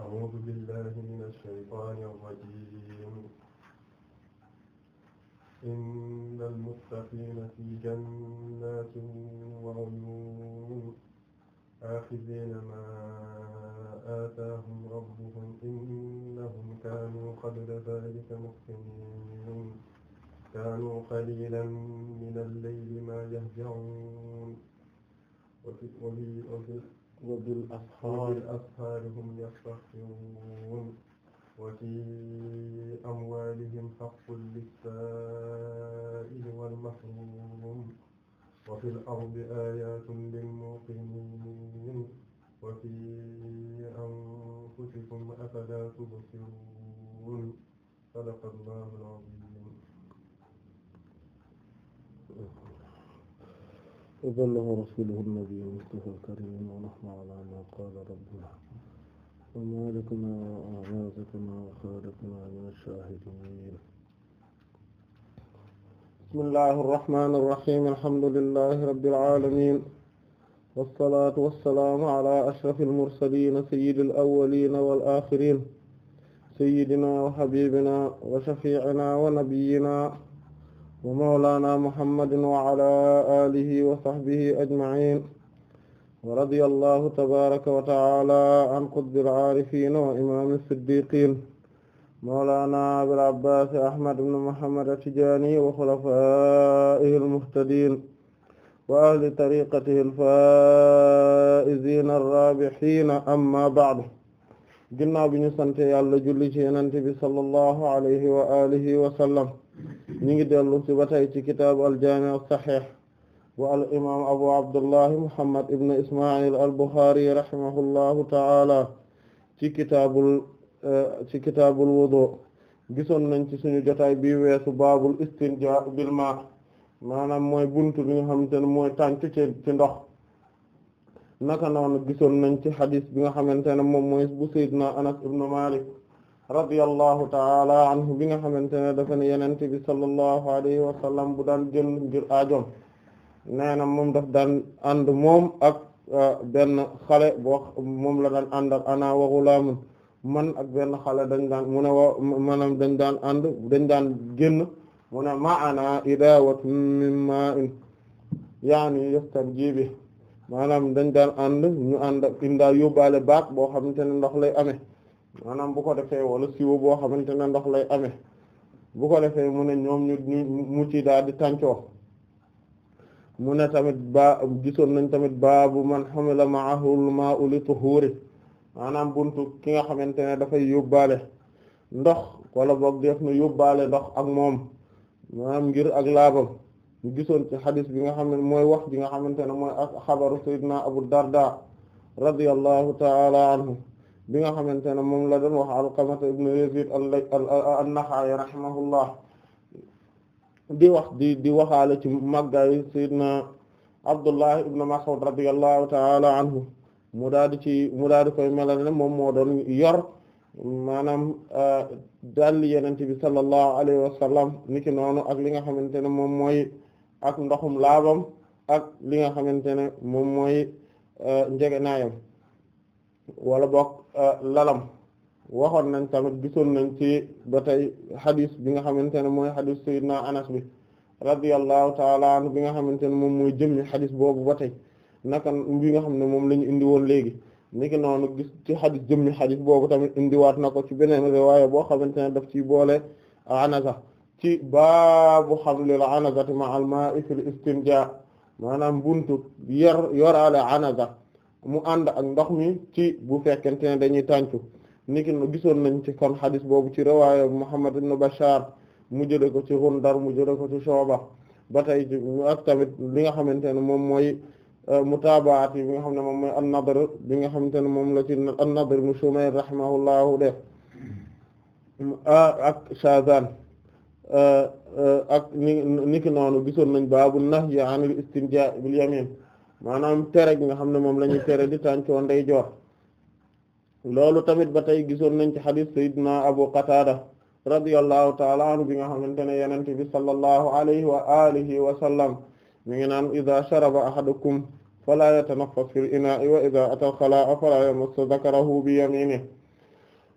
أعوذ بالله من الشيطان الرجيم إن المتقين في جنات وعيون آخذين ما آتاهم ربهم إنهم كانوا قبل ذلك محسنين كانوا قليلا من الليل ما يهجعون وفي wa bil ashaari hum yastaghfiruun wa fii amwaalihim haqqun lis-saa'ili wal mahruum wa fil ardi aayaatun lil muuqiniin wa fii anfusikum afalaa tubsiruun sadaqallaahu al-aziim وبلغ رسوله النبي المصطفى الكريم ونحن على ما قال ربنا ومالكنا وأعمالنا وخالقنا من الشاهدين بسم الله الرحمن الرحيم الحمد لله رب العالمين والصلاة والسلام على أشرف المرسلين سيد الأولين والآخرين سيدنا وحبيبنا وشفيعنا ونبينا wa mawlaana muhammadin wa ala alihi wa sahbihi ajma'in wa radiya allahu tabaraka wa ta'ala an qutbil aarifiin wa imaami siddiqiin mawlaana abil abbaas ahmad ibn muhammad at-tijaani wa xulafaa'ihi al-muhtadiin wa ahli tariqatihi al-faa'iziina ar-raabihiina amma ba'du ginnaaw bi ñu sant Yàlla julli ci Yonent bi sallallahu alayhi wa alihi wa sallam ñi ngi dellu ci ba tey ci kitaabu al-jaami' as-sahiih bu al imaam abu abdullahi muhammad ibn isma'il al buxaari rahimahullahu ta'ala ci kitaabul eh, ci kitaabul gisoon nañ ci suñu jotaay bi weesu baabul istinjaa bil maa maanaam mooy buntu bi nga xamante ne mooy tàncu ci ci ndox naka noon gisoon nañ ci xadis bi nga xamante ne moom mooy bu sayyidina anas ibn malik radiyallahu taala anhu bi nga xamante ne dafa ne yenente bi sallallahu alayhi wa sallam bu daan jël ngir aajoom nee moom daf daan ànd moom ak euh, benn xale boo moom la daan ànd ak ana wa ghulaamun man ak benn xale dañ daan mu ne maanaam dañ daan ànd dañ daan génn mu ne maana idaawatun min maa'in yaani yastarji bi maanaam dañ daan ànd ñu ànd ak indaa yóbbaale baat boo xamante ne ndox lay amee maanaam bu ko defee wala siwo boo xamante ne ndox lay amee bu ko defee mu ne ñoom ñu mu ci daal di tàncoo mu ne tamit ba gisoon nañ tamit baabu man hamila ma'ahul ma'u li tuhuri maanaam buntu ki nga xamante ne dafay yóbbaale ndox wala boog def na yóbbaale ndox ak moom maanaam ngir ak laabam ñu gisoon ci xadis bi nga xam ne mooy wax bi nga xamante ne mooy ak xabaru sayyidina abu darda radiyallahu ta'ala anhu bi nga xamante ne moom la doon wax Alqamata ibn Yazid an-Nakha'i rahimahullah di wax di di waxaale ci màggaayu sayyidina Abdullah ibn Mas'ud radiyallahu ta'ala anhu mu daal di ci mu daal di koy melal ne moom moo doon yor maanaam uh, dalli yenente bi sallallahu alayhi wa niki noonu ak li nga xamante ne moom mooy ak ndoxum laabam ak li nga xamante ne moom mooy uh, njege naayam wala bokk eh, lalam waxoon nañ tamit gisoon nañ ci ba tey xadis bi nga xamante ne mooy xadis sayyidina anas bi radiyallahu taala anhu bi nga xamante ne moom mooy jëmmi xadis boobu ba tey naka bi nga xam ne moom la indiwoon indi woon léegi niki noonu gis ci xadis jëmmi xadis boobu tamit indiwaat na ko ci beneen riwaaya boo xamante ne daf ci boole anaza ci baabu xamlil anazati ma al ma'i fil istinja maanaam buntu yor yoraale anaza mu ànd ak ndox mi ci bu fekkente ne dañuy tàncu niki no gisoon nañ ci kon xadis boobu ci riwaaya Muhammad ibn Bashar mu jële ko ci Gundar mu jële ko ci Shuba ba tey ci ak tamit li nga xamante ne moom mooy euh, mutaabaat yi bi nga xam ne moom mooy an-Nadr bi nga xamante ne moom la ci an-Nadr mu Shumayr rahimahullahu def ak Shazan euh, ak ni niki noonu gisoon nañ baabu nahyi anil istinjaa bil maanaam tere gi nga xam ne moom la tere di tàncoo ndeyjoor loolu tamit ba tey gisoon nañ ci xadis sayyidina abu qatada radiyallahu taala bi nga xamante ne yenente bi sallallahu alayhi wa alihi wa sallam mi ngi naan ida sharaba ahadukum fala yatanaffas fil ina'i wa ida atal xalaa fala yamassu dhakarahu bi yaminihi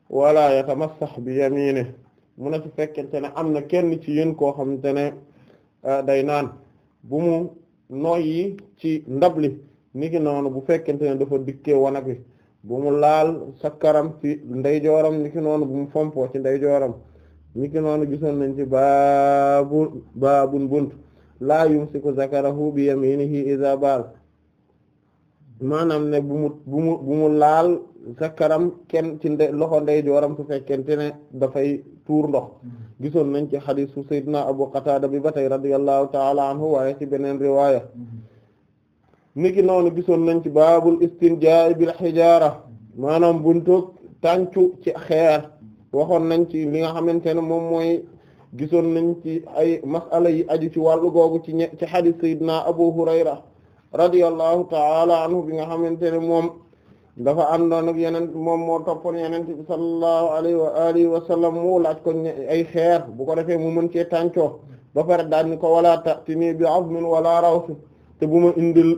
wala yatamassax bi yaminihi mu ne su fekkente am na kenn ci yéen koo xamante ne ah, day naan bu mu noyyi ci ndab li niki noonu bu fekkente ne dafa dikke wanag wi bu mu laal sakkaram ci ndeyjooram niki noonu bu mu fompoo ci ndeyjooram niki noonu gisoon nañ ci baabu baabun bunt laa yumsiku zakarahu bi yaminihi iza baal maanaam ne bu mu bu mu laal zakaram kenn ci loxo ndey ndeyjooram su fekkente ne dafay tuur ndox mm-hmm. gisoon nañ ci xadiisu Seydina Abu Qatada bi ba tey radiyallahu taala anhu waaye ci beneen riwaaya mm-hmm. niki noonu gisoon nañ ci baabul istinjaa bil xijaara mm-hmm. maanaam buntu tàncu ci xeer waxoon nañ ci li nga xamante ne moom mooy gisoon nañ ci ay masala yi aju ci wàllu googu ci ñe ci xadiis Seydina Abu Hurayra radiyallahu taala anhu bi nga xamante ne moom dafa àndoon ak yeneen moom moo toppoon yeneen bi sallallahu alayhi wa alihi wa sallam mu laaj ko ay xeer bu ko defee mu mën cee tàncoo ba pare daal ni ko wala ta'tini bi azmin walaa raw te bu ma indil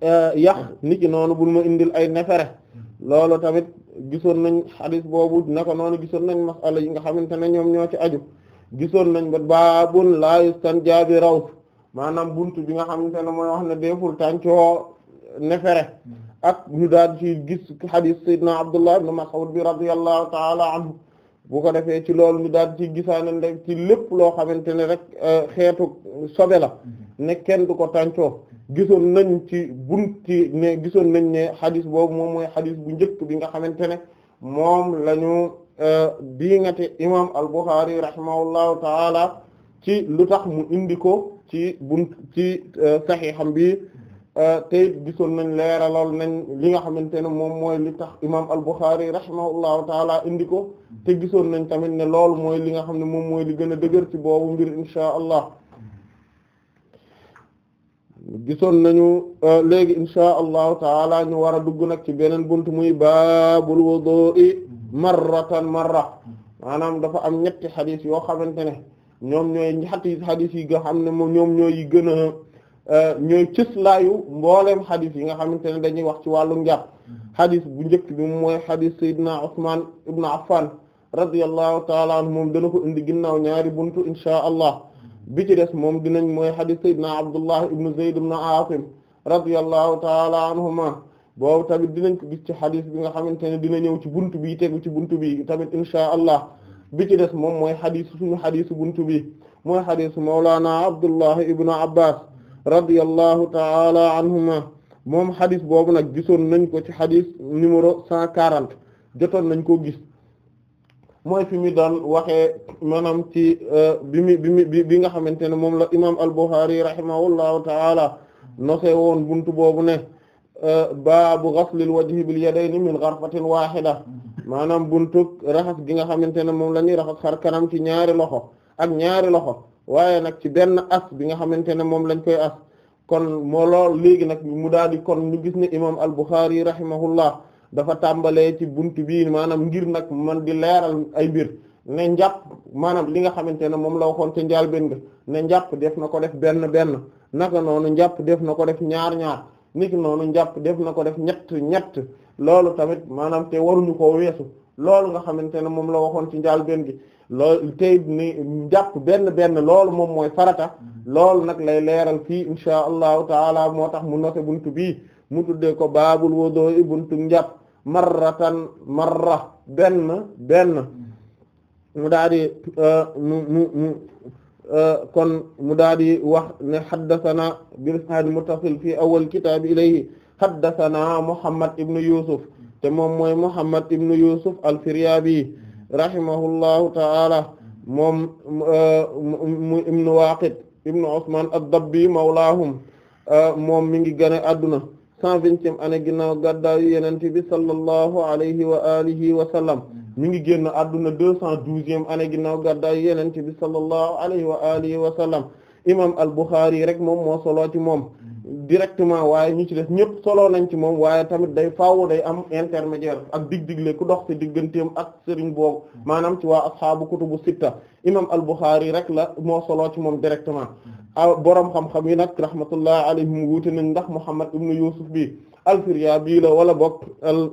eh, yax niki noonu bu ma indil ay nefere loolu tamit gisoon nañ xadis boobu naka noonu gisoon nañ masala yi nga xamante ne ñoom ñoo ci aju gisoon nañ ba baabun la yustan jaabi raws maanaam buntu bi nga xamante ne mooy wax ne deful tàncoo nefere ak ñu daal ci gis hadith sayyidina Abdullah ibn Mas'ud bi radiyallahu ta'ala anhu bu ko defee ci loolu ñu daal ci gisaane ndek ci lépp loo xamante ne rek euh, xeetu sobe la ne kenn du ko tàncoo gisoon nañ ci bunti ne gisoon nañ ne hadith boobu moom mooy hadith bu njëkk bi nga xamante ne moom la ñu euh, diingate imam al-Bukhari rahimahullahu ta'ala ci lu tax mu indi ko ci bunt ci euh, saxiixam bi euh, tey gisoon nañ leeralool nañ li nga xamante ne moom mooy li tax imaam al-Bukhari rahimahullahu taala indi ko te gisoon nañ tamit ne lool mooy li nga xam ne moom mooy li gën a dëgër ci boobu mbir insha allah gisoon nañu euh, léegi insha allahu taala ñu war a dugg nag ci beneen bunt muy baabul wudu'i marratan marra maanaam dafa am ñetti xadiis yoo xamante ne ñoom ñooy xadis xadis yi nga xam ne moom ñoom ñooy yi gën a euh, ñooy cëslaayu mboolem xadis yi nga xamante ne dañuy wax ci wàllu njàpp mm-hmm. xadis bu njëkk bi mooy xadis Seydina Usmaan ibn Affan radiyallahu taala anhu moom dana ko indi ginnaaw ñaari buntu inshaa allah mm-hmm. bi ci des moom dinañ mooy xadis Seydina Abdullah ibn Zayd ibn Aasim radiyallahu taala anhuma boobu tamit dinañ ko gis ci xadis bi nga xamante ne dina ñëw ci buntu bi tegu ci buntu bi tamit inshaa allah bi ci des moom mooy xadis suñu xadisu buntu bi mooy xadisu mawlaana abdullah ibnu abbas radiyallahu taala anhuma moom xadis boobu nag gisoon nañ ko ci xadis numéro cent quarante jotoon nañ ko gis mooy fi mu daan waxe maanaam ci euh, bi mi bi mi bi nga xamante ne moom la imam al-Bukhari rahimahullahu taala nosee woon buntu boobu ne euh, baabu ghaslil wajhi bil yadayni min gharfatin wahida maanaam buntu raxas gi nga xamante ne moom la ñuy raxas xar ci ñaari loxo ak ñaari loxo waaye nag ci benn as bi nga xamante ne moom lañ koy as kon moo léegi nag mu daal di kon ñu gis ne imam al-Bukhari rahimahullah dafa tàmbalee ci bunt bi maanaam ngir nag man di leeral ay mbir ne njàpp maanaam li nga xamante ne moom la kon ca njaal benn nga ne njàpp def na ko def benn benn naka noonu njàpp def na ko def ñaar ñaar niki noonu njàpp def na ko def ñett ñett loolu tamit maanaam te waruñu ko weesu loolu nga xamante ne moom la waxoon ci njaal benn gi loolu tey ni benn benn loolu moom mooy farata mm-hmm. loolu nag lay leeral fii insha allahu taala moo tax mu noté buntu bii mu tuddee ko baabul wudu'i buntu njàpp marratan marra benn benn mm-hmm. mu daal mu mu mu Euh, kon mu daal wax ne haddathana bi isnaad muttasil fi awwal kitaab ilayhi haddathana Muhammad ibn Yusuf te moom mooy Muhammad ibn Yusuf al-Firyabi rahimahullahu ta'ala moom ibn Waqid ibn Usman ad mawlaahum euh, moom mi ngi gane adduna cent vingtième ane ginnaaw gàddaayu Yonent bi sallallahu alayhi wa alihi mi ngi génn adduna deux cent douzième année ginnaaw gàddaay yonent bi sallallahu alayhi wa alihi wa sallam imam al-Bukhari rek moom moo solo ci moom directement waaye ñu ci def ñëpp solo nañ ci moom waaye tamit day faaw day am intermédiaire ak dig-digle ku dox ci digganteem ak sëriñ boobu maanaam ci waa asxaabu kutubu sitta imam al-Bukhari rek la moo solo ci moom directement borom xam-xam yi nag rahmatullah alayhim wuute nañ ndax Muhammad ibn Yusuf bi al-Firyaabi la wala bokk al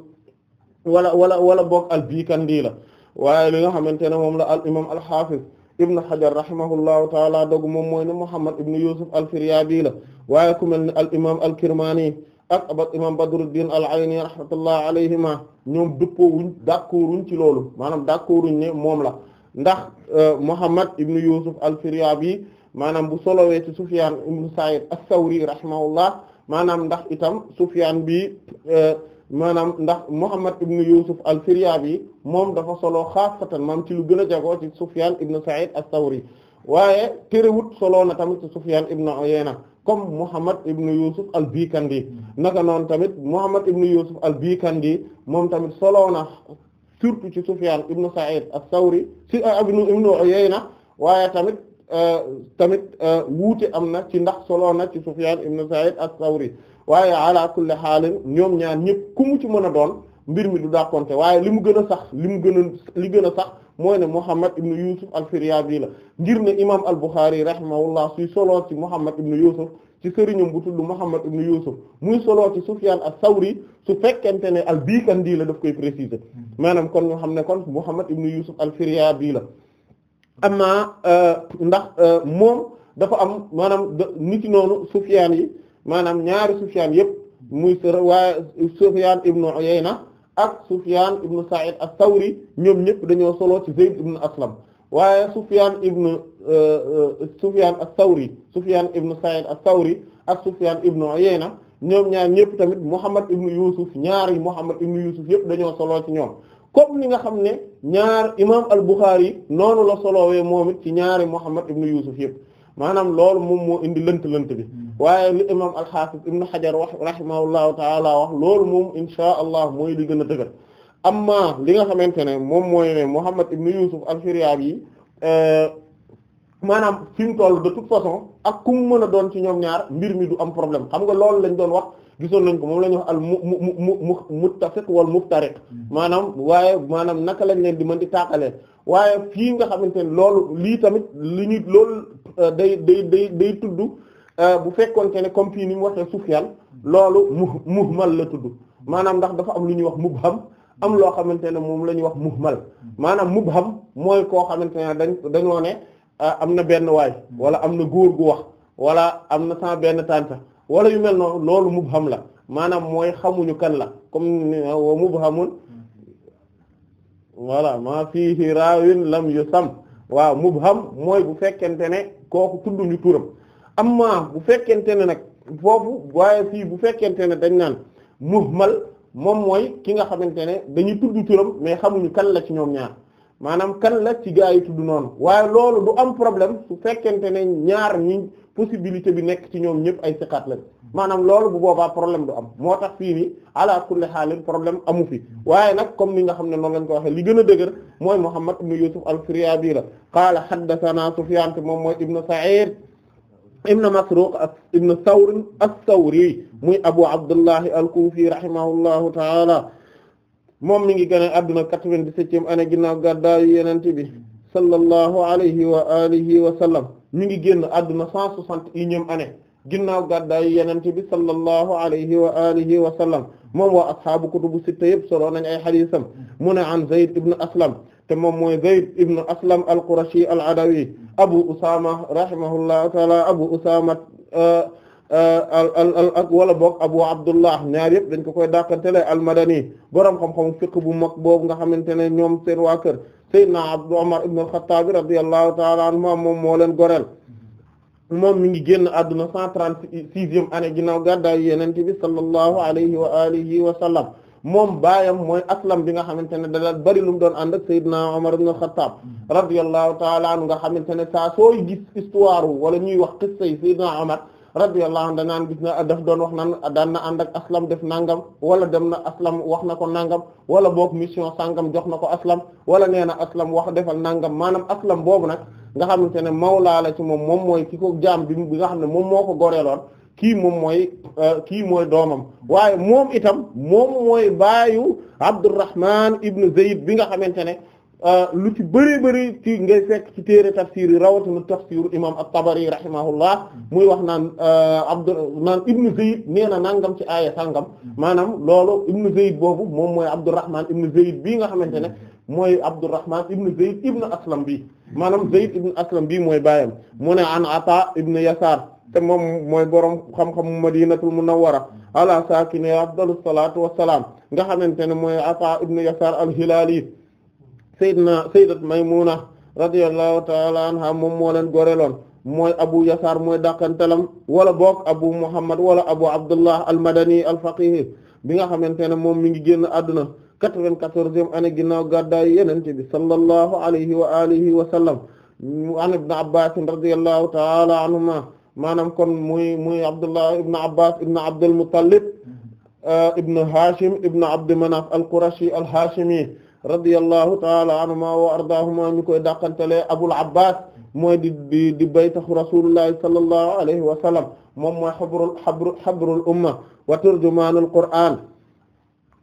wala wala wala boog al-Bikandi la waaye li nga xamante ne moom la al imam al-Hafiz ibn Hajar rahimahullahu taala dog moom mooy ne Muhammad ibn Yusuf al-Firyabi la waaye ku mel ne al imam al-Kirmani ak ba imam Badruddin al-Ayni rahmatullah alayhima ñoom dëppoo wuñ d'accord wuñ ci loolu maanaam d'accord wuñ moom la ndax euh, Muhammad ibn Yusuf al-Firyabi maanaam bu solowee ci Sufyan ibn Sa'id as-Sawri rahimahullah maanaam ndax itam Sufyan bi euh, maanaam ndax Muhammad ibn Yusuf al-Firyaabi moom dafa solo xaasatan maam ci lu gën a jagoo ci Sufyaan ibn Sa'id as-Sawri waaye terewut solo na tamit ci Sufyaan ibn Uyayna comme Muhammad ibn Yusuf al-Bikandi naka noonu tamit Muhammad ibn Yusuf al-Bikandi moom tamit solo na surtout ci Sufyaan ibn Sa'id as-Sawri ci euh, ibn Uyayna waaye tamit euh, tamit euh, wuute am na ci ndax solo na ci Sufyaan ibn Sa'id as-Sawri waaye ala kulli xaalin ñoom ñaan ñëpp ku ci mën a doon mbir mi du dàqonte waaye li mu gën a sax li mu gën a li gën a sax mooy ne Muhammad ibn Yusuf al-Firyaabi la ngir ne imaam al-Bukhari rahimahullah suy soloo ci Muhammad ibn Yusuf ci sëriñam bu tudd Muhammad ibn Yusuf muy soloo ci Sufyaan as-Sawri su fekkente ne al-Bikandi la daf koy préciser maanaam kon ñu xam ne kon Muhammad ibn Yusuf al-Firyaabi la amaa euh, ndax euh, moom dafa am maanaam nit noonu Sufyaan yi. maanaam ñaari Sufyaan yëpp muy sër waaye Sufyaan ibnu Uyayna ak Sufyaan ibnu Sa'id sawri ñoom ñëpp dañoo solo ci Zayd ibnu Aslam waaye Sufyaan ibnu euh, euh, Sufyaan as-Sawri Sufyaan ibnu Sa'id as-Sawri ak Sufyaan ibnu Uyayna ñoom ñaar ñëpp tamit Muhammad ibnu Yusuf ñaari Muhammad ibnu Yusuf yëpp dañoo solo ci ñoom comme ni nga xam ne ñaar imaam al-Bukhari noonu la solowee moom it ci ñaari Muhammad ibnu Yusuf yëpp maanaam loolu moom moo indi lënt lënt bi hmm. waaye li imam al-Hafiz ibn Hajar wax rahimahullahu taala wax loolu moom insha allah mooy li gën a dëgër amma li nga xamante ne moom mooy ne Muhammad ibn Yusuf al-Firyaabi euh, maanaam fi mu toll de toute façon ak ku mu mën a doon ci ñoom ñaar mbir mi du am problème xam nga loolu lañ doon wax gisoon nañ ko moom la ñuy wax al mu mu mu mu muttafiq wal muftariq mm-hmm. maanaam waaye maanaam naka lañ leen di mën di tàqalee waaye fii nga xamante ne loolu lii tamit li ñu loolu euh, day day day day tudd euh, bu fekkoon te ne comme fii ni mu waxee Sufyaan mm-hmm. loolu mu muhmal la tudd maanaam ndax dafa am lu ñuy wax mubham am loo xamante ne moom la ñuy wax muhmal mm-hmm. maanaam mubham mooy koo xamante ne dañ dañoo ne euh, am na benn waay wala am na góor gu wax wala am na sans benn tànta wala yu mel noonu loolu mubham la maanaam mooy xamuñu kan la comme euh, wa mubhamun voilà maa fiihi raawin lam yusam waaw mubham mooy bu fekkente ne kooku tudduñu turam amma bu fekkente ne nag foofu waaye fii bu fekkente ne dañ naan mal moom mooy ki nga xamante ne dañuy tudd turam mais xamuñu kan la ci ñoom ñaar maanaam kan la ci gaa yi tudd noonu waaye loolu du am problème su fekkente ne ñaar possibilité bi nekk ci ñoom ñëpp ay siqaat lañ maanaam loolu bu boobaa problème du am moo tax fii nii ala kulli xaalin problème amu fi waaye nag comme ni nga xam ne noonu lañ ko waxee li gën a dëgër mooy Muhammad ibn Yusuf al-Firyaabi la qaala haddathana Sufyaan te moom mooy ibn Sa'iid ibn Masruuq ak ibn Thawr as-Sawri muy Abu Abdullahi al-Kufi rahimahullahu ta'ala moom mi ngi gën a adduna quatre-vingt-dix-septième année ginnaaw gàddaayu Yonent bi sallallahu alayhi wa alihi wa sallam ñu ngi génn àdduna cent soixante et unième année ginnaaw gàddaayu yenente bi sallallahu alayhi wa alihi wa sallam moom waa ashaabu kutubu sitta yëpp soloo nañ ay xadiisam mu ne an Zayd ibn Aslam te moom mooy Zayd ibn Aslam al-Qurashi al-Adawi Abu Usama rahimahullahu taala Abu Usama uh, uh, ak wala boog Abu Abdullah ñaar yëpp dañ ko koy dàqantele al-Madani boroom xam-xam fiqh bu mag boobu nga xamante ne ñoom seen waa kër Seydina Abdu Umar ibn al-Khattab radiyallahu ta'ala anhu moom moo leen goreel moom mi ngi génn àdduna cent trente-sixième année ginnaaw gàddaay Yonent bi sallallahu alayhi wa alihi wa sallam moom baayam mooy aslam bi nga xamante ne da daal bari lu mu doon ànd ak Seydina Umar ibn al-Khattab radiyallahu ta'ala anhu nga xamante ne saa sooy gis histoire wala ñuy wax qissa yi Seydina Umar radiyallahu anhu danaan gis na daf doon wax naan a na ànd ak aslam def nangam wala dem na aslam wax na ko nangam wala boog mission sangam jox na ko aslam wala nee na aslam wax defal nangam maanaam aslam boobu nag nga xamante ne mawlaa la ci moom moom mooy ki ko jaam bi bi nga xam ne moom moo ko goreeloon kii moom mooy euh, kii mooy doomam waaye moom itam moom mooy baayu Abdurrahman ibn Zayd bi nga xamante ne Euh, lu ci bëri bëri ci ngay fekk ci téere tafsir yi rawatina tafsiru imam at-Tabari rahimahullah muy wax naan euh, Abdu naan Ibn Zayd nee na nangam ci aaya sangam maanaam loolu Ibn Zayd boobu moom mooy Abdurrahman Ibn Zayd bii nga xamante ne mooy Abdurrahman Ibn Zayd Ibn Aslam bii maanaam Zayd Ibn Aslam bii mooy baayam mu ne an Ata Ibn Yasar te moom mooy borom xam-xamu Madinatul Munawwara ala saakini afdalu salaatu wa salaam nga xamante ne mooy Ata Ibn Yasar al Seydina Sayyidat Maymuna radiyallahu ta'ala anha moom moo leen goreloon mooy Abu Yasar mooy dàqantalam wala boog Abu Muhammad wala Abu Abdullah al-Madani al bi nga xamante ne moom mi ngi génn àdduna quatre-vingt-quatorzième année ginnaaw gàddaay Yonent bi sallallahu alayhi wa alihi wa sallam an Ibn Abbas radiyallahu ta'ala anhuma maanaam kon muy muy Abdullah Ibn Abbas Ibn Abdul Muttalib mm-hmm. Ibn Hashim Ibn Abd Manaf al radiyallahu taala anhuma wa koy dàqantele abul abbas mooy di di di baytaxu rasulullahi sallallahu alayhi wa sallam moom mooy xabrul xabru xabrul umma wa turjumaanul qur'aan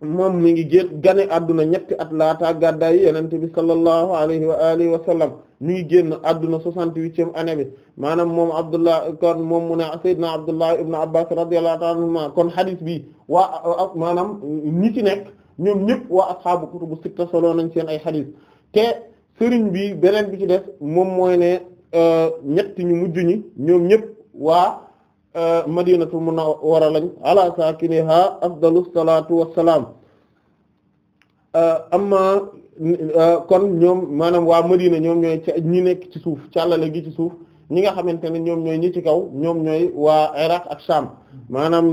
moom mi ngi génn gane adduna ñetti at laata gàddaay yenente bi sallallahu alayhi wa alihi wa sallam mi ngi génn adduna soixante-huitième année bi maanaam moom abdullah kon moom mu ne sayyidina abdullah ibnu abbas radiyallahu ta'ala anhuma kon hadith bi waa maanaam ñi ci nekk ñoom ñëpp waa asxaabu kutubu sitta solo nañ seen ay xadis te sëriñ bi beneen bi ci def moom mooy ne euh, ñetti ñu mujj ñi ñoom ñëpp waa euh, a munawwara lañ ala saakiniha afdalu salaatu wassalaam euh, amma kon ñoom maanaam waa madina ñoom ñooy ñi nekk ci suuf càllale gi ci suuf ñi nga xamante ne ñoom ñooy ñi ci kaw ñoom ñooy waa Iraq ak Sham maanaam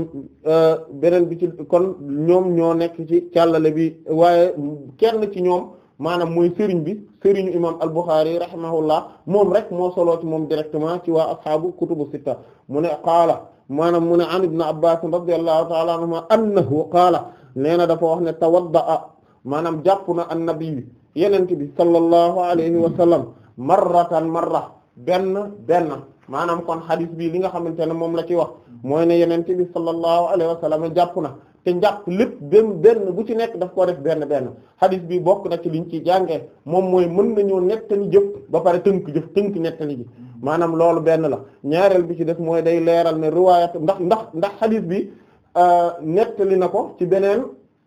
euh, beneen bi ci kon ñoom ñoo nekk ci càllale bi waaye kenn ci ñoom maanaam muy sëriñ bi sëriñu imam al-Bukhari rahimahullah moom rek moo soloo moom directement ci waa asxaabu kutubu sitta mu ne qaala maanaam mu ne an ibn Abbas radiyallahu ta'ala anhuma annahu qaala nee na dafa wax ne tawadda'a maanaam jàpp na an nabi yenente bi sallallahu alayhi wa sallam marratan marra benn benn maanaam kon xadis bi li nga xamante ne moom la ci wax mooy ne yeneen bi sallallahu alayhi wa sallam jàpp na te njàpp lépp benn benn bu ci nekk daf koo def benn benn xadis bi bokk na ci liñ ci jàngee moom mooy mën na nañoo nettali jëpp ba pare tënk jëf tënk nettali ji maanaam loolu benn la ñaareel bi ci def mooy day leeral ne riwaayat ndax ndax ndax xadis bi euh, li na ko ci beneen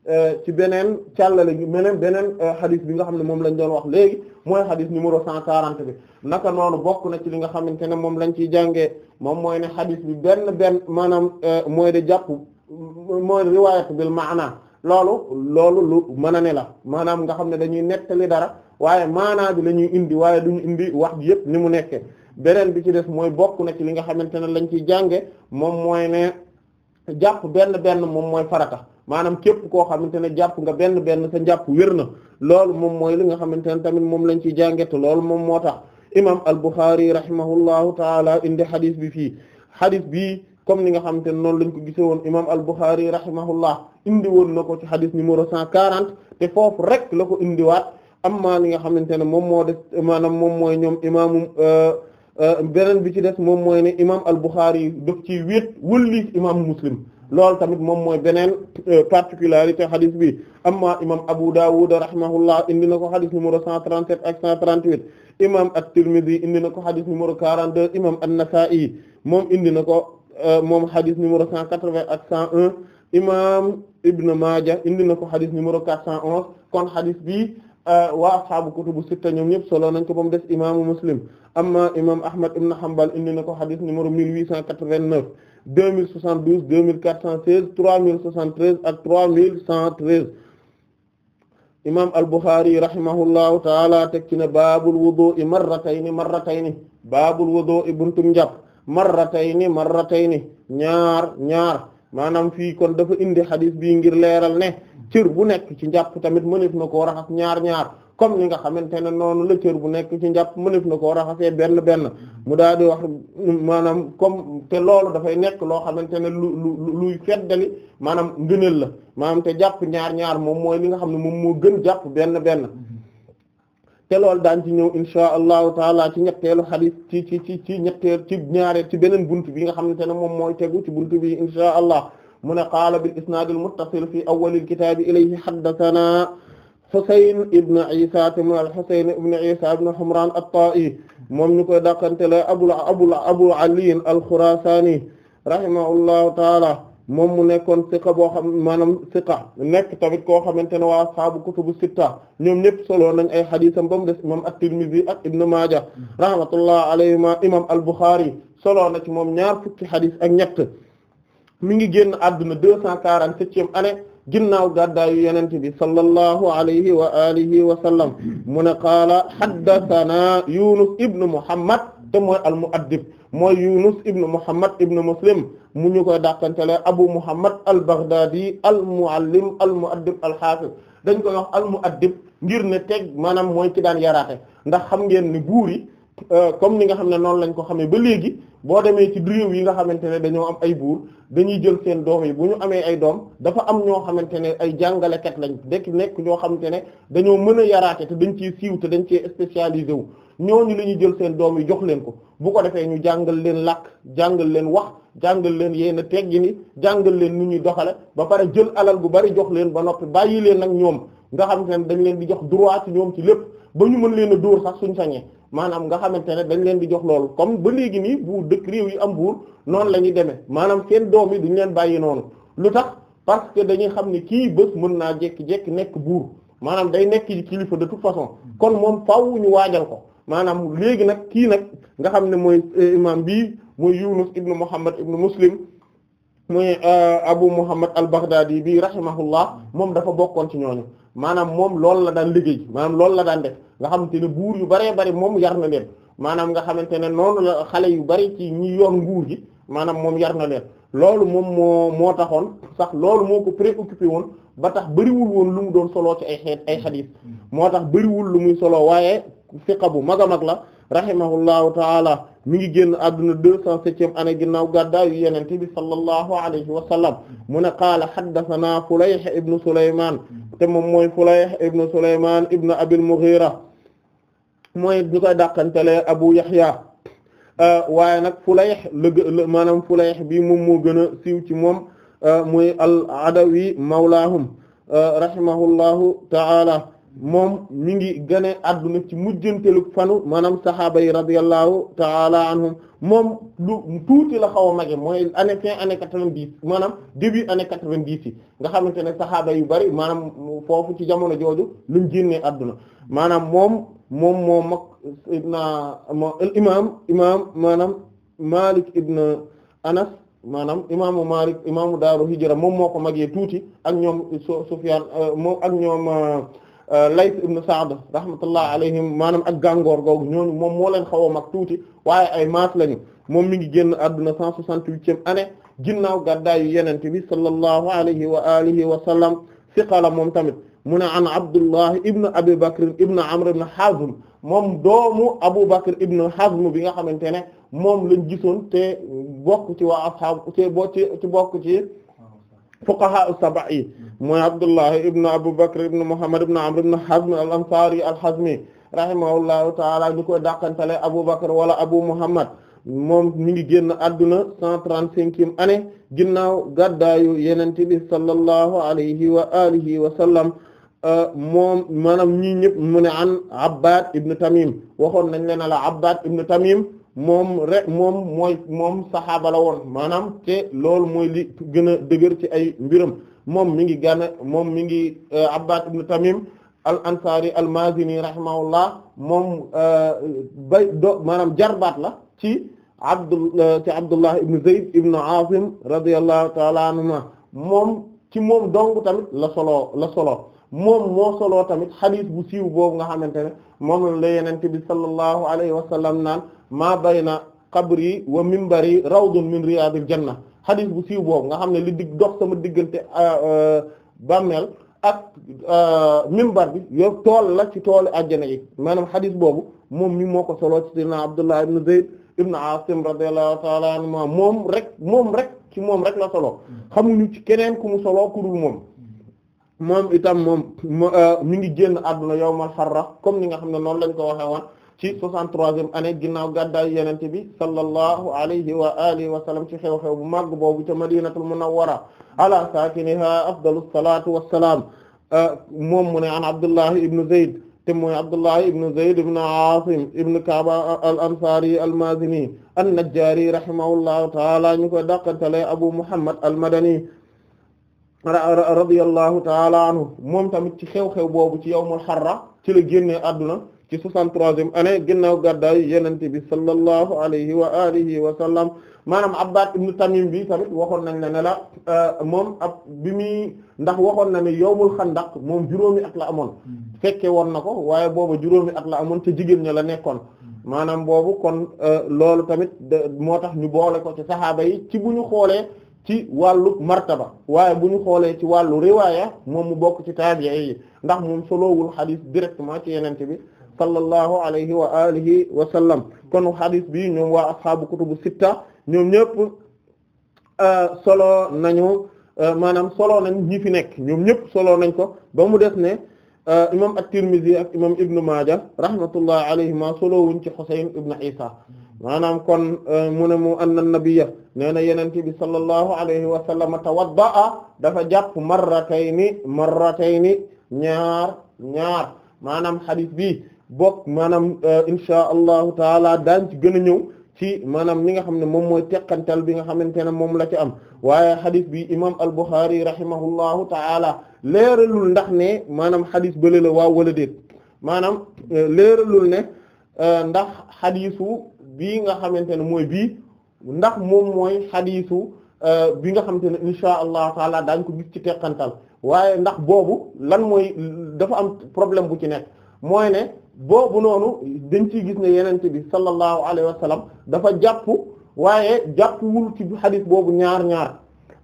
Euh, ci beneen càllale gi meneen beneen euh, xadis bi nga xam ne moom lañ doon wax léegi mooy xadis numéro cent quarante bi naka noonu bokk na ci li nga xamante ne moom lañ ciy jàngee moom mooy ne xadis bi benn benn maanaam euh, mooy jàpp mooy riwaayat loolu loolu lu mën a ne la maanaam nga xam ne dañuy nettali dara waaye maanaa bi la ñuy indi waaye duñu indi wax ji yëpp ni mu nekkee beneen bi ci des mooy bokk na ci li nga xamante ne lañ ciy jànge moom mooy ne benn benn moom mooy farata maanaam képp koo xamante ne jàpp nga benn benn sa njàpp wér na loolu moom mooy li nga xamante ne tamit moom lañ ci jànget loolu moom moo tax imam al-Bukhari rahimahullahu taala indi hadith bi fii hadith bii comme ni nga xamante ne noonu lañ ko gise woon imam al-Bukhari rahimahullah indi woon na ko ci hadith numéro cent quarante te foofu rek la ko indiwaat amma li nga xamante ne moom moo des maanaam moom mooy ñoom imaamu euh, euh, beneen bi ci des moom mooy ne imam al-Bukhari daf ci wéet wëlliif imam Muslim loolu tamit moom mooy beneen euh, particularité xadis bi amma imam Abu Dawud rahimahullah indi na ko xadis numéro 137 ak 138 imam at-Tirmidhi indi na ko xadis numéro 42 imam an-Nasa'i moom indi na ko euh, moom xadis numéro 180 ak 101 imam Ibn Maaja indi na ko xadis numéro 411 kon xadis bi euh, waa ashaabu kutubu sitta ñoom ñëpp solo nañ ko ba mu des imaamu Muslim amma imam Ahmad ibn Hanbal indi na ko xadis numéro 1889 deux mille soixante douze deux mille quatre cent seize trois mille soixante treize ak trois mille cent treize imam al-Bukhari rahimahullahu taala teg ci ne baabul wudu'i marratayni marratayni baabul wudu'i buntum njàpp marratayni marratayni ñaar ñaar maanaam fii kon dafa indi xadis bii ngir leeral ne cër bu nekk ci njàpp tamit mëneef na ko raxas ñaar ñaar comme ni nga xamante ne noonu la cër bu nekk ci njàpp mënef na koo raxasee benn benn mu daal di wax maanaam comme te loolu dafay nekk loo xamante ne lu lu luy feddali maanaam ngëneel la maanaam te jàpp ñaar ñaar moom mooy li nga xam ne moom moo gën jàpp benn benn te loolu daan ci ñëw insha allahu taala ci ñetteelu xadis ci ci ci ci ñetteel ci ñaareel ci beneen buntu bi nga xamante ne moom mooy tegu ci bunt bi insha allah mu ne qaala bil isnaadil muttasil fi awwalil kitaabi ilayhi haddathana Husayn ibn Isa ibn al-Husayn ibn Isa ibn Humran at-Ta'i moom ñu koy dàqantele Abu Abu Abu Ali al-Khurasani rahimahullahu taala moom mu nekkoon siqa boo xam maanaam siqa nekk tamit koo xamante ne waa ashabu kutubu sitta ñoom ñëpp solo nañ ay xadiisam ba mu des imam at-Tirmidhi ak Ibn Maaja rahmatullah alayhima imam al-Bukhari solo na moom ñaar fukki xadiis ak ñett mi ngi génn àdduna deux cent quarante-septième année ginnaaw gàddaayu yonent bi sallallahu alayhi wa alihi wa sallam mu ne qaala haddathana Yunus ibn Muhammad te mooy al-Mu'addib mooy Yunus ibn Muhammad ibn Muslim mu ñu koy dàqantele Abu Muhammad al-Baghdadi al-Muallim al-Mu'addib al-Hafiz dañ koy wax al-Mu'addib ngir ne teg maanaam mooy ki daan yaraate ndax xam ngeen ni buur yi Euh, comme ni nga xam ne noonu lañ ko xamee ba léegi boo demee ci réew yi nga xamante ne dañoo am ay buur dañuy jël seen doom yi bu ñu amee ay doom dafa am ñoo xamante ne ay jàngalekat lañ dekk nekk ñoo xamante ne dañoo mën a yaraate te dañ ciy siiw te cee spécialisé wu ñooñu la ñuy jël seen doom yi jox leen ko bu ko defee ñu jàngal leen làkk jàngal leen wax jàngal leen yéen a teggini jàngal leen nu ñuy doxale ba pare jël alal bu bari jox leen ba noppi bàyyi leen nag ñoom nga xam ne dañ leen di jox droit ci ñoom ci lépp ba ñu mën leen a dóor sax suñ sañee maanaam nga xamante ne dañu leen di jox loolu comme ba léegi nii bu dëkk réew yi am buur noonu la ñuy demee maanaam seen doom yi duñ leen bàyyi noonu lu tax parce que dañuy xam ne kii bés mën naa jékki-jékki nekk buur maanaam day nekki kilifa de toute façon kon moom faaw ñu waajal ko maanaam léegi nag kii nag nga xam ne mooy euh, imam bii mooy Yunus ibnu Muhammad ibnu Muslim mooy euh, Abu Muhammad al-Baghdadi bi rahimahullah moom dafa bokkoon ci ñooñu maanaam moom loolu la daan liggéey maanaam loolu la daan def nga xamante ne buur yu bare bari moom yar na leen maanaam nga xamante ne noon la xale yu bari ci ñi yoon nguur gi maanaam moom yar na leen loolu moom moo moo taxoon sax loolu moo ko préoccupé woon ba tax bëriwul woon lu mu doon solo ci ay xeet ay xadiis mm. moo tax bëriwul lu muy soloo waaye fiqa bu mag a mag la rahimahullahu taala mi ngi génn adduna deux cent septième année ginnaaw gàddaa yu bi sallallahu alayhi wa sallam mu ne qaala haddathana Fulayh ibnu Sulaymaan te moom mooy Fulayh ibnu Sulaymaan ibnu Abil Mughira mooy ñu koy dàqantele Abu Yahya waaye nag Fulayh lëg maanaam bi moom moo gën a siiw ci moom muy al-Adawi mawlaahum rahimahullahu taala moom mi ngi gane adduna ci mujjantelu fanu maanaam saxaaba yi radiyallahu taala anhum moom lu tuuti la xaw a mage mooy année fin année quatre-vingt-dix maanaam début année quatre-vingt-dix yi nga xamante ne saxaaba yu bari maanaam foofu ci jamono jooju luñ génnee adduna maanaam moom moom moo mag na imaam imaam maanaam Malik ibn Anas maanaam imaamu Malik imaamu daaru hijra moom moo ko magee tuuti ak ñoom Sufyaan euh, moom ak ñoom euh, Layth ibn Sa'd rahmatullah alayhim maanaam ak gàngoor googu ñooñu moom moo leen xaw a mag tuuti waaye ay maas lañu moom mi ngi génn àdduna 168e année ginnaaw gàddaayu Yonent bi sallallahu alayhi wa alihi wa sallam siqala moom tamit mu ne an Abdullah ibn Abi Bakr ibn Amr ibn Hazm moom doomu Abu Bakr ibn Hazm bi nga xamante ne moom lañ gisoon te bokk ci waa ashaab te bokk ci bokk ci. fuqaha as-sab'a yi mooy Abdullah ibn Abu Bakr ibn Muhammad ibn Amr ibn Hazm al-Ansari al-Hazmi rahimahullahu ta'ala ñu koy dàqantale Abu Bakr wala Abu Muhammad moom mi ngi génn adduna cent trente-cinquième année ginnaaw gàddaayu Yonent bi sallallahu alayhi wa alihi wa sallam euh, moom maanaam ñii ñëpp mu ne an Abbad ibn Tamim waxoon nañ leen la Abbad ibn Tamim moom rek moom mooy moom saxaaba la woon maanaam te loolu mooy li gën a dëgër ci ay mbiram moom mi ngi gànna moom mi ngi euh, Abbad ibn Tamim al ansari al mazini rahimahullah moom euh, bay do maanaam jarbaat la ci Abdul euh, ci Abdullah ibn Zayd ibn Asim radiyallahu ta'ala anhuma moom ci moom dong tamit la solo la solo moom moo solo tamit xadiis bu siiw boobu nga xamante ne moom la yenente bi sallallahu alayhi wa sallam naan maa bayna qabri wa raw rawdun min riyadil janna xadis bu siiw boobu nga xam ne li dig dox sama diggante euh, euh, bàmmeel ak euh, minbar bi yow tool la ci toolu àjjana yi maanaam xadis boobu moom mi moo ko soloo ci sayyidina Abdullah ibn Zayd ibn Asim radiyallahu ta'ala moom rek moom rek ci moom rek la soloo xamuñu ci keneen ku mu soloo ku dul moom moom itam moom mi ngi génn àdduna yawmal xarra comme ni nga xam ne noonu lañ ko waxee woon ci 63e année ginnaaw gàddaay yonent bi sallallahu alayhi wa alihi wa sallam ci xew-xew bu màgg boobu ca madinatul munawwara ala saakiniha afdalus salatu wassalam euh, moom mu ne an abdullahi ibnu zayd te mooy abdullahi ibnu zayd ibnu aasim ibnu kaaba al ansari al mazini an najjari rahimahullahu taala ñu koy dàqantale abu muhammad al madani radiyallahu taala anhu moom tamit ci xew-xew boobu ci yawmul harra ci la génnee adduna ci 63e année ginnaaw gàddaayu yonent bi sallallahu alayhi wa alihi wa sallam maanaam Abbad ibn Tamim bi tamit waxoon nañ ne ne la euh, moom ab bi muy ndax waxoon na ne yowmul xandaq moom juróomi at la amoon hmm. fekke woon na ko waaye booba juróomi at la amoon ci jigéen ña la nekkoon hmm. maanaam boobu kon euh, loolu tamit moo tax ñu boole ko ci saxaaba yi ci bu ñu xoolee ci wàllu martaba waaye bu ñu xoolee ci wàllu riwaaya moom mu bokk ci taabi'i yi ndax moom soloowul xadiis directement ci yenente bi sallallahu alayhi wa alihi wa sallam kon hadith bi ñoom waa ashaabu kutubu sitta ñoom ñëpp euh, solo nañu euh, maanaam solo nañu ñi fi nekk ñoom ñëpp solo nañ ko ba mu des ne euh, imam at-Tirmidhi ak imam Ibn Maaja rahmatullah alayhima solo wuñ ci Husayn ibn Isa maanaam kon mu ne mu anna nabiyya nee na yenente bi sallallahu alayhi wa sallam tawadda'a dafa jàpp marratayni marratayni ñaar ñaar maanaam hadith bi bokk maanaam euh, insha allahu taala daañ ci gën a ñëw ci maanaam li nga xam ne moom mooy teqantal bi nga xamante ne moom la ci am waaye xadis bi imam al-Bukhari rahimahullahu taala leeralul ndax ne maanaam xadis bële la waaw wala déet maanaam euh, leeralul ne euh, ndax xadisu bi nga xamante ne mooy bii ndax moom mooy xadisu bi nga xamante ne insha allah taala daañ ko gis ci teqantal waaye ndax boobu lan mooy dafa am problème bu ci nekk mooy ne boobu noonu dañ ci gis ne yeneen bi sallallahu alayhi wa sallam dafa jàpp waaye jàppwul ci xadis boobu ñaar ñaar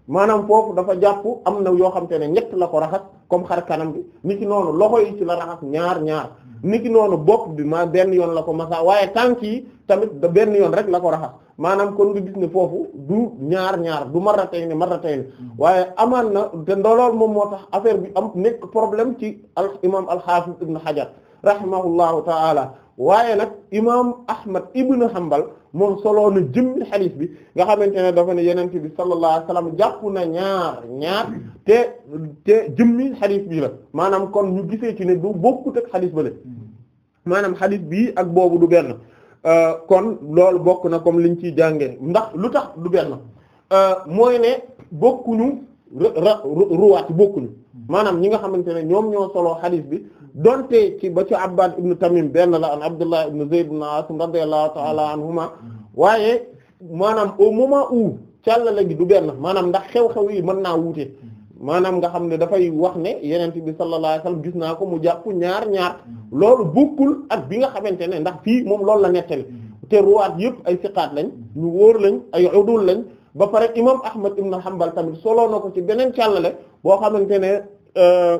maanaam foofu dafa jàpp am na yoo xam te ne ñett la ko raxas comme xar kanam bi ni niki noonu loxo yi ci la raxas ñaar ñaar niki noonu bopp bi ma benn yoon la ko masaa waaye tànk yi tamit da benn yoon rek la ko raxas maanaam kon nga gis ne foofu du ñaar ñaar du marratayni marratayni waaye amaan na te ndolool moom moo tax affaire bi am nekk problème ci al imaam al-Hafiz ibn rahimahullahu ta'ala waaye nag imaam Ahmad ibn Hanbal moom soloo na jëmmi xadiis bi nga xamante ne dafa ne yenente bi sallallahu alayhi wasallam jàpp na ñaar ñaar te te xadiis bi la maanaam kon ñu gisee ci ne du bokkut ak xadiis ba le maanaam xadiis bi ak boobu du benn euh, kon loolu bokk na comme liñ ciy jàngee ndax lu tax du benn euh, mooy ne bokkuñu ruwaat bokkuñu maanaam ñi nga xamante ne ñoom ñoo soloo xadis bi donte ci ba ci Abbad ibn Tamim benn la an Abdullah ibn Zayd ibn Asim radiyallahu ta'ala anhuma waaye maanaam au moment où gi du benn maanaam ndax xew-xew yi mën naa wuute maanaam nga xam ne dafay wax ne yeneen bi sallallahu gis naa ko mu jàpp ñaar ñaar loolu bokkul ak bi nga xamante ne ndax fii moom loolu la nettali te ruwaat yëpp ay siqaat lañ ñu wóor lañ ay udul lañ ba pare imam Ahmad ibn Hanbal tamit soloo na ko ci beneen càllale boo xamante ne Euh,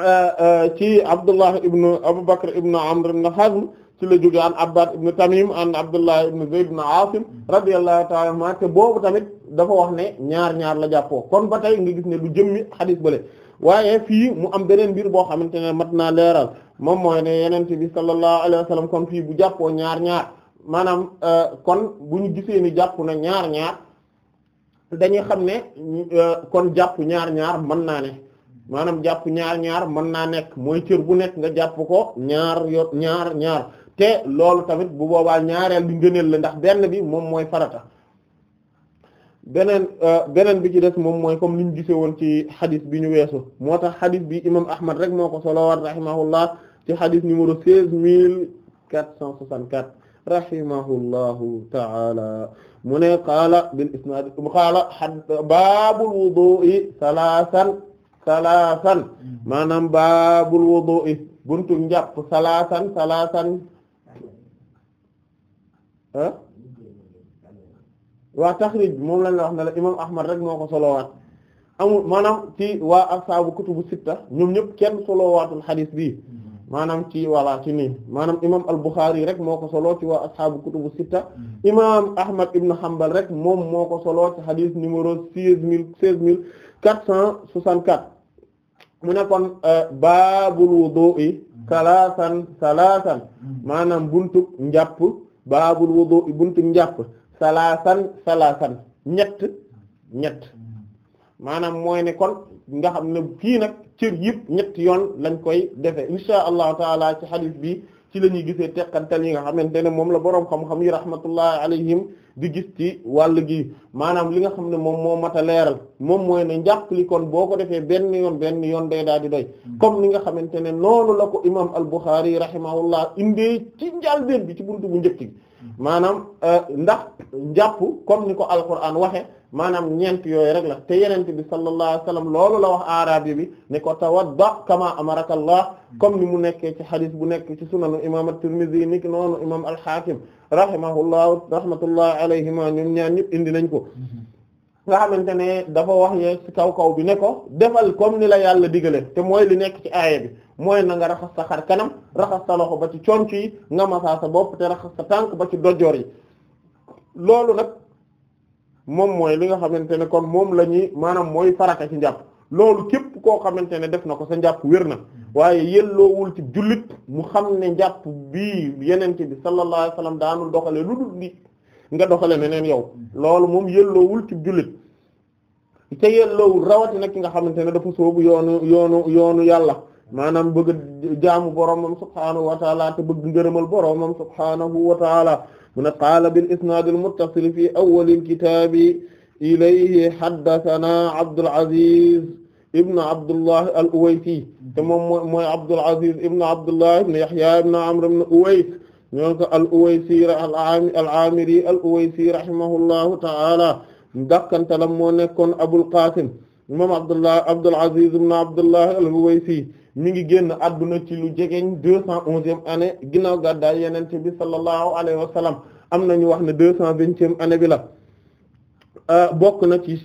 euh, euh, ci Abdullah ibn Abu Bakr ibn Amr ibn Hazm ci la jóge an Abbad ibn Tamim an Abdullah ibn Zayd ibn Asim radiyallahu ta'ala anhuma te boobu tamit dafa wax ne ñaar ñaar la jàppoo kon ba tey nga gis ne lu jëmmi xadis bële waaye fii mu am beneen mbir boo xamante ne mat naa leeral moom mooy ne yenente bi sallallahu alayhi wa kon fii bu jàppoo ñaar ñaar maanaam kon bu ñu gisee ni jàpp na ñaar ñaar dañu xam ne kon jàpp ñaar ñaar mën naa ne maanaam jàpp ñaar ñaar mën naa nekk mooy cër bu nekk nga jàpp ko ñaar yo ñaar ñaar te loolu tamit bu boobaa ñaareel bi ngëneel la ndax benn bi moom mooy farata beneen euh, beneen bi ci des moom mooy comme ni ñu gise woon ci xadis bi ñu weesu moo tax xadis bi imam ahmad rek moo ko solowaat rahimahullah ci xadis numéro seize mille quatre cent soixante-quatre rahimahullahu taala mu ne qaala bil isnaad qaala baabul wudu'i salaasan salaasan mm. maanaam baabul wudu'i buntu njàpp salaasan salaasan ah waa taxrij moom lañ la wax ne la imam Ahmad rek moo ko solowaat amul maanaam ci waa ashabu kutubu sitta ñoom ñëpp kenn solowaatul xadiis bii mm. maanaam ci walla ci nii maanaam imam al-Bukhari rek moo ko soloo ci waa ashabu kutubu sitta mm. imam Ahmad ibn Hanbal rek moom moo ko soloo ci xadiis numéro seize mille seize mille quatre cent soixante quatre mu ne kon euh, baabul wudu'i salaasan salaasan hmm. maanaam buntu njàpp baabul wudu'i buntu njàpp salaasan salaasan ñett ñett hmm. maanaam mooy ne kon nga xam ne fii nag cër yëpp ñett yoon lañ koy defee insha allahu taala ci hadith bi ci la ñuy gisee teqantal yi nga xamante ne moom la borom xam-xam yi rahmatullahi alayhim di gis ci wàll gi maanaam li nga xam ne moom moo mat a leeral moom mooy ne njàpp li kon boo ko defee benn yoon benn yoon day daal di doy hmm. comme ni nga xamante ne noonu la ko imam al-Bukhari rahimahullah indee ci njàlbéen bi ci buntu bu njëkk manaam hmm. euh, ndax njàpp comme ni ko alquran waxe maanaam ñeent yooyu rek la te yenent bi sallallahu alayhi wasallam loolu la wax arabi bi ne ko tawadda kama amaraka allah hmm. comme ni mu nekkee ci xadis bu nekk ci sunanu imam at-Tirmidhi niki noonu imam al-Hakim rahimahullahu rahmatullahi alayhima ñoom ñaar ñëpp indi nañ ko nga xamante ne dafa wax ye ci kaw kaw bi ne ko defal comme ni la yàlla digale te mooy li nekk ci aaya bi mooy na nga raxas sa xar kanam raxas sa loxo ba ci conc yi nga masaa sa bopp te raxas sa tànk ba ci dojoor yi loolu nag moom mooy li nga xamante ne kon moom la ñuy maanaam mooy farata ci njàpp loolu képp koo xamante ne def na ko sa njàpp wér na waaye yelloowul ci jullit mu xam ne njàpp bii yeneen bi sallallahu alayhi wasallam daanul doxale lu dul li nga doxale neneen yow loolu moom yelloowul ci jullit te yelloowul rawatina ki nga xamante ne dafa soobu yoonu yoonu yoonu yàlla maanaam bëgg jaamu boromam subhaanahu wa taala te bëgg ngërëmal boromam subhaanahu wa taala mu ne qaala bil isnaadil muttasil fii awwalil kitaabi ilayhi haddathana Abdul Aziz ibn Abdullah al-Uwaysi te moom mooy Abdul Aziz ibn Abdullah ibn Yahya ibn Amr ibn Uways ñoo ko al-Uwaysi al-Amiri al-Uwaysi rahimahullahu ta'ala dakkantalam moo nekkoon Abul Qasim moom Abdullah Abdul Aziz ibn Abdullah al-Uwaysi mi ngi génn adduna ci lu jegeñ deux cent onzième année ginnaaw gàddaay Yonent bi sallallahu alayhi wa sallam am na ñu wax ne deux cent vingtième année bi la. Euh, bokk na ci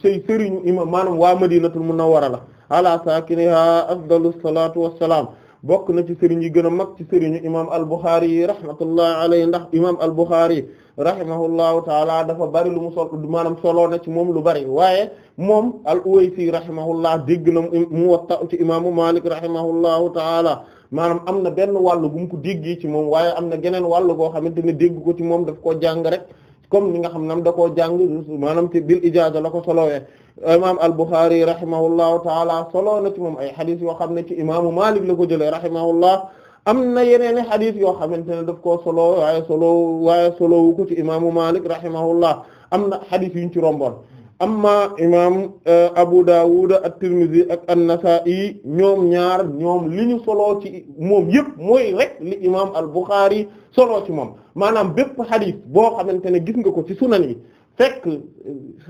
sey sëriñu imam maanaam waa madinatul munawwara la ala saakiniha afdalu salaatu wassalaam bokk na ci sëriñ yi gën a mag ci sëriñu imam al-Bukhari yi rahmatullah alayhi ndax imam al-Bukhari rahimahullahu taala dafa bari lu mu sol maanaam soloo na ci moom lu bari waaye moom al-Uwaysi rahimahullah dégg na Muwatta ci imaamu Malik rahimahullahu taala maanaam am na benn wàll bu mu ko ci moom waaye am na geneen wàll goo xamante ne dégg ko ci moom daf koo jàng rek comme ni nga xam nam da koo jàng maanaam ci bil ijaaza la ko solowee imam al-Bukhari rahimahullahu taala soloo na ci moom ay xadis yoo xam ne ci imaamu Malik la ko jëlee rahimahullah am na yeneen i xadis yoo xamante ne daf koo solo waaye solo waaye solowu ko ci imaamu Malik rahimahullah am na xadis yuñ ci romboon amma imam eh, Abu Dawud at-Tirmidhi ak an-Nasa'i ñoom ñaar ñoom li ñu soloo ci moom yëpp mooy rek li imam al-Bukhari soloo ci moom maanaam bépp hadith boo xamante ne gis nga ko ci sunan yi fekk eh,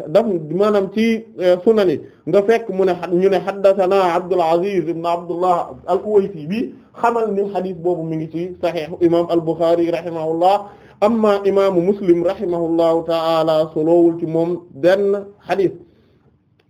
daf maanaam ci eh, sunan yi nga fekk mu ne ñu ne haddathana Abdul Aziz ibn Abdullah al-Uwaysi bi xamal ni hadith boobu mi ngi ci sahih imam al-Bukhari rahimahullah amma imaamu muslim rahimahullahu ta'ala solowul ci moom benn xadis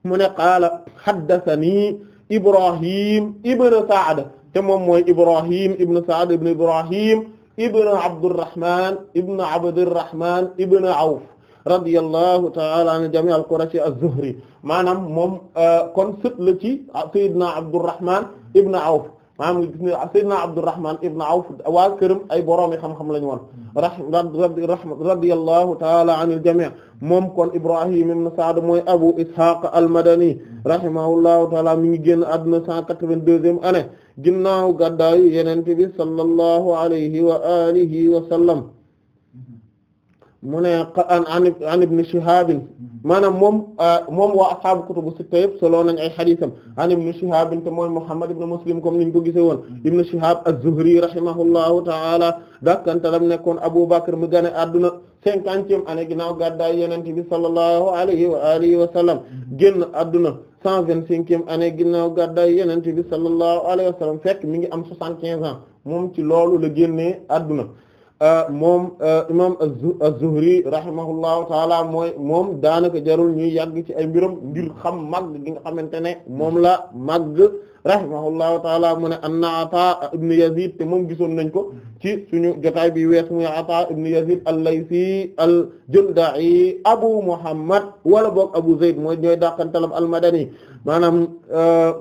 mu ne qaala haddathani ibrahim ibn saada te moom mooy ibrahim ibn saada ibn ibrahim ibn abdurrahman ibn abdurrahman ibn awf radiyallahu ta'ala an jami' al-qurashi az-zuhri maanaam moom euh, kon sët la ci sayyidina abdurrahman ibn awf maanaam nga gis ne Seydina Abdurrahman ibn Awf waa këram ay boroomi xam-xam lañu woon radiyallahu taala anil jami' moom kon Ibrahim ibn Sa'd mooy Abu Ishaq al-Madani rahimahullahu taala mi ngi génn àdduna cent quatre-vingt-deuxième année ginnaaw gàddaayu Yonent bi sallallahu alayhi wa alihi wa sallam mu ne an ibn Shihab maanaam moom ah, moom waa ashaabu kutubu sitta yëpp solo nañ ay xadiisam an ibn Shihab te mooy Muhammad ibn Muslim comme niñ ko gisee woon ibn Shihab az-Zuhri rahimahullahu ta'ala dakkantalam nekkoon Abu Bakr mu gane adduna cinquantième année ginnaaw gàddaay Yonent bi sallallahu alayhi wa alihi génn adduna cent vingt-cinquième année ginnaaw gàddaay Yonent bi sallallahu alayhi wa sallam fekk mi ngi am soixante-quinze ans moom ci loolu la génnee adduna Euh, moom euh, imam az-Zuhri rahimahullahu taala mooy moom daanaka jarul ñuy yàgg ci ay mbiram ngir xam màgg gi nga xamante ne moom la màgg rahimahullahu taala mu ne anna Ata ibn Yazid te moom gisoon nañ ko ci suñu jotaay bi wees muy Ata ibn Yazid al-Laysi al-Jundai Abu Muhammad wala boog Abu Zayd mooy ñooy dàqantalam al-Madani maanaam euh,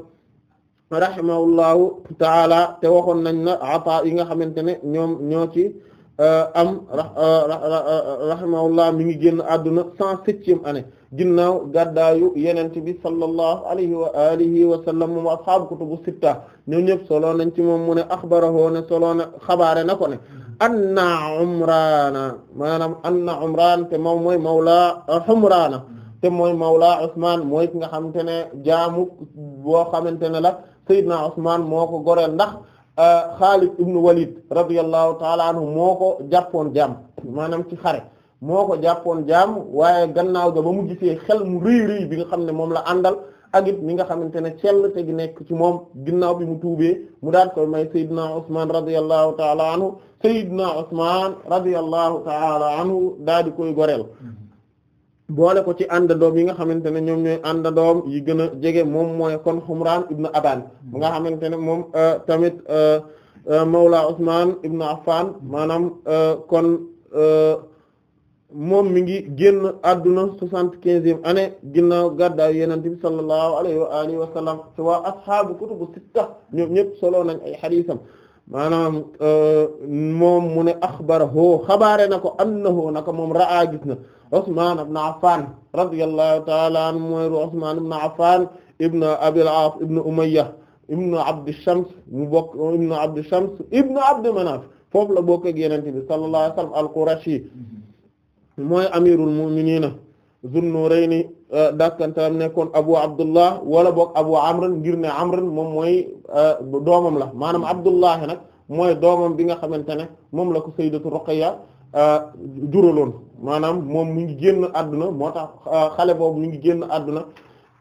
rahimahullahu taala te waxoon nañ na Ata yi nga xamante ne ñoom ñoo ci Euh, am euh, euh, rahimahullah mi ngi génn àdduna cent septième année ginnaaw gàddaayu yenente bi sallallahu alayhi wa alihi wa sallam sitta ñoom ñëpp solo nañ ci moom mu ne axbarahoo ne solo na xabaare na ko ne anna umrana maanaam anna umran te moom mooy mawla humrana te mooy mawla usman mooy ki nga xamante ne jaamu boo xamante ne la sayyidna usman moo ko goreel ndax Euh, Xaalid ibn Walid radiyallahu taala anhu moo ko jàppoon jaam maanaam ci xare moo ko jàppoon jaam waaye gannaaw ga ba mu gisee xel mu rëy rëy bi nga xam ne moom la àndal agit it mi nga xamante ne sell te gi nekk ci moom ginnaaw bi mu tuubee mu daan koy may Seydina Usmaan radiyallahu taala anhu Seydina Usmaan radiyallahu taala anhu daal koy goreel mm-hmm. boole ko ci àndandoom yi nga xamante ne ñoom ñooy àndandoom yi gën a jege moom mooy kon Humraan ibn Abaan bu hmm. nga xamante ne moom euh, tamit euh, euh, Mawla Usmaan ibn Affaan hmm. maanaam kon moom mi ngi génn adduna soixante-quinzième année ginnaaw gàddaayu yenente bi sallallahu alayhi wa alihi wa sallam ci waa ashaabu kutubu sitta ñoom ñëpp solo nañ ay xadiisam maanaam euh, moom mu ne axbarahu xabaare na ko annahu naka moom raa gis na Usmaan ibn Affaan radiyallahu ta'ala anhu mooy Usmaan ibn Affaan ibn Abil Aas ibn Umayya ibn Abdi Shams mu bokk ibn Abdi Shams ibn Abdi Manaaf foofu la bokk ak Yonent bi sallallahu alayhi wa sallam al-Qurashi mooy amirul mu'miniina Zunnurayni euh, dakkantaam nekkoon Abu Abdullah wala boog Abu Amr ngir ne Amr moom mooy euh, doomam la maanaam Abdullah nag mooy doomam bi nga xamante ne moom la ko Sayyidatu Ruqayya euh, juraloon maanaam moom mu ngi génn àdduna moo tax xale boobu mu ngi génn àdduna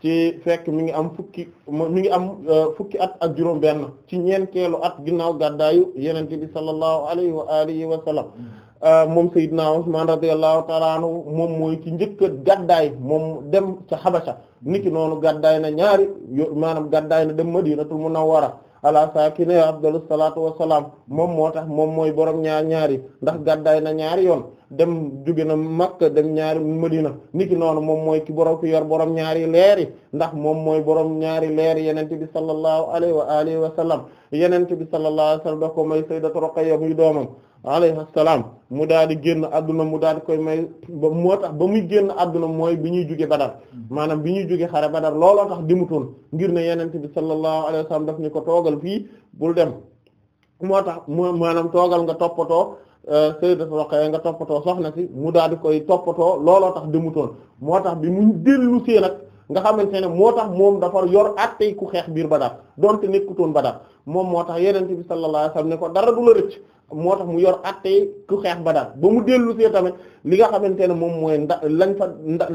ci fekk mi ngi am fukki mi ngi am euh, fukki at ak juróom benn ci ñeenteelu at ginnaaw gàddaayu yenente bi sallallahu alayhi wa alihi wa sallam mm. euh, moom Seydina Usman radiyallahu ta'ala anhu moom mooy ci njëkk a gàddaay moom dem ca ni ki noonu gàddaay na ñaari maanaam gàddaay na dem ma Madinatul Munawwara ala saakine afdalu salaatu wa salaam moom moo tax moom mooy borom ñaar ñaari ndax gàddaay na ñaari yoon dem jóge na Makka dem ñaari Madina niki noonu moom mooy ki borom ki yor ñaari leer yi ndax moom mooy boroom ñaari leer yeneen bi sallallahu alayhi wa alihi wa sallam yeneen bi sallallahu alayhi wa sallam daf ko may sayyidatu Ruqayya salaam mu daal di génn adduna mu daal di koy may ba moo tax ba muy génn adduna mooy bi ñuy jugee Badar maanaam bi ñuy jóge xare Badar looloo tax dimutoon ngir ne yeneen bi sallallahu alayhi wa sallam daf ni ko toogal fii bul dem moo tax maanaam toogal nga toppatoo. Euh, sayyidat Ruqayya eh, nga toppatoo soxna si mu daal di koy toppatoo looloo tax demutoon moo tax bi mu dellu see nag nga xamante ne moo tax moom dafa yor attey ku xeex biir Badar donte nekkutoon Badar moom moo tax Yonent bi sallallahu alayhi wasallam ne ko dara du la rëcc moo tax mu yor attey ku xeex Badar ba mu dellu see tamit li nga xamante ne moom mooy nda lañ fa nda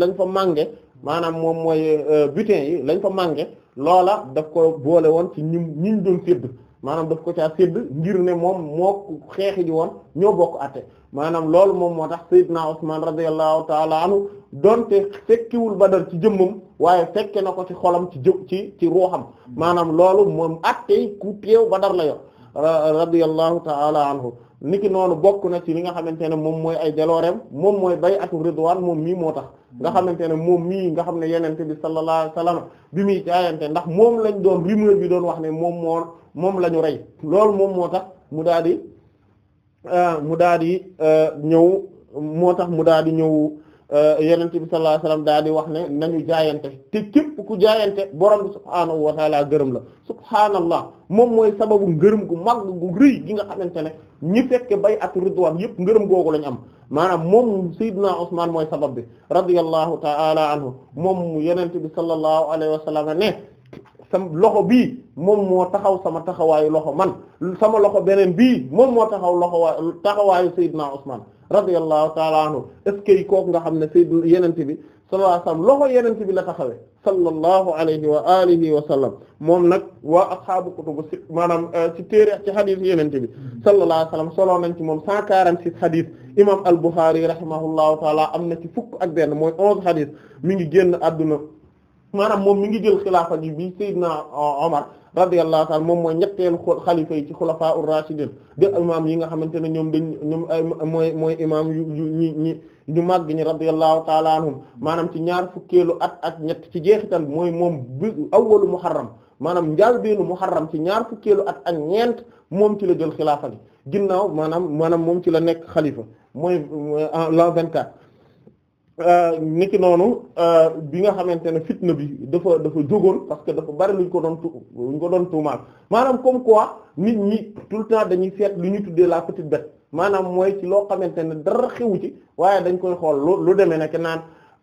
lañ fa mànge maanaam moom mooy euh, butin yi lañ fa mànge loola daf ko boole woon ci ñi ñiñ doon sédd maanaam daf ko caa sédd ngir ne moom moo xeexi ji woon ñoo bokk atte maanaam loolu moom moo tax Seydina Usman radiyallahu taala anhu donte fekkiwul Badar ci jëmmam waaye fekke na ko ci xolam ci jë ci ci ruuxam maanaam loolu moom atte ku teew Badar la yor radiyallahu taala anhu nit ki noonu bokk na ci li nga xamante ne moom mooy ay jalooreem moom mooy bay'atu ridwaan moom mii moo tax nga xamante ne moom mii nga xam ne yenente bi sallallahu alayhi bi muy jaayante ndax moom lañ doon rumeur bi doon wax ne moom moo moom la ñu rey loolu moom moo tax mu daal di euh, mu daal di euh, ñëw moo tax mu daal di ñëw Euh, yonent bi sallallahu alayhi wasallam daal di wax ne nañu jaayante te képp ku jaayante borom bi subhaanahu wa gërëm la subhaanallah moom mooy sababu gërëm gu mag gu rëy gi nga xamante ne ñi fekke bay at ridwaan yëpp ngërëm googu lañ am maanaam moom Seydina Usmaan mooy sabab bi radiyallahu taala anhu moom yonent bi sallallahu alayhi wasallam ne sam loxo bii moom moo taxaw sama taxawaayu loxo man sama loxo beneen bii moom moo taxaw loxo taxawaayu Seydina Usmaan radiyallahu taala anhu est-ce que kooku nga xam ne sayyidul yenente bi sallallahu alayhi wa sallam loxo yenente bi la taxawee sallallahu alayhi wa alihi wa sallam moom nag waa ashaabu kutubu si maanaam euh, ci téere ci xadis yenente bi sallallahu alayhi wa sallam soloo nañ ci moom cent quarante-six xadis imam al-Bukhari rahimahullahu taala am na ci fukk ak benn mooy onze xadis mi ngi génn adduna maanaam moom mi ngi jël xilaafa gi bi sayyidna Omar radiyallahu ta'ala moom mooy ñetteelu xalifa yi ci xulafaa ur-rashidin de imaam yi nga xamante ne ñoom dañ ñoom ay mooy mooy imaam yu ñi ñi ñu màgg ñi radiyallahu ta'ala anhum maanaam ci ñaar fukkeelu at ak ñett ci jeexital mooy moom bi awwalu muharram maanaam njaalbeenu muharram ci ñaar fukkeelu at ak ñeent moom ci la jël xilaafa gi ginnaaw maanaam maanaam moom ci la nekk xalifa mooy euh, l'an 24 nit euh, niki noonu euh, bi nga xamante ne fitna bi dafa dafa jógoon parce que dafa bari luñ ko doon tu ko doon tuumaal maanaam comme quoi nit ñi tout le temps dañuy feet lu ñu tuddee la petite bête maanaam mooy ci loo xamante ne dara xewu ci waaye dañ koy xool lu lu demee nekk naan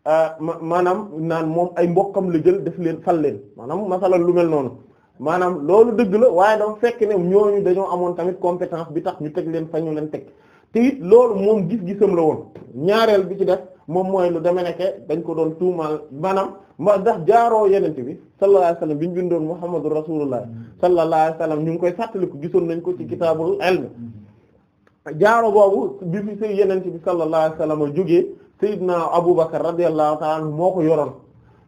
euh, maanaam naan moom ay mbokkam la jël def leen fal leen maanaam masalan lu mel noonu maanaam loolu dëgg la waaye dafa fekk ne ñooñu dañoo amoon tamit compétence bi tax ñu teg leen fa ñu leen teg te loolu moom gis-gisam la woon ñaareel bi ci def moom mooy lu deme nekke dañ ko doon tuumaal maanaam ma ndax jaaroo yenente bi sallallahu alayhi wasallam bi ñu bindoon muhammadu rasulullah sallallahu alayhi wasallam ñu ngi koy sàttaliku gisoon nañ ko ci kitaabul ilm jaaro boobu bi fi sëy bi sallallahu alayhi wasallam jógee sayyidina abubakar radiyallahu ta'ala anhu moo ko yoroon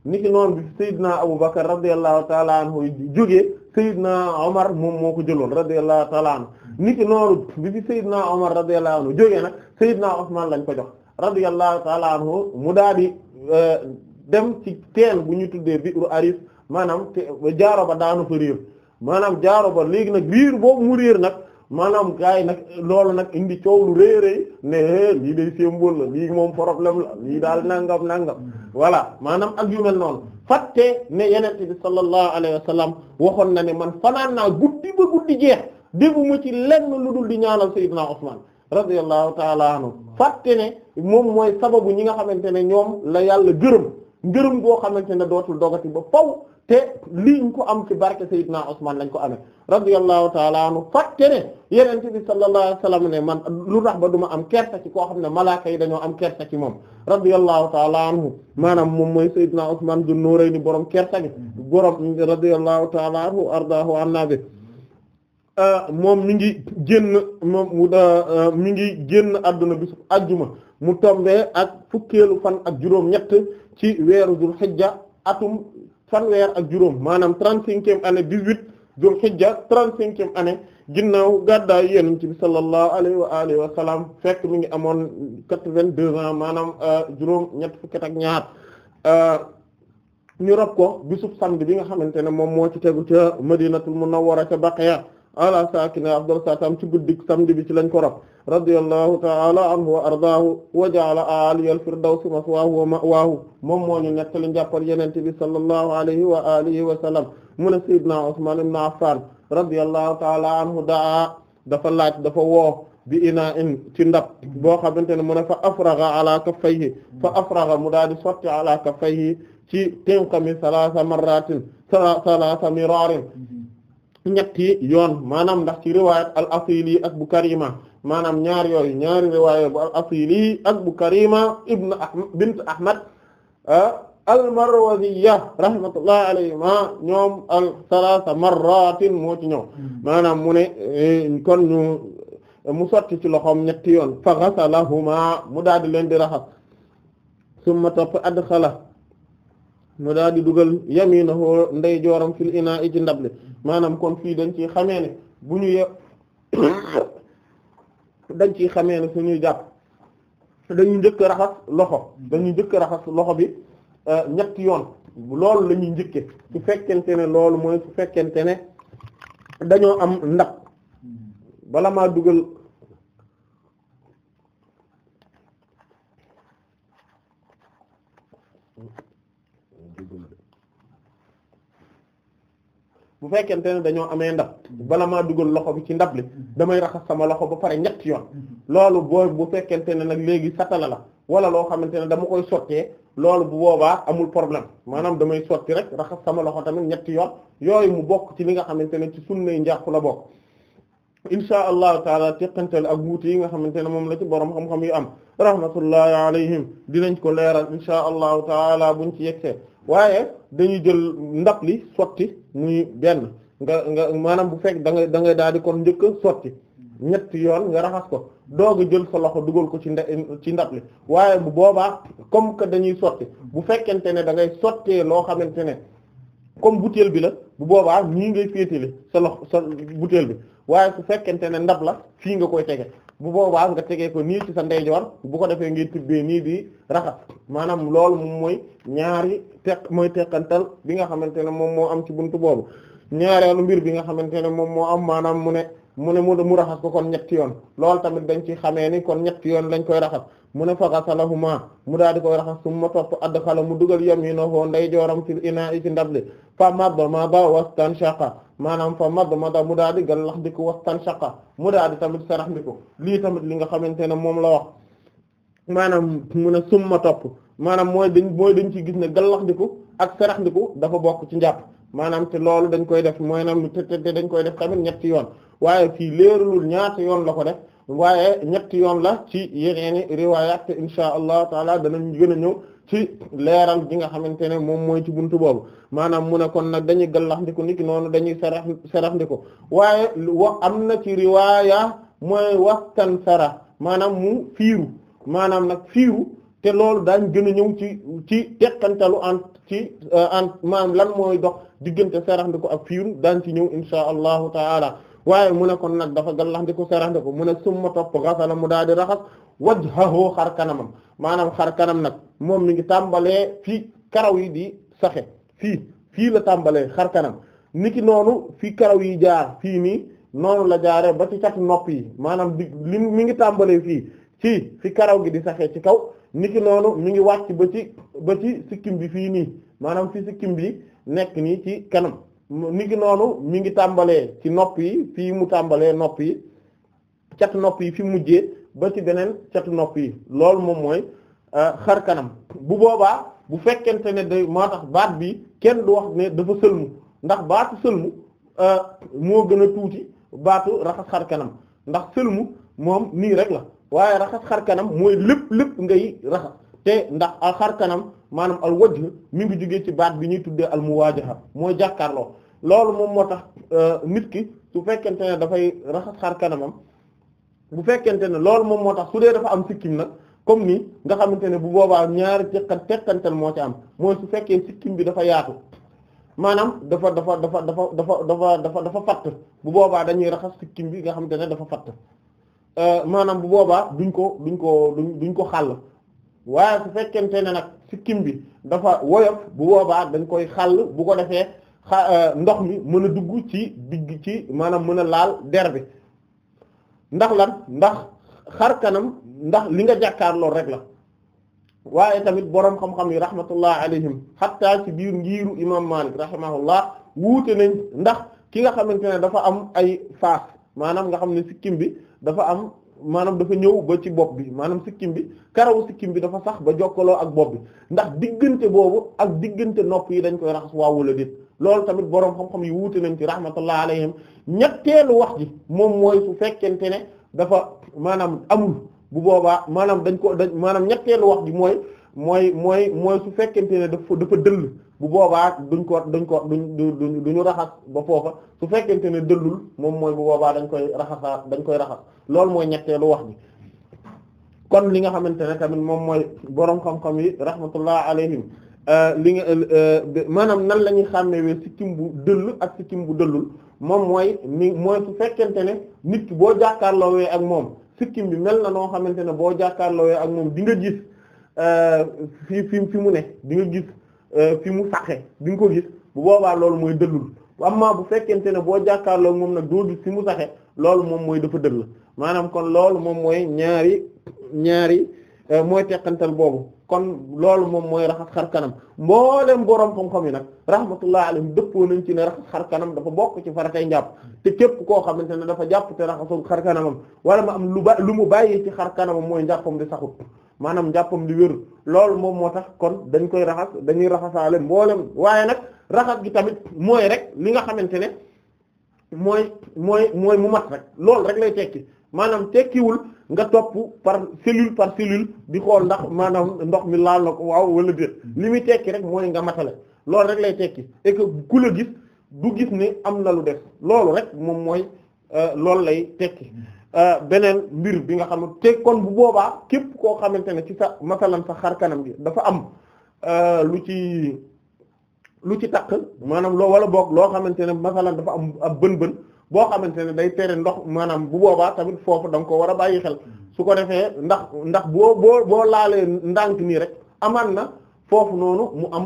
niki noonu bi sayyidina abubakar radiyallahu ta'ala anhu jógee sayyidina omar moom moo ko jëloon radiyallahu ta'ala anhu niki noonu bi fi sayyidina omar radiyallahu anhu jógee nag sayyidina usman lañ ko jox radiyallahu ta'ala anhu mu daal di euh, dem ci teen bu ñu tuddee biiru arif maanaam jaaro ba daanu fa riir maanaam jaaro ba léegi nag riir boobu mu réer nag maanaam gars yi nag loolu nag indi coow lu rëy rëy ne lii day symbole la moom problème la lii daal nangam nangam voilà maanaam ak yu mel noonu fàtte ne yenente bi sallallahu alayhi wa sallam waxoon na ne man fanaan naa guddi ba guddi jeex déggu ma ci lenn lu dul di ñaanal Seydina Usman radiyallahu taala anhu fàtte ne moom mooy sababu ñi nga xamante ne ñoom la yàlla gërëm ngërëm goo xamante ne dootul dogati ba faw te lii ko am ci barke Seydina Usman lañ ko amee radiyallahu taala anhu fàtte ne yenente bi sallallahu alayhi wasallam ne man lu tax ba duma am kersa ci koo xam ne malaaka yi dañoo am kersa ci moom radiyallahu taala anhu maanaam moom mooy Seydina Usman du nuurayni borom kersa bi borom radiyallahu taala anhu ardaahu annabi Euh, moom mi ngi génn moom euh, euh, mi ngi génn adduna bisu ajjuma mu tombé ak fukkeelu fan ak juróom-ñett ci weeru dul xijja atum fanweer ak juróom maanaam trente-cinquième année dix-huit dul xijja trente-cinquième année ginnaaw gàddaay yonent bi sallallahu alayhi wa alihi wa sallam fekk mi ngi amoon quatre-vingt-deux ans maanaam juróom-ñett fukki ak ñaar ñu rob ko bisub samedi bi nga xamante ne moom moo ci tegu ca Madinatul Munawwara ca Baqiya ala saakina afdal satam ci guddik samedi bi ci lañ ko rab radiyallahu ta'ala anhu wa ardaahu wa ja'ala a'aliyal firdawsi maswaahu wa ma'waahu moom moo ñu nettali njàppal yenente bi sallallahu alayhi wa alihi wa sallam mu ne sayyidna Usman ibn Affan radiyallahu ta'ala anhu daa dafa laaj dafa woo bi ina in ci ndab boo xamante ne mu ne fa afraga ala kaffayhi fa afraga mu daal di sotti ala kaffayhi ci tinqami salaasa marratin salaasa miraarin ñetti yoon maanaam ndax ci riwaayat al asili ak bu karima maanaam ñaar yooyu ñaari riwaayat bu al asili ak bu karima ibn ahmad bint ahmad ah, al marwaziya rahmatullah alayhima ñoom al salaasa marratin moo ci ñëw hmm. maanaam mu ne eh, kon ñu mu sotti ci loxoom ñetti yoon fa ghasalahuma mu daal di leen di raxas summa topp adxala mu daal di dugal yaminahu ndey jooram fil inaa i ci ndable maanaam kon fii dañ ci xamee ne bu ñu ye dañ ciy xamee ne ñuy jàpp dañu njëkk raxas loxo dañu jëkk raxas loxo bi euh, ñakk yoon loolu la ñuy njëkke su fekkente ne loolu mooy su fekkente ne dañoo am ndab bala maa dugal bu fekkente ne dañoo amee ndab bala maa dugal loxo bi ci ndab li damay raxas sama loxo ba pare ñetti yoon loolu boo bu fekkente ne nag léegi satala la wala loo xamante ne dama koy sottee loolu bu boobaa amul problème maanaam damay sotti rek raxas sama loxo tamit ñetti yoon yooyu mu bokk ci li nga xamante ne ci sunnay njàpp la bokk insha allahu taala teqantal ak wuute yi nga xamante ne moom la ci borom xam-xam yu am rahmatullahi alayhim dinañ ko leeral insha allahu taala buñ ci yegsee waaye dañuy jël ndab li sotti muy benn nga nga maanaam bu fekk da ngay da ngay daal di kon njëkk sotti ñetti yoon nga raxas ko doog a jël sa loxo dugal ko ci ci ndab li waaye bu boobaa comme que dañuy sotti bu fekkente ne da ngay sottee loo xamante ne comme butéel bi la bu boobaa nii ngay féetale sa loxo sa butéel bi waaye su fekkente ne ndab la fii nga koy tege bu boobaa nga tegee ko nii ci sa ndeyjoor bu ko defee ngay tibbee nii bi raxas maanaam lool moom mooy ñaari teq mooy teqantal bi nga xamante ne moom moo am ci buntu boobu ñaareelu mbir bi nga xamante ne moom moo am maanaam mu ne mu ne mu raxas ko kon ñetti yoon loolu tamit dañ ci xamee ni kon ñetti yoon lañ koy raxas mu ne faxasalahuma mu daal di koy raxas summa topp add xala mu dugal yaminohu ndeyjooram ci inaa i ci ndable fa madda ma ba wastanshaqa maanaam fa madd mada mu daa di gallax di ko waxtaan saqa mu daa di tamit sarax ndi ko lii tamit li nga xamante ne moom la wax maanaam mu ne summa topp maanaam mooy dañ mooy dañ ci gis ne gallax ndi ak sarax dafa bokk ci njàpp maanaam te loolu dañ koy def mooy nam te te dañ koy def tamit ñetti yoon waaye fii léeralul ñaata yoon la ko def waaye ñetti yoon la ci yeneeni riwaayaat te insha allah taala danañ gën a ñëw ci leeral gi nga xamante ne moom mooy ci buntu boobu maanaam mu ne kon nag dañuy gallax ndiko niki noonu dañuy sarax sarax ndiko waaye wa am na ci riwaaya mooy waxtaan sara maanaam mu fiiru maanaam nag fiiru te loolu daañ gën a ñëw ci ci tekkantalu an ci euh, an maanaam lan mooy dox diggante sarax ndiko a fiiru daañ ci ñëw insha allahu taala waaye mu ne kon nag dafa gallax ndiko sarax ndiko mu ne summa topp gasala mu daal di raxas wajhahu xar kanamam maanaam xar kanam nag moom mi ngi tàmbalee fii karaw yi di saxe fii fii la tàmbalee xar kanam niki noonu fii karaw yi jaar fii nii noonu la jaare ba ci cat nopp yi maanaam di li mi ngi tàmbalee fii ci fi karaw gi di saxee ci kaw niki noonu mi ngi wàcc ba ci ba ci sikkim bi fii nii maanaam fi sikkim bi nekk nii ci kanam niki noonu mi ngi tàmbalee ci nopp yi fii mu tàmbalee nopp yi cat nopp yi fi mujjee ba ci beneen cetu nopp yi loolu moom mooy euh, xar kanam bu boobaa bu fekkente ne day moo tax baat bi kenn du wax ne dafa sëlmu ndax baatu sëlmu euh, moo gën a tuuti baatu raxas xar ndax sëlmu moom nii rek la waaye raxas xar kanam mooy lépp lépp ngay raxas te ndax al xar kanam maanaam al wajh mu ngi jógee ci baat bi ñuy tuddee al muwaajaha mooy jàkkaarloo loolu moom moo tax euh, nit ki su fekkente ne dafay raxas xar kanamam bu fekkente ne loolu moom moo tax su dee dafa am sikkim nag comme ni nga xamante ne bu boobaa ñaari teqan teqantal moo ci am mooy su fekkee sikkim bi dafa yaatu maanaam dafa dafa dafa dafa dafa dafa dafa dafa fatt bu boobaa dañuy raxas sikkim bi nga xamante ne dafa fatt euh, maanaam bu boobaa duñ ko duñ ko duñ duñ ko xàll waaye su fekkente ne nag sikkim bi dafa woyof bu boobaa dañ koy xàll bu ko defee xa euh, ndox mi mën a dugg ci digg ci maanaam mën a laal der bi ndax lan ndax xar kanam ndax li nga jàkkaarloo rek la waaye tamit boroom xam-xam yi rahmatullah alayhim xatta ci biir ngiiru imam Malik rahimahullah wuute nañ ndax ki nga xamante ne dafa am ay faas maanaam nga xam ne sikkim bi dafa am maanaam dafa ñëw ba ci bopp bi maanaam sikkim bi karawu sikkim bi dafa sax ba jokkaloo ak bopp bi ndax diggante boobu ak diggante nopp yi dañ koy raxas waaw wala déet loolu tamit boroom xam-xam yi wuute nañ ci rahmatullah alayhim ñetteelu wax ji moom mooy su fekkente ne dafa maanaam amul bu boobaa maanaam dañ ko dañ maanaam ñetteelu wax ji mooy mooy mooy mooy su fekkente ne dafa dafa dëll bu boobaa duñ ko duñ ko duñ duñ duñu raxas ba foofa su fekkente ne dëllul moom mooy bu boobaa dañ koy raxasaat dañ koy raxas loolu mooy ñetteelu wax bi kon li nga xamante ne tamit moom mooy boroom xam-xam yi rahmatullah alayhim euh, li nga euh, maanaam nan la ñuy xàmmewee sikkim bu dëll ak sikkim bu dëllul moom mooy ni mooy su fekkente ne nit ki boo jàkkaarloowee ak moom sikkim bi mel na noo xamante ne boo jàkkaarloowee ak moom di nga gis fi fi fi mu ne di nga gis euh, fi mu saxe di nga ko gis bu boobaa loolu mooy dëllul amma bu fekkente ne boo jàkkaarloo moom nag doo gis fi mu saxe loolu moom mooy dafa dëll maanaam kon loolu moom mooy ñaari ñaari euh, mooy teqantal boobu kon loolu moom mooy raxas xar kanam mboolem boroom xam-xam yi nag rahmatullah alayhim dëppoo nañ ci ne raxas xar kanam dafa bokk ci faratay njàpp te képp koo xamante ne dafa jàpp te raxasul xar kanamam wala ma am lu ba lu mu bàyyi ci xar kanamam mooy njàppam di saxut maanaam njàppam li wérul loolu moom moo tax kon dañ koy raxas dañuy raxasaale mboolem waaye nag raxas gi tamit mooy rek li nga xamante ne mooy mooy mooy mu mat rek loolu rek lay tekki maanaam tekkiwul nga topp par cellule par cellule di xool ndax maanaam ndox mi laal ko waaw wala déet li muy tekki rek mooy nga matale loolu rek lay tekki et que ku la gis du gis ne am na lu def loolu rek moom mooy euh, loolu lay tekki Euh, beneen mbir bi nga xam ne te kon bu boobaa képp koo xamante ne ci sa masalan sa xar kanam gi dafa am euh, lu ci lu ci takk maanaam loo wala boog loo xamante ne masalan dafa am bën-bën boo xamante ne day tere ndox maanaam bu boobaa tamit foofu da ko war a bàyyi xel su ko defee ndax ndax boo boo boo laalee ndànk nii rek amaan na foofu noonu mu am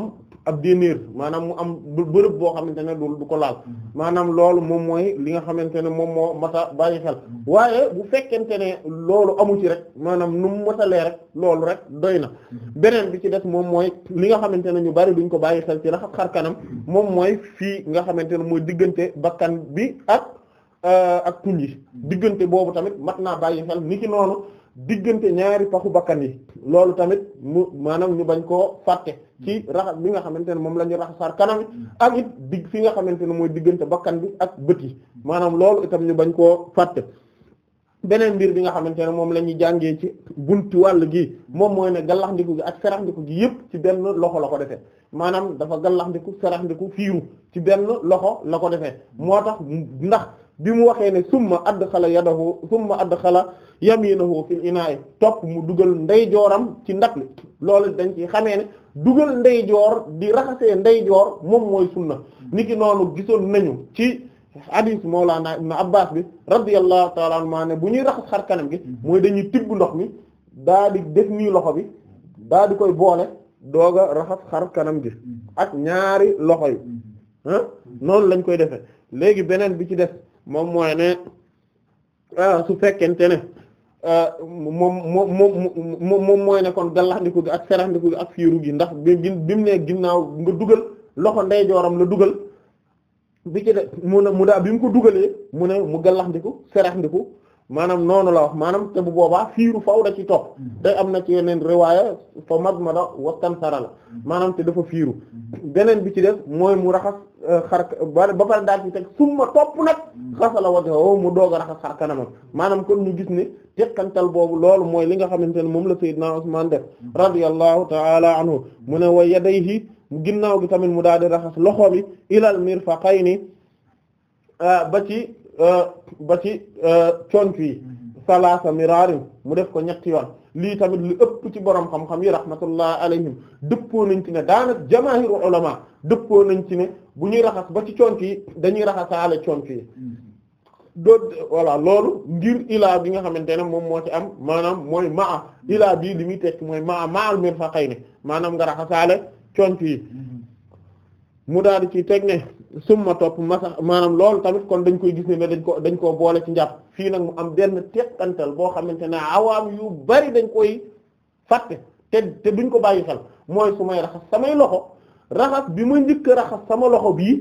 ab déniir maanaam mu am bërëb boo xamante ne du du ko laal maanaam loolu moom mooy li nga xamante ne moom moo mata bàyyi xel waaye bu fekkente ne loolu amu ci rek maanaam nu mu matalee rek loolu rek doy na beneen bi ci des moom mooy li nga xamante ne ñu bari duñ ko bàyyi xel ci la xar kanam moom mooy fii nga xamante ne mooy diggante bakkan bi ak euh, ak tuñ yi diggante boobu tamit mat naa bàyyi xel ni ki noonu diggante ñaari paxu bakkan yi loolu tamit ci hmm. raxas bi nga xamante ne moom la ñu raxasar kanam hmm. ak it dig fi nga xamante ne mooy diggante bakkan bi ak bët yi hmm. maanaam loolu itam ñu bañ koo fàtte beneen mbir bi nga xamante ne moom la ñuy jàngee ci buntu wàll gi moom mooy ne gallaxndiku gi ak seraxndiku gi yépp ci benn loxo la ko defee maanaam dafa gallaxndiku seraxndiku fiiru ci benn loxo la ko defee moo tax ndax bi mu waxee ne summa adxala yadahu summa adxala yaminahu fil inaa'i topp mu dugal ndeyjooram ci ndab li loolu dañ ci xamee ne dugal ndeyjoor di raxasee ndeyjoor moom mooy sunna niki noonu gisoon nañu ci hadith Mawlana Ibn Abbas bi radiyallahu ta'ala anhuma ne bu ñuy raxas xar kanam gi mooy dañuy tibb ndox mi daa di def nii loxo bi daa di koy boole doog a raxas xar kanam gi ak ñaari loxo yi noonu lañ koy defee léegi beneen bi ci def moom mooy ne ah, su fekkente ne ah, moom moom moom moom mooy ne kon gallaxndiku gi ak seraxndiku gi ak fiiru gi ndax bi bi mu ne ginnaaw nga dugal loxo ndeyjooram la dugal bi ci de mu ne mu daa bi mu ko dugalee mu ne mu gallaxndiku seraxndiku maanaam noonu la wax maanaam te bu boobaa fiiru faw da ci topp day mm-hmm. am na ci yeneen riwaaya fa mad mada wastansara la maanaam te dafa fiiru mm-hmm. beneen bi ci def mooy mu raxas xar ba pare daal ci teg summa topp nag mm. xasala wajhahu mu doog a raxas xar kanamam maanaam kon ñu gis ni tekkantal boobu loolu mooy li nga xamante ne moom la sayyidna Usman def mm. radiyallahu ta'ala anhu mu ne wa yadayhi ginnaaw gi tamit mu daal di raxas loxo bi ilal mirfaqayni ah, ba ci ah, ba ci ah, conc yi mm-hmm. salasa mirarin mu def ko ñetti yoon lii tamit lu ëpp ci borom xam-xam yi rahmatullah alayhim dëppoo nañ ci ne daanaka jamaahiru ulama dëppoo nañ ci ne bu ñuy raxas ba ci conc yi dañuy raxasaale conc yi doo loolu ngir ilaa bi nga xamante ne moom moo ci am maanaam mooy maa ilaa bii li muy tekk mooy maa maal mirfaqayni maanaam nga raxasaale conc yi mm-hmm. mu daal di ci teg summa topp masa maanaam loolu tamit kon dañ koy gis ne dañ ko dañ koo boole ci njàpp fii nag mu am benn teqantal boo xamante ne awaam yu bari dañ koy fàtte te te duñ ko bàyyi xel mooy su may raxas samay loxo raxas bi ma njëkk a sama loxo bii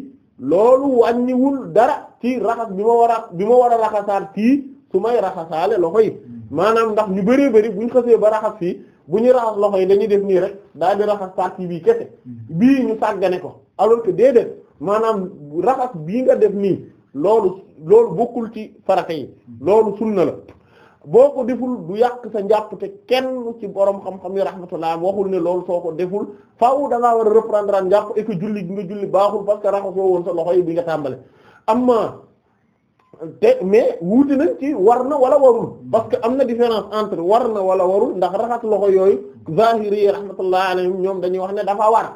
loolu wàññiwul dara ci raxas bi ma war a bi ma war a raxasaat fii su may raxasaale loxo yi maanaam ndax ñu bëree bëri ñu xasee ba raxas fii bu ñu raxas loxo yi dañuy def nii rek daal di raxas partie bii kese mm. bii ñu sàggane ko alors que déedéet maanaam raxas bii nga def nii loolu loolu bokkul ci farata yi loolu sunna la boo ko deful du yàq sa njàpp te kenn ci borom xam-xam yi rahmatullah waxul ne loolu soo ko deful faaw da war a reprendre an njàpp julli bi nga julli baaxul parce que woon sa loxo bi nga tàmbale amma te mais wuute ci war na wala warul parce que am na différence entre war na wala warul ndax raxas loxo yooyu zahiri yi rahmatullah alayhim ñoom dañuy wax ne dafa war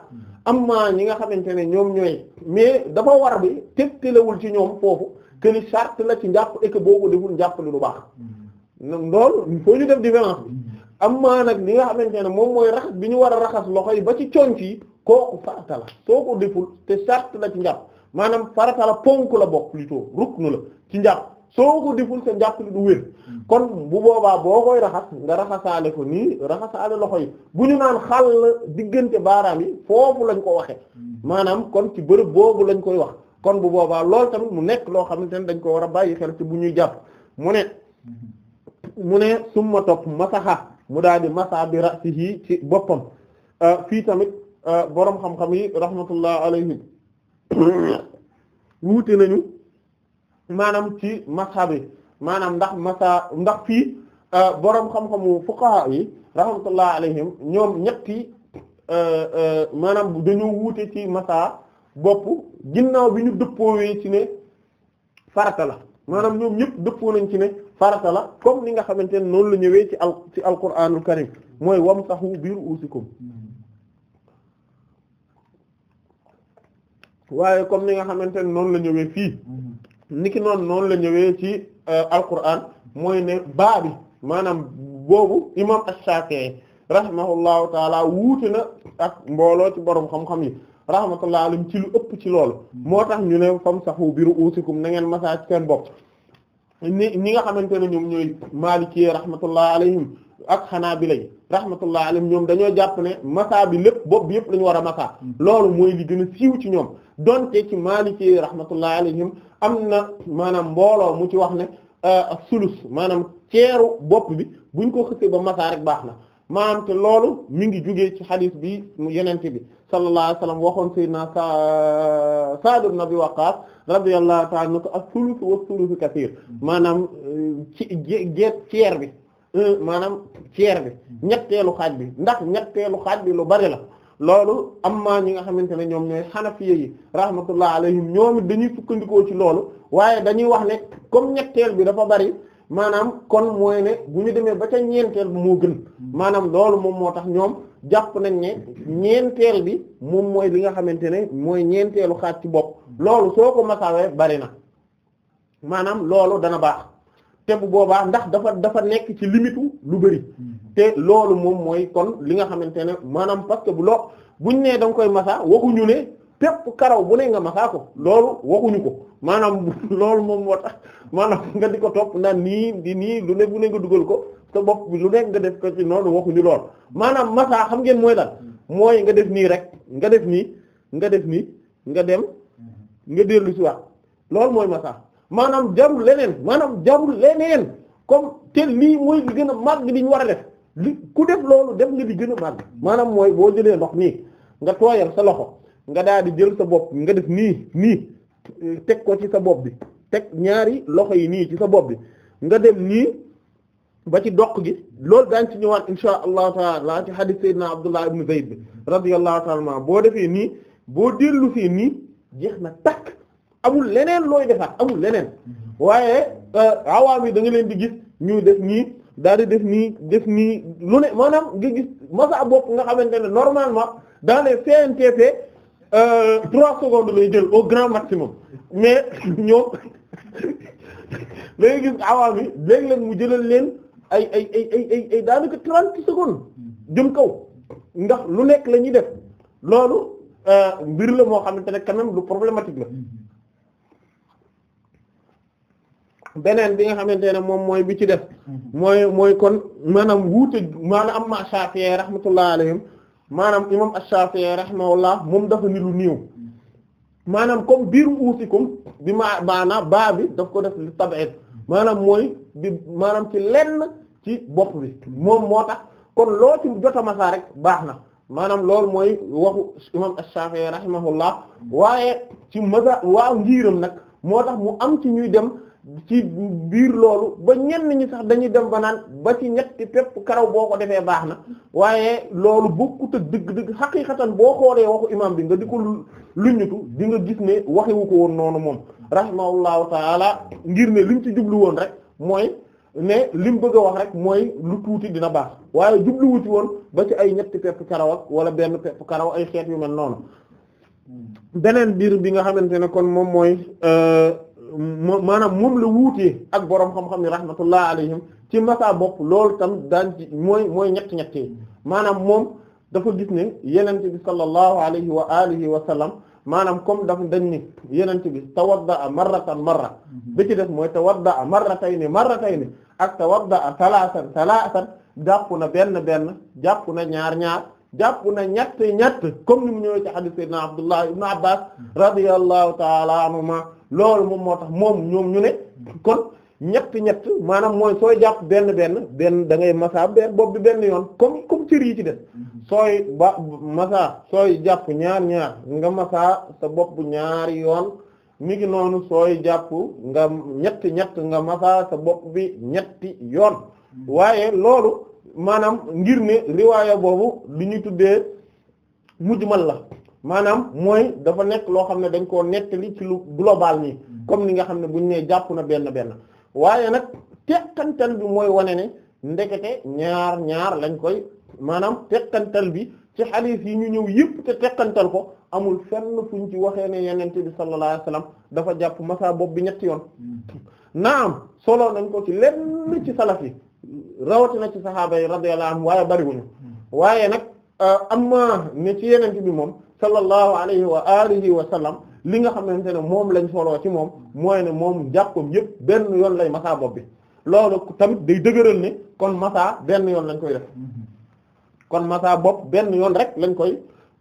amma ñi nga xamante ne ñoom ñooy mais dafa war bi tegtalewul ci ñoom foofu que chart la ci njàpp et que boo ko deful njàpp li lu baax mm-hmm. loolu foo ñu def différence bi mm-hmm. amma nag li nga xamante ne moom mooy raxas bi ñu war a raxas loxo yi ba ci conc yi kooku farata la soo ko deful te charte la ci njàpp maanaam farata la ponk la bokk plutôt ruknu la ci njàpp soo ko deful sa njàpp li du wér hmm. kon bu boobaa boo koy raxas nga raxasaale ko nii raxasaale loxo yi bu ñu naan xàll diggante baaraam yi foofu lañ ko waxe hmm. maanaam kon ci bërëb boobu lañ koy wax kon bu boobaa loolu tamit mu nekk loo xam ne dañ ko war a bàyyi xel ci bu ñuy jàpp mu ne hmm. mu ne summa topp masaxa mu daal di masa bi ra'sihi ci boppam euh, fii tamit euh, boroom xam-xam yi rahmatullah alayhim wuute nañu maanaam ci masxab yi maanaam ndax masa ndax fii euh, boroom xam-xamu fuqaha yi rahmatullah alayhim ñoom ñetti euh, euh, maanaam dañoo wuute ci masa bopp ginnaaw bi ñu dëppoowee ci ne farata la maanaam ñoom ñëpp dëppoo nañ ci ne farata la comme ni nga xamante ne noonu la ñëwee ci al ci alquranul karim mooy wam saxu biiru uusikum waaye comme ni nga xamante ne noonu la ñëwee fii mm-hmm. niki noonu noonu la ñëwee ci euh, alquran mooy ne baa bi maanaam boobu imam Ash-Shafi'i rahimahullahu taala wuute na ak mbooloo ci borom xam-xam yi rahmatullahi alayhim ci lu ëpp ci loolu moo tax ñu ne famsahu bi ru'usikum na ngeen masaa ci seen bopp ni ñi nga xamante ne ñoom ñooy Maliki rahmatullahi alayhim ak xanaa bi Hanabila rahmatullahi alayhim ñoom dañoo jàpp ne masaa bi lépp bopp bi yëpp la war a masaa mm. loolu mooy li gën a siiw ci ñoom donte ci Maliki rahmatullahi alayhim am na maanaam mbooloo mu ci wax ne euh, sulus maanaam ceeru bopp bi buñ ko xësee ba masaa rek baax na maanaam te loolu mi ngi jugee ci xadis bi mu yenente bi sallallahu alayhi wasallam waxoon sayyidina Sa'd ibn Abi Waqqas radiyallahu ta'ala anhu as-sulus wa as-sulus kathir maanaam euh, ci geet ceer bi euh, maanaam ceer bi ñetteelu xaaj bi ndax ñetteelu xaaj bi lu bari la loolu am amma ñi nga xamante ne ñoom ñooy xanafiya yi rahmatullah alayhim ñoom it dañuy sukkandikoo ci loolu waaye dañuy wax ne comme ñetteel bi dafa bari maanaam kon mooy ne bu ñu demee ba ca ñeenteel bi moo gën maanaam loolu moom moo tax ñoom jàpp nañ ne ñeenteel bi moom mooy li nga xamante ne mooy ñeenteelu xaaj ci bopp loolu soo ko masawee bari na maanaam loolu dana baax te bu boobaa ndax dafa dafa nekk ci limitu lu bari te loolu moom mooy kon li nga xamante ne maanaam bu que bu ñu nee da nga koy masa waxuñu ne pépp karaw bu ne nga masaa ko loolu waxuñu ko maanaam loolu moom moo tax maanaam nga di ko topp naan nii di nii lu ne bu ne nga dugal ko te bopp bi lu nekk nga def ko ci noonu waxuñu lool maanaam masaa xam ngeen mooy lan mooy nga def nii rek nga def nii nga def nii nga dem nga dellu ci wax loolu mooy masaa maanaam jarul leneen maanaam jarul leneen comme te lii mooy li gën a màgg li ñu war a def li ku def loolu def nga di gën a màgg maanaam mooy boo jëlee ndox nii nga tooyal sa loxo nga daal di jël sa bopp nga def nii nii teg ko ci sa bopp bi teg ñaari loxo yi nii ci sa bopp bi nga dem nii ba ci doq gi loolu daañ ci ñëwaat insha allahu taala ci hadith sayyidina abdullah ibn zayd bi radiyallahu taala anhu boo defee nii boo dellu fii nii jeex na takk amul leneen looy defaat amul leneen mm-hmm. waaye euh, awaam yi da leen di gis ñuy def nii daal di def nii def nii lu ne maanaam nga gis masa bopp nga xamante ne normalement dans les CNTP euh, trois secondes lay jël au grand maximum mais ñoom léegi gis awaam yi léeg-léeg mu jëlal leen ay ay ay ay ay ay daanaka trente secondes jëm kaw ndax lu nekk la ñuy def loolu euh, mbir la moo xam ne quand lu problématique la beneen bi nga xamante ne moom mooy bi ci def mooy mooy kon maanaam wuute maanaam ma Shafi'i rahmatullah alayhim maanaam imam Shafi'i rahmatullah moom dafa ni lu néew maanaam comme biir uusikum bi ma baana baa bi daf ko def li maanaam mooy bi maanaam ci lenn ci bopp bi moom moo tax kon loo ci jota masa rek baax na maanaam loolu mooy waxu imam Shafi'i rahimahullah waaye ci masa waaw njiiram nag moo tax mu am ci ñuy dem ci biir loolu ba ñenn ñi sax dañuy dem ba naan ba ci ñetti pepp karaw boo ko defee baax na waaye loolu bokkut ak dëgg-dëgg xaqiiqatan boo xoolee waxu imam bi nga di ko luñutu di nga gis ne waxewu ko woon noonu moom rahimahullahu taala ngir ne lim ci jublu woon rek mooy ne lim bëgg a wax rek mooy lu tuuti dina baax waaye jubluwuti woon ba ci ay ñetti pepp karaw ak wala benn pepp karaw ay xeet yu mel noonu hmm. beneen biir bi nga xamante ne kon moom mooy euh, maanaam moom la wuutee ak boroom xam-xam yi rahmatullah alayhim ci masa bopp loolu tam daan ci mooy mooy ñett ñett yi maanaam moom dafa gis ne yenente bi sallallahu alayhi wa alihi wa sallam maanaam comme daf dañ ni yenente bi tawadda marratan marra mhm. bi ci def mooy tawadda marratayni marratayni ak tawadda salaasan salaasan jàpp na benn benn jàpp na ñaar ñaar jàpp na ñett ñett comme ni mu ñëwee ci hadith sayyidina Abdullah ibn Abbas mhm. radiyallahu ta'ala anhuma loolu moom moo tax moom ñoom ñu ne kon ñetti ñett maanaam mooy sooy jàpp benn benn benn da ngay masa benn bopp bi benn yoon comme comme cër yi ci sooy ba masa sooy jàpp ñaar ñaar nga masa sa bopp ñaari yoon mi ngi noonu sooy jàpp nga ñett ñett nga masa sa bopp bi ñetti yoon waaye loolu maanaam ngir ne riwaaya boobu li ñuy tuddee mujmal la maanaam mooy dafa nekk loo xam ne dañ koo nettali ci lu global nii mm. comme ni nga xam ne bu ñu nee jàpp na benn benn waaye nag tekkantal bi mooy wane ne ndekete ñaar ñaar lañ koy maanaam tekkantal bi ci hadith yi ñu ñëw yëpp te tekkantal ko amul fenn fuñ ci waxee ne yenente bi sallallahu alayhi wasallam dafa jàpp masa bopp bi ñetti yoon mm. naam solo nañ ko ci lenn ci salaf yi rawatina ci sahaaba yi radiyallahu anhum waaye bariwuñu mm. waaye nag euh, amma ne ci yenente bi moom sallallahu alayhi wa alihi wa sallam li nga xamante ne moom lañ soloo ci moom mooy ne moom jàppam yépp benn yoon lay masaa bopp bi loolu tamit di dëgëral ni kon masaa benn yoon lañ koy def kon masaa bopp benn yoon rek lañ koy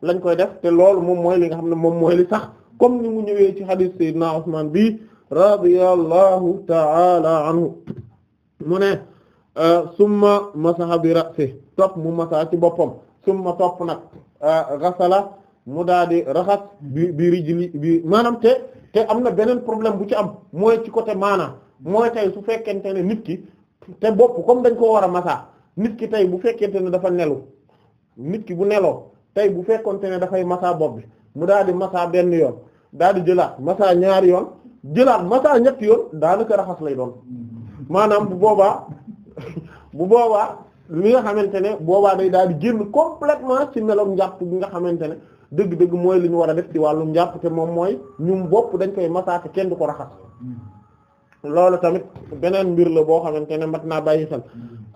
lañ koy def te loolu moom mooy li nga xam ne moom mooy li sax comme ni mu ñëwee ci hadith sayyidina Usman bi radiyallahu ta'ala anhu mu ne ah, summa masaha bi ra'si topp mu masaa ci boppam summa topp nag ah, ghasala mu daal di raxas bi bi rijli bi maanaam te te am na beneen problème bu ci am mooy ci côté maanaam mooy tey su fekkente ne nit ki te bopp comme dañ koo war a masaa nit ki tey bu fekkente ne dafa nelu nit ki bu neloo tey bu fekkonte ne dafay masaa bopp bi mu daal di masaa benn yoon daal di jëlaat masaa ñaari yoon jëlaat masaa ñetti yoon daanaka raxas lay doon maanaam bu boobaa bu boobaa li nga xamante ne boobaa day daal di génn complètement ci meloom njàpp bi nga xamante ne dëgg-dëgg mooy li ñu war a def ci wàllu njàpp moom mooy ñum bopp dañ koy masaate kenn du ko raxas loolu tamit beneen mbir la boo xamante ne mat naa bàyyi xel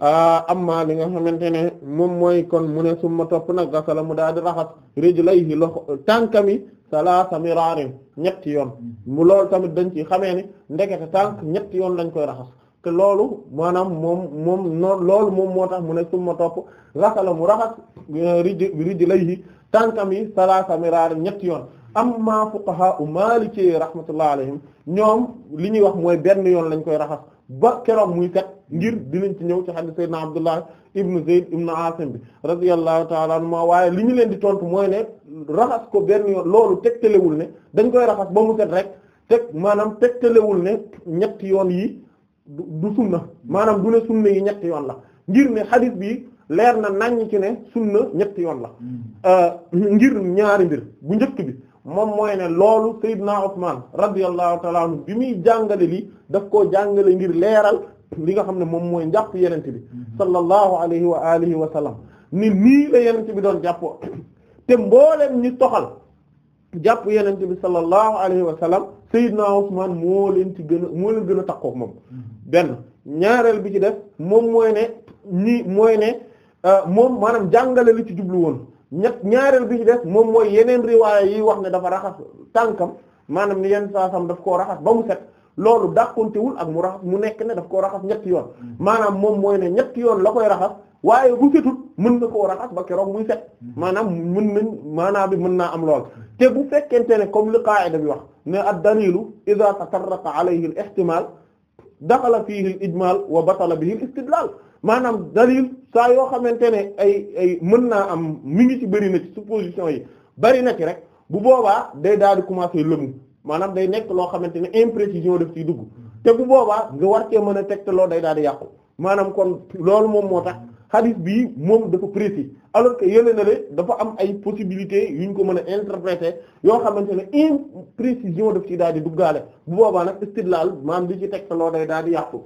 ah, amma li nga xamante ne moom mooy kon mu ne suma topp nag gasala mu daal di raxas rijlayhi loxo tànkami salaasa miraarin ñetti yoon mm-hmm. mu loolu tamit dañ ci xamee ni ndekete tànk ñetti yoon lañ koy raxas te loolu maanaam moom moom noon loolu moom moo tax mu ne summa topp la mu raxas riji euh, rijlayhi tànkam yi salaasa miraar ñetti yoon amma fuqaha u maliki rahmatullah alayhim ñoom li ñuy wax mooy benn yoon lañ koy raxas ba keroog muy set ngir dinañ ci ñëw ci hadith sayyidina abdullah ibnu zayd ibnu asim bi radiyallahu ta'ala anhuma waaye li ñu leen di tontu mooy ne raxas ko benn yoon loolu tegtalewul ne dañ koy raxas ba mu set rek teg maanaam tegtalewul ne ñetti yoon yi du sunna maanaam du ne sunna yi ñetti yoon la ngir ne xadis bi leer na naññ ci ne sunna ñetti yoon la mm. euh, ngir ñaari mbir bu njëkk bi moom mooy ne loolu Seydina Usmaan radiyallahu ta'ala anhu bi muy jàngale lii daf koo jàngale ngir leeral li nga xam ne moom mooy njàpp yenente bi mm-hmm. sallallahu alayhi wa alihi wa sallam ni nii la yenente bi doon jàppoo te mboolem ñi toxal jàpp yenente bi sallallahu alayhi wa sallam Seydina Usman moo leen ci gën moo leen gën a takkook moom mm-hmm. benn ñaareel bi ci def moom mooy ne ñi mooy ne euh, moom maanaam jàngale li ci jublu woon ñett ñaareel bi ci def moom mooy yeneen riwaaya yi wax ne dafa raxas tànkam maanaam ni yenn saa sam daf koo raxas ba mu set loolu dàqontewul ak mu raxas mu nekk ne daf koo raxas ñetti yoon mm-hmm. maanaam moom mooy ne ñetti yoon la koy raxas waaye bu setut mën na koo raxas ba keroog muy set maanaam mën nañ maanaam bi mën naa am lool te bu fekkente ne comme li qaa'ida bi wax ne ad-dalilu idha tatarraqa alayhi al-ihtimal daxala fihi al-ijmal wa batala bihi al-istidlal maanaam dalil saa yoo xamante ne ay ay mën naa am mi ngi ci bëri na ci supposition yi bëri na ci rek bu boobaa day daal di commencer lëmu maanaam day nekk loo xamante ne imprécision daf ciy dugg te bu boobaa nga war cee mën a tegtaloo day daal di yàqu maanaam kon loolu moom moo tax hadith bii moom dafa précis alors que yële na le dafa am ay yu ñu ko mën a interpréter yoo xamante ne imprécision daf ci daal di duggaale bu boobaa nag istidlaal maam li ci teg loo day daal di yàqu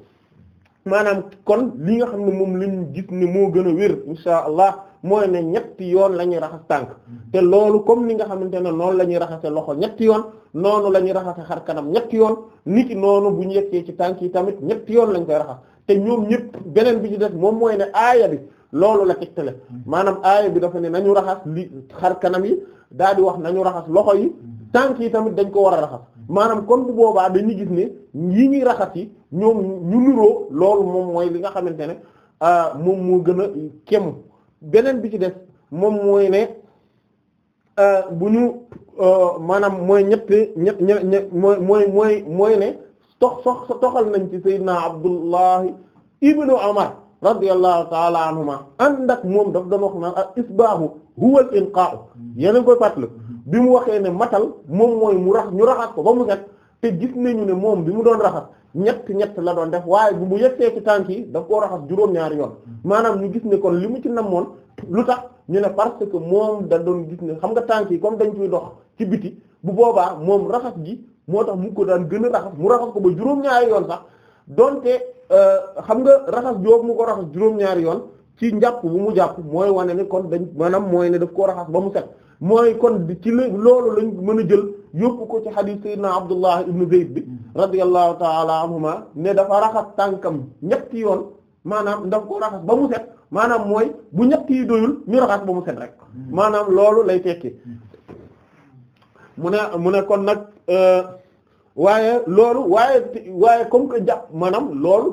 maanaam kon li nga xam ne moom lañu gis ne moo gën a wér insha allah mooy ne ñetti yoon la ñuy raxas tànk te loolu comme ni nga xamante ne noonu la ñuy raxase loxo ñetti yoon noonu la ñuy raxase xar kanam ñetti yoon niki noonu bu ñu yeggee ci tànk yi tamit ñetti yoon lañ koy raxas te ñoom ñëpp beneen bi ci def moom mooy ne aaya bi loolu la tegtale maanaam aaya bi dafa ne nañu raxas li xar kanam yi daal di wax nañu raxas loxo yi tànk yi tamit dañ ko war a raxas maanaam kon bu boobaa dañuy gis ne yi ñuy raxas yi ñoom ñu niroo loolu moom mooy li nga xamante ne euh, moom moo gën a kemu beneen bi ci def moom mooy ne euh, bu ñu euh, maanaam mooy ñett ñett ñe mooy mooy mooy ne tox sox toxal nañ ci sayyidina Abdullahi ibnu Umar radiyallahu taala anhuma ànd ak moom daf doon wax naan ak isbaahu huwal inqaa'u yeneen koy fàttali bi mu waxee ne matal moom mooy mu rax ñu raxas ko ba mu set te gis nañu ne moom bi mu doon raxas ñett ñett la doon def waaye bu mu yegsee ci tànk yi daf koo raxas juróom-ñaari yoon maanaam ñu gis ne kon li mu ci namoon lu tax ñu ne parce que moom da doon gis ne xam nga tànk yi comme dañ koy dox ci biti bu boobaa moom raxas gi moo tax mu ko daan gën a raxas mu raxas ko ba juróom-ñaari yoon sax donte euh, xam nga raxas joobu mu ko raxas juróom-ñaari yoon ci njàpp bu mu jàpp mooy wane ne kon dañ maanaam mooy ne daf koo raxas ba mu set mooy kon ci loolu lañ mën a jël yóbbu ko ci hadith sayyidina Abdullah ibn Zayd bi radiyallahu ta'ala anhuma ne dafa raxas tànkam ñetti yoon maanaam daf ko raxas ba mu set maanaam mooy bu ñett yi doyul ñu raxas ba mu set rek hmm. maanaam loolu lay tekki hmm. mu ne mu ne kon nag euh, waaye loolu waaye waaye comme que jàpp maanaam loolu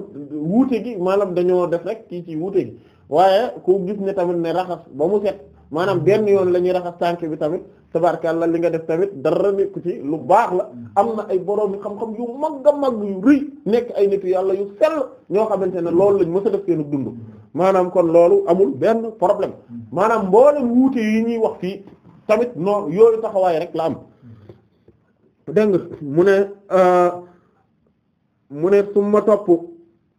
wuute gi maanaam dañoo def rek kii ci wuute gi waaye ko gis ne tamit ne raxas ba mu set maanaam benn yoon la ñuy raxas tànk bi tamit la li nga def tamit dara nekku ci lu baax la am na ay borom yu xam-xam yu mag a mag yu rëy nekk ay nitu yàlla yu sell ñoo xamante ne loolu lañ mës a def seenu dund maanaam kon loolu amul benn problème maanaam mboolem wuute yi ñuy wax fii tamit non yooyu taxawaay rek la dégg nga mu ne euh, ne summa topp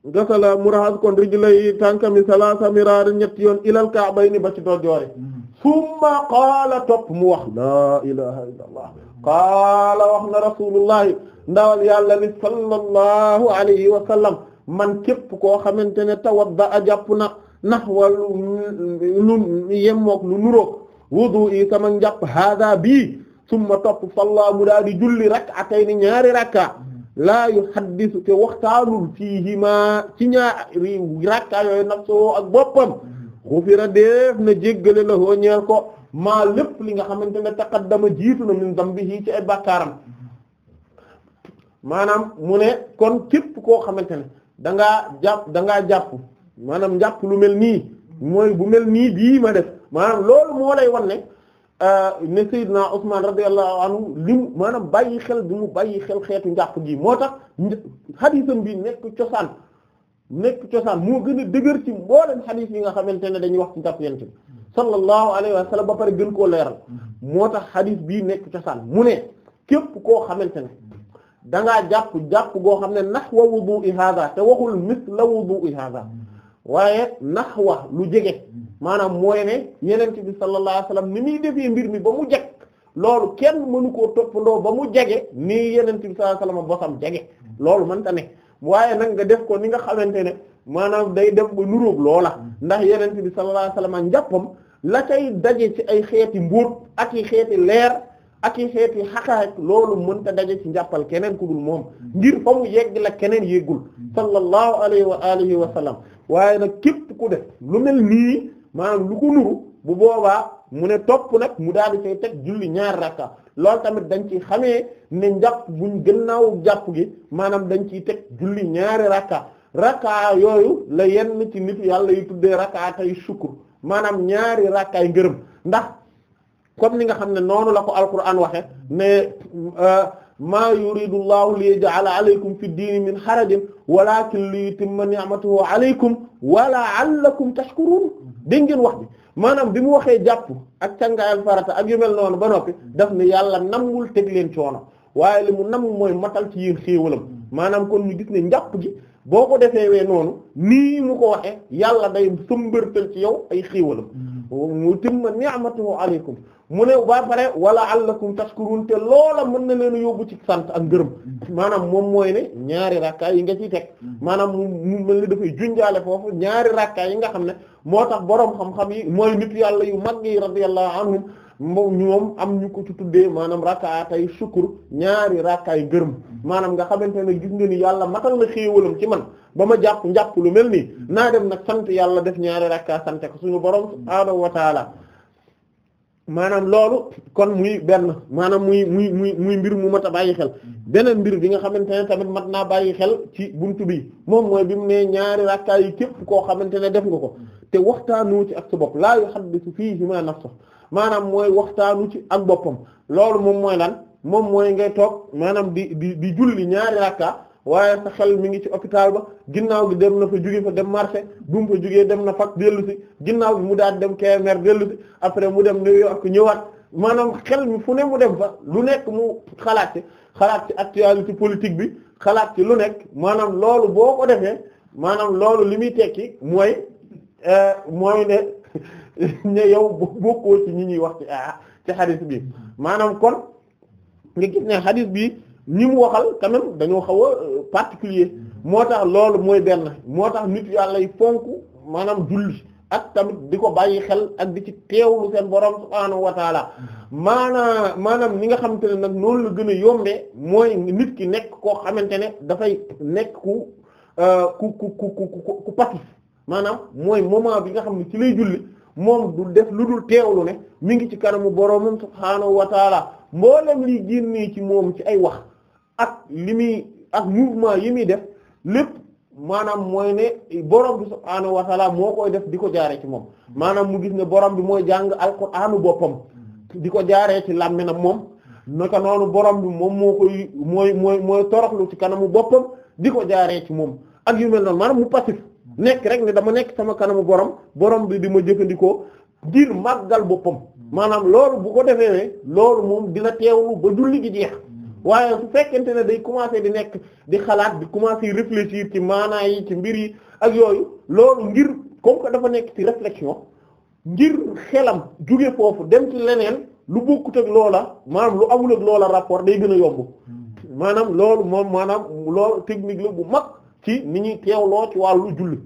gasala mu kon rijlay tànkami salaasa miraar ñetti yoon ilal ka'bayni ba ci dojoore mm-hmm. topp mu wax laa ilaha illa allah wax na rasulullahi ndawal yàlla li sallallahu alayhi wa man képp koo xamante ne tawadda a jàpp na naxwa lu lu yemmook lu nurook wudu yi sama njàpp summa topp salla mu daal di julli rak'atayni ñaari rakka laa yu xaddisu te waxtaanul fiihimaa ci ñaari rakka yooyu nafsoo ak boppam xufira def na jéggale la hoo ñeel ko maa lépp li nga xamante ne taqaddama jiitu na min dambihi ci ay bàkkaaram maanaam mu ne kon képp koo xamante ne da ngaa jàpp da ngaa jàpp maanaam jàpp lu mel nii bu mel nii bii ma def maanaam loolu moo lay wan ne Euh, ne Seydina Usmaan radiyallahu wa li mu maanaam bàyyi xel bi mu bàyyi xel xeetu njàpp gi moo tax xadiisam bi nekk cosaan nekk cosaan moo gën a dëgër ci mboolem xadiis yi nga xamante ne dañuy wax ci njàpp yent bi sallallahu alayhi wa sallam ba pare gën koo leeral moo tax xadiis bii nekk cosaan mu ne képp koo xamante ne dangaa jàpp jàpp goo xam ne nahwa wudu'i hadha te waxul misla wudu'i hadha waaye nahwa lu jege maanaam mooy ne yenent bi sallallahu alayhi wasallam ni muy defee mbir mi ba mu jag loolu kenn mënu koo toppandoo ba mu jege nii yenent bi sallallahu alayhi wasallam bosam jege loolu mënta ne waaye nag nga def ko ni nga xamante ne maanaam day def ba nuróob loola ndax yenent bi sallallahu alayhi wasallam njàppam la cay daje ci ay xeeti mbóot ak i xeeti leer ak i xeeti xaqaaj loolu mënta daje ci njàppal keneen ku dul moom ngir fa mu yegg la keneen yeggul sallallahu alayhi wa alihi wa sallam waaye nag képp ku def lu mel nii maanaam lu ko nuru bu boobaa mu ne topp nag mu daal di say teg julli ñaari rakka lool tamit dañ ci xamee ne njàpp buñ gënnaaw jàpp gi maanaam dañ ciy teg julli ñaari rakka rakka yooyu la yenn ci nit yàlla yu tuddee rakka tay sukkur maanaam ñaari rakkaay ngërëm ndax comme ni nga xam ne noonu la ko alquran waxe ne euh, maa yuridu llahu li yaj'ala alaykum fi diini min harajin walakin li yutimma ni'matahu alaykum wa la'allakum tashkurun dégg ngeen wax bi maanaam bi mu waxee jàpp ak càngaayal farata ak yu mel noonu ba noppi daf ne yàlla namul teg leen coono waaye li mu nam mooy matal ci yéen xéewalam maanaam kon ñu gis ne njàpp gi boo ko defee wee noonu nii mu ko waxe yàlla day sëmbërtal ci yow ay xéewalam mu mm-hmm. timma ni'matuhu alaykum mu ne ba pare wala allakum tashkurun te loola mën na leen yóbbu ci sant ak ngërëm mm-hmm. maanaam moom mooy ne ñaari rakka yi nga ciy teg mm-hmm. maanaam mu mel ni dafay junjaale foofu ñaari rakka yi nga xam ne moo tax boroom xam-xam yi mooy nit yàlla yu mag yi radiyallahu anhum moom am ñu ko ci tuddee maanaam rakkaatay sukkur ñaari rakkaay ngërëm maanaam nga xamante ne gis nga ni yàlla matal na xéewalam ci man ba ma jàpp njàpp lu mel nii naa dem nag sant yàlla def ñaari rakkaa sant ko suñu borom subhaanahu wa taala maanaam loolu kon muy benn maanaam muy muy muy muy mbir mu mat a bàyyi xel beneen mbir bi nga xamante ne tamit mat naa bàyyi xel ci buntu bi moom mooy bi mu ne ñaari rakkaa yi képp koo xamante ne def nga ko te waxtaanoo ci ak sa bopp laa yuhaddisu fiihimaa maanaam mooy waxtaanu ci ak boppam loolu moom mooy lan moom mooy ngay toog maanaam di di di julli ñaari rakka waaye sa xel mi ngi ci hôpital ba ginnaaw gi dem na fa jóge fa dem marché bu mu fa jógee dem na fak dellu si ginnaaw bi mu daan dem KMR dellu si après mu dem New York ñëwaat maanaam xel mi fu ne mu dem fa lu nekk mu xalaat ci xalaat ci actualité politique bi xalaat ci lu nekk maanaam loolu boo ko defee maanaam loolu li muy tekki mooy euh, mooy ne ne yow bokkoo ci ñu ñuy wax ci ah ci xadis bi maanaam kon nga gis ne xadis bi ñi mu waxal quand même dañoo xaw a euh, particulier moo tax loolu mooy benn moo tax nit yàlla yi fonk maanaam julli ak tamit di ko bàyyi xel ak di ci teewlu seen borom subhaanahu wa maanaa maanaam maanaam ni nga xamante ne nag noonu la gën a yombee mooy nit ki nekk koo xamante ne dafay nekk ku euh, ku ku ku ku ku maanaam mooy moment bi nga xam ne ci lay julli moom du def lu dul teewlu ne mi ngi ci kanamu boroomam subhaanahu wa taala mboolem liy génnee ci moom ci ay wax ak li muy ak mouvement yi muy def lépp maanaam mooy ne borom bi subhaanahu moo koy def di ko jaaree ci moom maanaam mu gis ne borom bi mooy jàng alquraanu boppam di ko jaaree ci làmminam moom naka noonu borom bi moom moo koy mooy mooy mooy toroxlu ci kanamu boppam di ko jaaree ci moom ak yu mel noonu maanaam mu passif nekk rek ne dama nekk sama kanamu borom borom bi di ma jëfandikoo ngir màggal boppam maanaam loolu bu ko defee ne loolu moom dina teewlu ba julli gi jeex waaye su fekkente ne day commencer di nekk di xalaat di commencer réfléchir ci maanaa yi ci mbir yi ak yooyu loolu ngir comme que dafa nekk ci réflexion ngir xelam jóge foofu dem ci leneen lu bokkut ak loola maanaam lu amul ak loola rapport day gën a yomb hmm. maanaam loolu moom maanaam loolu technique la bu mag ci ni ñuy teewloo ci wàllu julli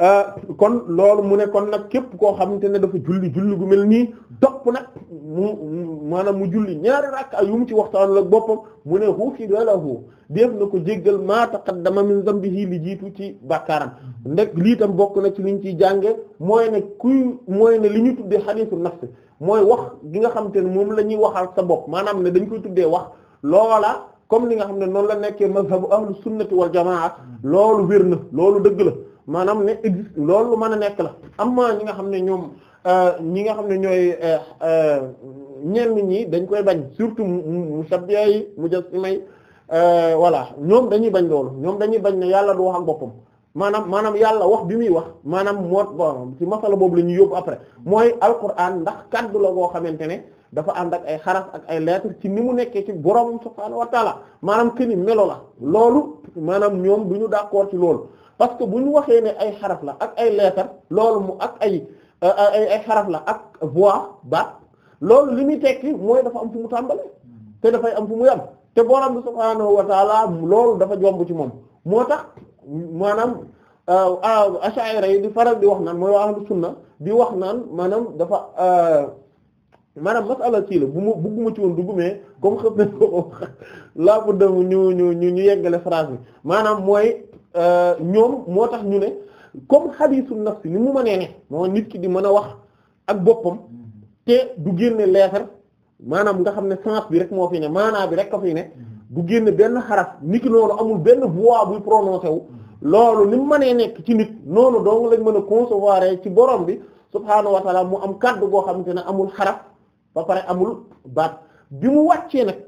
euh, kon loolu mu ne kon nag képp koo xamante ne dafa julli julli gu mel nii topp nag mu maanaam mu julli ñaari rakka yu mu ci waxtaan la boppam mu ne xufira lahu def na ko jéggal ma taqaddama min zambihi li jiitu ci bàkkaaram ndek lii tam bokk na ci liñ ciy jànge mooy ne kuy mooy ne li ñu tuddee xadiisu nafs mooy wax gi nga xamante ne moom la ñuy waxal sa bopp maanaam ne dañ koy tuddee wax loola comme li nga xam ne noonu la nekkee mazhabu ahlu sunnati wal jamaa loolu wér na loolu dëgg la maanaam ne existe loolu lu mën a nekk la amma ñi nga xam ne ñoom euh, ñi nga xam ne ñooy euh, euh, ñenn ñi dañ koy bañ surtout mu yi mujassima yi voilà ñoom dañuy bañ loolu ñoom dañuy bañ ne yàlla du wax ak boppam maanaam maanaam yàlla wax bi muy wax maanaam moo ci masala boobu la ñuy yóbbu après mooy alquran ndax kaddu la goo xamante ne dafa ànd ak ay xaraf ak ay lettres ci ni mu nekkee ci boromu subhaanahu wa taala maanaam keni melo la loolu maanaam ñoom bu ñu d'accord ci loolu parce que bu ñu waxee ne ay xaraf la ak ay lettres loolu mu ak ay ay ay xaraf la ak voix ba loolu li muy tekki mooy dafa am fu mu tàmbale te dafay am fu mu yem te borom bi subhaanahu wa taala loolu dafa jomb ci moom moo tax maanaam euh, euh, ash'ari yi di faral di wax naan mooy ahlu sunna di wax naan maanaam dafa euh, maanaam masala sii la bu ma bugguma ci woon dugg mais comme xam ne ko laa bu dem ñu ñu ñu ñu yeggale phrase maanaam mooy euh, ñoom moo tax ñu ne comme xadiisu nafsi ni mu mënee ne moo nit ki di mën a wax ak boppam te du génne leefar maanaam nga xam ne sens bi rek moo fi ne maanaa bi rek a fi ne du génne benn xaraf nit ki noonu amul benn voix buy prononcé wu loolu ni mu mënee nekk ci nit noonu dong lañ mën a concevoir ci borom bi subhaanahu wa mu am kaddu goo xamante ne amul xaraf ba pare amul baat bi mu wàccee nag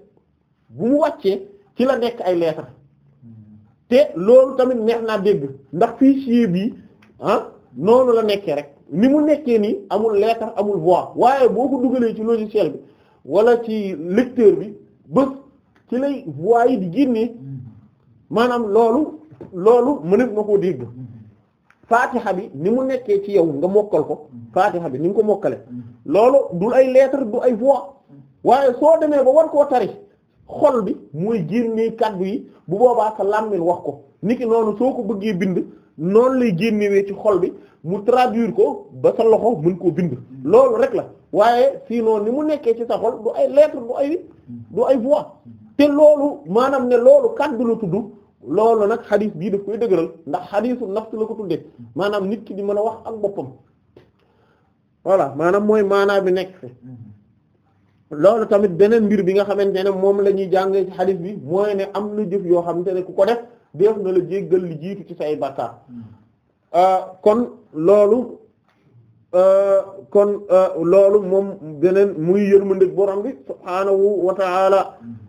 bu mu wàccee ci la nekk ay lettres te loolu tamit neex naa dégg ndax fichier bi ah, noonu la nekkee rek ni mu nekkee nii amul lettre amul voix waaye boo ko dugalee ci logiciel bi wala ci lecteur bi bës ci lay voix yi di génnee mm-hmm. maanaam loolu loolu mënees na koo dégg mm-hmm. faatixa bi ni mu nekkee ci yow nga mokkal ko mm-hmm. faatixa bi ni nga ko mokkale mm-hmm. loolu du ay lettre du ay voix mm-hmm. waaye soo demee ba war koo tari xol bi mooy génnee kaddu yi bu boobaa sa làmmiñ wax ko niki noonu soo ko bëggee bind noonu lay génnewee ci xol bi mu traduire ko ba sa loxo mën koo bind loolu rek la waaye sinon ni mu nekkee ci sa xol du ay lettre du ay du ay voix te loolu maanaam ne loolu kaddu la tudd loolu nag xadis bii daf koy dëgëral ndax xadisu nafsu la ko tuddee maanaam nit ki di mën a wax ak boppam voilà maanaam mooy maanaam bi nekk fi loolu tamit beneen mbir bi nga xamante ne moom la ñuy jàngee ci xadis bi mooy ne am na jëf yoo xamante ne ku ko def def na la jéggal li jiitu ci say bàkkaar hmm. euh, kon loolu euh, kon euh, loolu moom beneen muy yërmandeeg borom bi subhaanahu wa ta'ala hmm.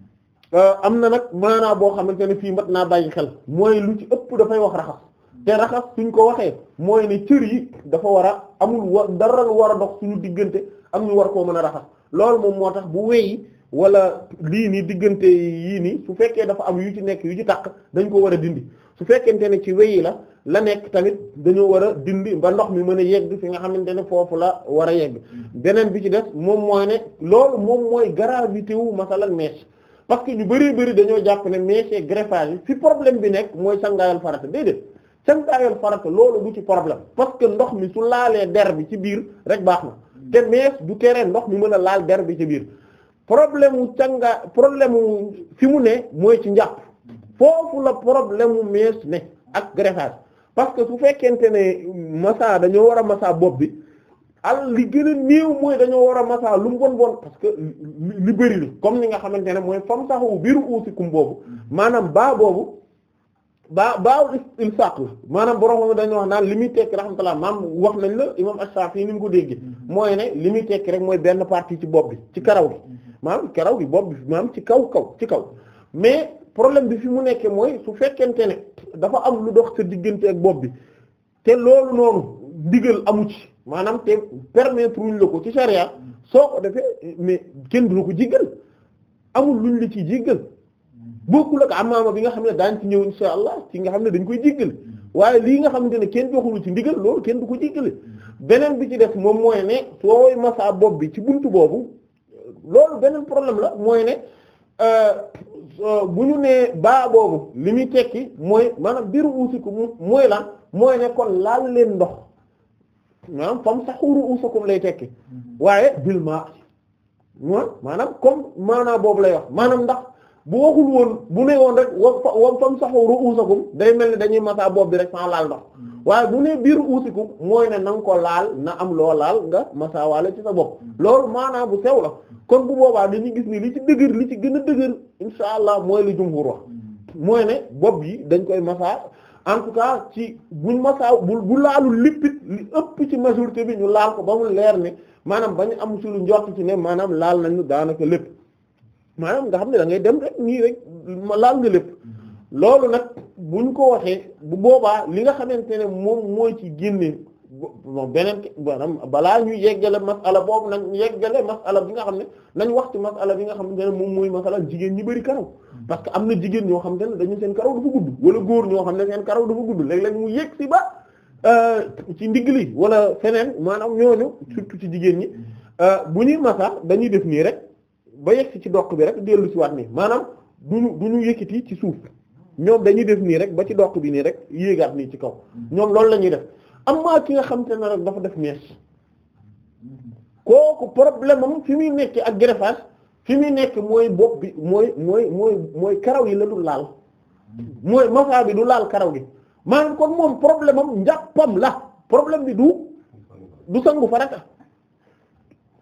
Euh, am na nag maanaa boo xamante ne fii mat naa bàyyi xel mooy lu ci ëpp dafay wax raxas te raxas suñ ko waxee mooy ne cër yi dafa war a amul wa dara lu war a dox suñu diggante am ñu war koo mën a raxas loolu moom moo tax bu weyi wala lii nii diggante yii nii su fekkee dafa am yu ci nekk yu ci takk dañ ko war a dindi su fekkente ne ci yi la la nekk tamit dañoo war a dindi ba ndox mi mën a yegg fi nga xamante ne foofu la war a yegg mm. beneen bi ci def moom mooy ne loolu moom mooy gravité wu masalan mèche parce que ñu bari bëri dañoo jàpp ne mais c'est greffage yi fi problème bi nekk mooy sangaayal farata déedéet sangaayal farata loolu du ci problème parce que ndox mi su laalee der bi ci biir rek baax na te mees du tere ndox mi mën a laal der bi ci biir problème mu canga problème mu fi mu ne mooy ci njàpp foofu la problème mu mees ne ak greffage parce que su fekkente ne massa dañoo war a massa bopp bi al li gën a néew mooy dañoo war a masaa lu mu bon bon parce que li bëri li comme ni nga xamante ne mooy fam saxu biiru uusikum boobu maanaam baa boobu baa baaw il saq maanaam borom moom dañu wax naan li muy tekki rahmatullah maam wax nañ la imam Ash-Shafi'i ni mu ko déggee mooy ne li muy tekki rek mooy benn partie ci bopp bi ci karaw gi maanaam karaw gi bopp bi maanaam ci kaw kaw ci kaw mais problème bi fi mu nekkee mooy su fekkente ne dafa am lu dox sa diggante ak bopp bi te loolu noonu ndigal amu ci maanaam te permettre wuñ la ko ci charia soo ko defee mais kenn du la ko jéggal amul luñ la ci jéggal bokkul am amaama bi nga xam ne daañ ci ñëw insha allah ci nga xam ne dañ koy jéggale waaye lii nga xamante ne kenn joxulu ci ndigal loolu kenn du ko jéggale beneen bi ci def moom mooy ne sooy masa bopp bi ci buntu boobu loolu beneen problème la mooy ne euh, euh, bu ñu nee baa boobu li muy tekki mooy maanaam biru uusiku mooy lan mooy ne kon laal leen ndox maanaam famsahu ru'usakum lay tekki mm-hmm. waaye bil maa maanaam comme maanaa boobu lay wax maanaam ndax bu waxul woon bu ne woon rek wa famsahu ru'usakum day mel ni dañuy masaa boob bi rek sans laal ndox mm-hmm. waaye bu ne biir uusikum mooy ne na nga ko laal na am loo laal nga masaa masaawaale ci sa bopp mm-hmm. loolu maanaam bu sew la kon bu boobaa dañuy gis ni li ci dëgër li ci gën a dëgër insha allah mooy li jumhur wax mooy ne bopp yi dañ koy masa en tout cas ci buñ masaa bu bu laalul lippit li ëpp ci majorité bi ñu laal ko ba mu leer ne maanaam ba ñu am suñu njort ci ne maanaam laal nañu daanaka lépp maanaam nga xam ne da ngay dem rek nii rek laal nga lépp loolu nag buñ ko waxee bu boobaa li nga xamante ne moom mooy ci génne bon beneen maanaam balaa ñu yeggale masala boobu nañ yeggale masala bi nga xam ne nañ wax ci masala bi nga xam ne moom mooy masala jigéen ñi bari karaw parce que am na jigéen ñoo xam ne dañu seen karaw dafa gudd wala góor ñoo xam ne seen karaw dafa gudd léeg-léeg mu yegg si ba euh, ci ndigg li wala feneen maanaam ñooñu surtout ci jigéen ñi euh, bu ñuy masa dañuy def nii rek ba yegg si ci doq bi rek dellu si waat nii maanaam duñu duñu yëkkati ci suuf ñoom dañuy def rek ba ci doq bi nii rek yéegaat nii ci kaw ñoom loolu la ñuy def am amma ki nga xam te ne rek dafa def mèche kooku problème fi muy nekkee ak greffage fi muy nekk mooy bopp bi mooy mooy mooy mooy karaw yi la du laal mooy masaa bi du laal karaw gi maanaam kon moom problème am pom la problème bi du du sangu farata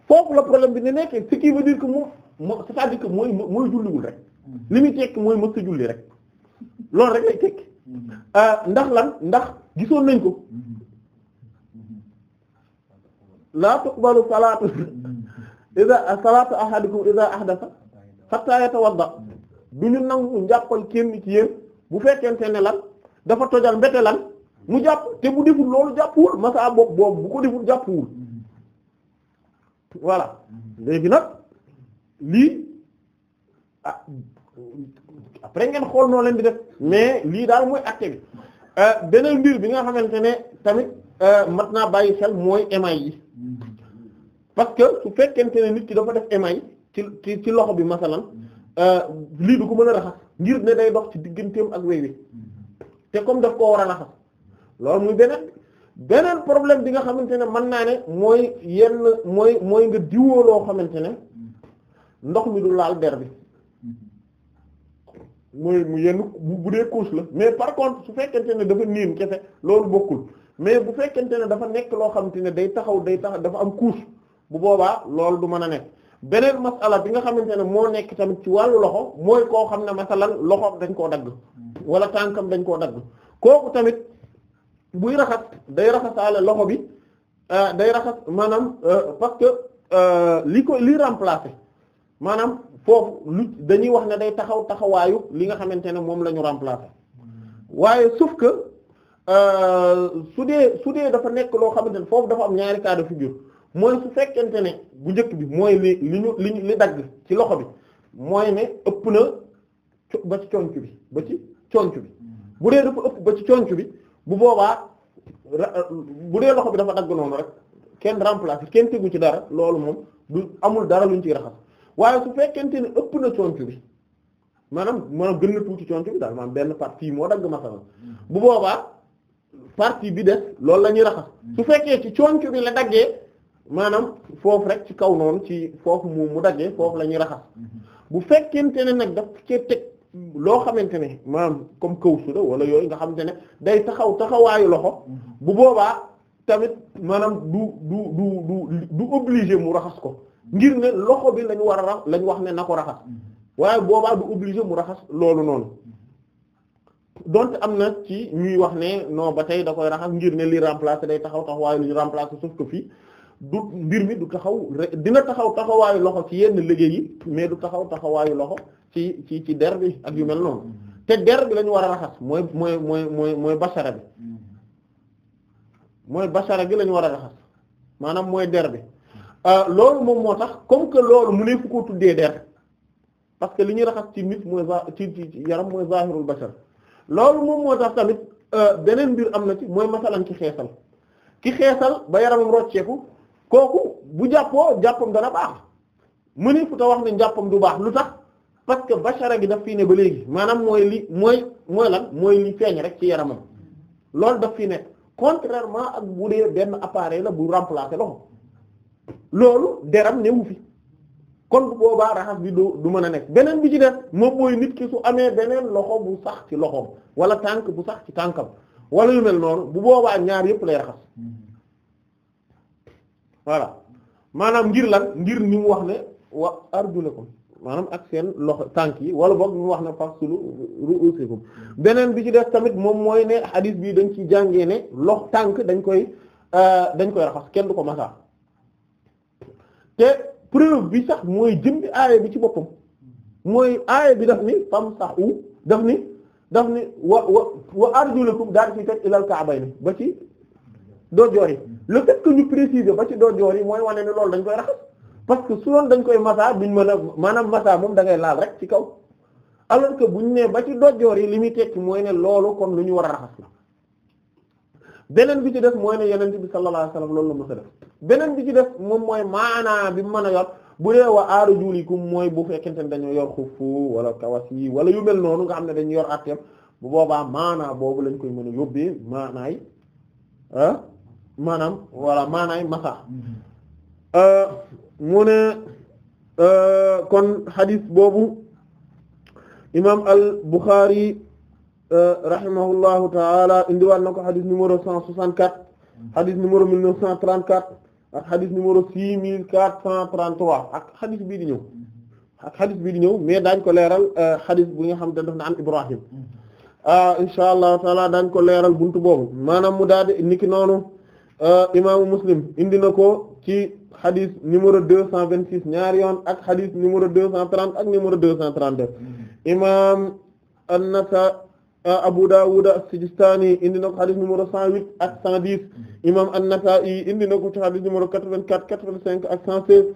foofu la problème bi ne nekk ce qui veut dire que moom moom c'est-à-dire mooy mooy julliwul rek li muy tekki mooy mësta julli rek loolu rek lay tekki mm-hmm. euh, ndax lan ndax gisoon nañ ko laa tuqbalu salaatu mm-hmm. idaa salaatu ahadikum idaa ahdasa hatta yatawadda du ñu nangu njàppal kenn ci yéen bu fekkente ne lan dafa tojal mbete lan mu jàpp te bu deful loolu jàppuwul masaa bopp boobu bu ko deful jàppuwul mm-hmm. voilà mm-hmm. léegi nag lii ah après ngeen xool noo leen di def mais lii daal mooy acte bi euh, beneen mbir bi nga xamante ne tamit Euh, mat naa bàyyi xel mooy émail yi parce que su fekkente ne nit ki dafa def émail ci ci ci loxo bi masalan euh, lii du ko mën a raxas ngir ne day dox ci digganteem ak wéy wi te comme daf koo war a raxas loolu muy beneen beneen problème bi nga xamante ne mën naa ne mooy yenn mooy mooy nga diwoo loo xamante ne ndox mi du laal der bi mooy mu yenn bu dee couche la mais par contre su fekkente ne dafa niin kese loolu bokkul mais bu fekkente ne dafa nekk loo xamante ne day taxaw day tax dafa am couche bu boobaa loolu du mën a nekk beneen masala bi nga xamante ne moo nekk tamit ci wàllu loxo mooy koo xam ne masalan loxo dañ koo dagg wala tànkam dañ koo dagg kooku tamit buy raxas day raxasaale loxo bi euh, day raxas maanaam euh, parce que euh, li ko li maanaam foofu lu dañuy wax ne day taxaw taxawaayu li nga xamante ne moom la ñu remplacer waaye sauf que. Euh, su dee su dee dafa nekk loo xamante ne foofu dafa am ñaari cas de figure mooy su fekkente ne bu njëkk bi mooy li li ñu li dagg ci loxo bi mooy ne ëpp na ba ci conc bi ba ci bi bu dee dafa ëpp ba ci bi bu boobaa bu dee loxo bi dafa dagg noonu rek kenn remplacer kenn tegu ci dara loolu moom du amul dara luñ ci raxas waaye su fekkente ne ëpp na conc bi maanaam maanaam gën na tuuti conc bi daal maanaam benn part partie moo dagg masalan hmm. bu boobaa. partie bi des loolu la ñuy raxas hmm. su fekkee ci conc bi la daggee maanaam foofu rek ci kaw noonu ci foofu mu mu daggee foofu la ñuy raxas hmm. bu fekkente ne nag daf ci teg loo xamante ne maanaam comme kaw su la wala yooyu nga xam te ne day taxaw taxawaayu loxo hmm. bu boobaa tamit maanaam du du du du du obligé mu raxas ko ngir ne loxo bi lañu war a rax lañ wax ne na ko raxas waaye boobaa du obligé mu raxas loolu noonu donte am na ci ñuy wax ne non ba tey da koy raxas ngir ne li remplacer day taxaw taxawaayu lu ñu remplacer sauf que fii du mbir mi du taxaw dina taxaw taxawaayu loxo ci yenn liggéey yi mais du taxaw taxawaayu loxo ci ci ci der bi ak yu mel noonu te der bi lañu war a raxas mooy mooy mooy mooy mooy basara bi mooy basara bi lañu war a raxas maanaam mooy der bi euh, loolu moom moo tax comme que loolu mu ne fu ko tuddee der parce que li ñuy raxas ci nit mooy ci ci yaram mooy zahirul basar loolu moom moo tax tamit euh, beneen mbir am na ci mooy masalan ki xeesal ki xeesal ba yaramam rocceeku kooku bu jàppoo jàppam dana baax mu ni fu ta wax ne jàppam du baax lu tax parce que bachara gi daf fii ne ba léegi maanaam mooy li mooy mooy lan mooy li feeñ rek ci yaramam loolu daf fii ne contrairement ak bu benn appareil la bu remplacer loxo loolu deram newu fi kon bu boobaa raxas bi du du mën a nekk beneen bi ci def moom mooy nit ki su amee beneen loxo bu sax ci loxoom wala tànk bu sax ci tànkam wala yu mel noonu bu boobaa ñaar yëpp lay raxas voilà maanaam ngir lan ngir ni mu wax ne wa ko maanaam ak seen loxo tànk yi wala boog ñu wax ne fasulu ru'usikum beneen bi ci def tamit moom mooy ne hadith bii dañ ci jàngee ne lox tànk dañ koy euh, dañ koy raxas kenn du ko masaa te preuve bi sax mooy jëmbi aaya bi ci boppam mooy aaya bi daf ni fam sax u daf ni daf ni wa wa wa arjulakum daal ci teg ilal ka'bayni ba ci dojoor yi le fait que ñu préciser ba ci dojoor yi mooy wane ne loolu dañ koy raxas parce que su doon koy massa biñ mën a maanaam massa moom da ngay laal rek ci kaw alors que buñ ne ba ci dojoor yi li muy tekki mooy ne loolu kon lu ñu war a raxas la beneen bi ci def mooy ne yeneen bi sallallahu alayhi wasallam loolu la mës a def beneen bi ci def moom mooy maanaa bi mu mën a yor bu dee wa arjulikum mooy bu fekkente ne dañoo yor xufu wala kawas yi wala yu mel noonu nga xam ne dañu yor atteem bu boobaa maanaa boobu lañ koy mën a yóbbee maanaay ah maanaam wala maanaay masa mm-hmm. euh, mu euh, kon hadith boobu imam al Bukhari Euh, rahimahullahu taala indiwaat na ko xadis numéro 164 xadis numéro 1934 ak xadis numéro 6433 ak xadis bii di ñëw ak xadis bii di ñëw mais daañ ko leeral xadis euh, bi nga xam te daf na am Ibrahim ah, insha allahu taala daañ ko leeral buntu boobu maanaam mu daal di niki noonu euh, imaamu Muslim indi na ko ci xadis numéro 226 ñaari yoon ak xadis numéro 230 ak numéro 232 mm-hmm. imaam an-Nasa'i Abu Dawud as-Sijistani indi na ko xadis numéro 108 ak 110 imam an-Nasa'i indi na ko ci xadis numéro 84 85 ak 116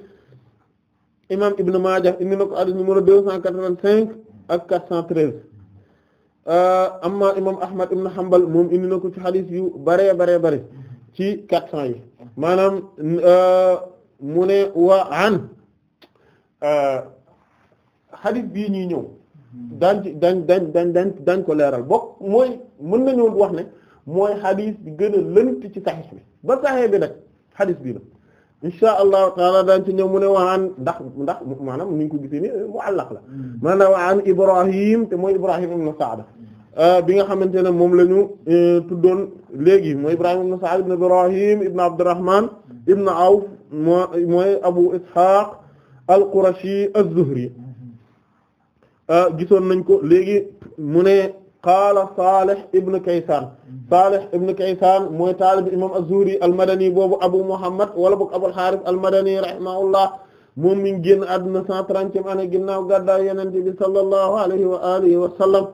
imam Ibn Majah indi na ko xadis numéro 285 ak 413 euh, amma imam Ahmad ibn Hanbal moom indi na ko ci xadis yu bare bare bare ci 400 yi maanaam euh, mu wa an euh, xadis bii ñuy ñëw. daañ ci dañ dañ dañ dañ dañ ko leeral bokk mooy mën nañu wax ne mooy xadis bi gën a lënt ci saxiix bi ba saxiix bi nag xadis bii la insha allahu taala daañ ci ñëw mu ne waan ndax ndax maanaam ni ñu ko gisee ni muallaq la hmm. maanaam waan ibrahim te mooy ibrahim ibn saada euh, bi nga xamante ne moom la ñu euh, tuddoon léegi mooy ibrahim ibn saada ibn ibrahim ibn abdurrahman hmm. ibn awf mooy abu ishaq al qurashi Ah, gisoon nañ ko léegi mu ne qaala Salih ibn Kaysan Salih ibn Kaysan mooy taalib imam az-Zuhri al-Madani boobu Abu Muhammad wala boog Abul Harith al-Madani rahimahullah moom mi ngi génn àdduna cent trentième année ginnaaw gàddaay Yonent bi sallallahu alayhi wa alihi wa sallam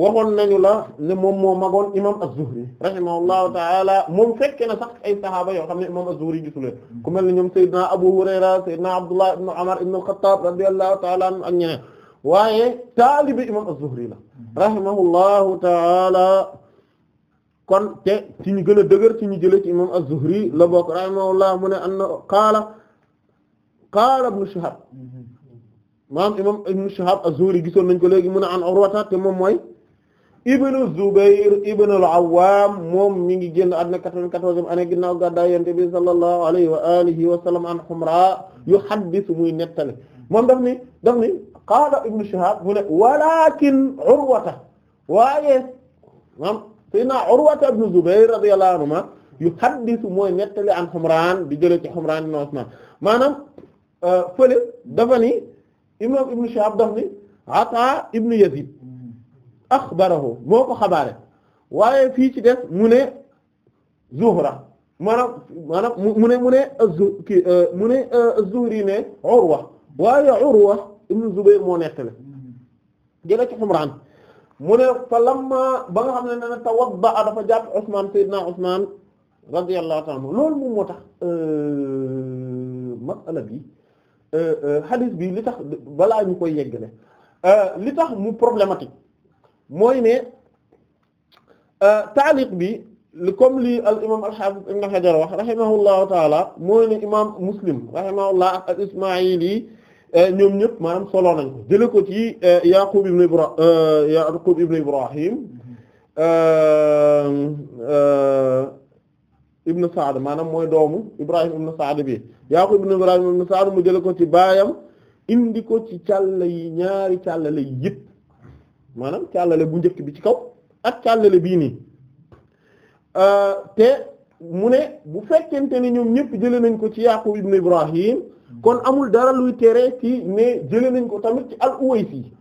waxoon nañu la ne moom moo magoon imam az-Zuhri rahimahullahu ta'ala moom fekke na sax ay sahaaba yoo xam ne imam az-Zuhri gisuleen ku mel ne ñoom Seydina Abu Hurayra Seydina Abdullah ibn Umar ibn al-Khattab radiyallahu ta'ala anhu ak ñeneen waaye taalibi imam az-Zuhri la mm-hmm. rahimahullahu taala kon te ci ñu gën a dëgër ci ñu jëlee ci imam az-Zuhri la bokk rahimahullah mu ne anna qaala qaala ibn Shihab mm-hmm. maam imam ibn Shihab az-Zuhri gisoon nañ ko léegi mu ne an Urwata te moom mooy ibnu Zubayr ibnu al-Awwam moom mi ngi génn àdduna quatre-vingt-quatorzième année ginnaaw gàddaay Yonent bi sallallahu alayhi wa alihi wa sallam an Humra yuhaddithu muy nettale mm-hmm. moom daf ni daf ni qaala ibnu Shihab mu ne walakin Urwata waaye maanaam sayyidina Urwata ibnu Zubayr radiyallahu anhuma yuhaddisu mooy nettali an Humraan di jëlee ci Humraan ibn Usmaan maanaam euh, fële dafa ni imaam ibnu Shihab daf ni Ataa ibnu Yazid axbarahu moo ko xabaare waaye fii ci def mu ne Zuhra maanaam maanaam mu ne mu ne ki euh, mu ne euh, Zuhri ne Urwa waaye Urwa ibn Zubayr moo nettale jële ci Xumraan mu ne fa lamma ba nga xam ne ne tawadda a dafa jàpp Usmaan sayyidina Usmaan radiyallahu ta'ala anhu loolu moom moo tax euh, masala bi euh, euh, hadith bi li tax balaa ñu koy yeggale li tax mu problématique mooy ne taaliq bi comme li al imam al-Hafiz ibn Hajar wax rahimahullahu mooy ne imam Muslim rahimahullah ak Ismaili Euh, ñoom ñëpp maanaam solo nañ ko jële ko ci euh, Yaqub ibn Ibra euh, Yaqub ibn Ibrahim ibn Saad maanaam mooy doomu Ibrahim ibn Saad bi Yaqub ibn Ibrahim ibn Saad mu jële ko ci baayam indi ko ci càll yi ñaari càllale yi yëpp maanaam càllale bu njëkk bi ci kaw ak càllale bii nii te mu ne bu fekkente ni ñoom ñëpp jële nañ ko ci Yaqub ibn Ibrahim kon amul dara luy tere ci ne jëlee nañ ko tamit ci al-Uwaysi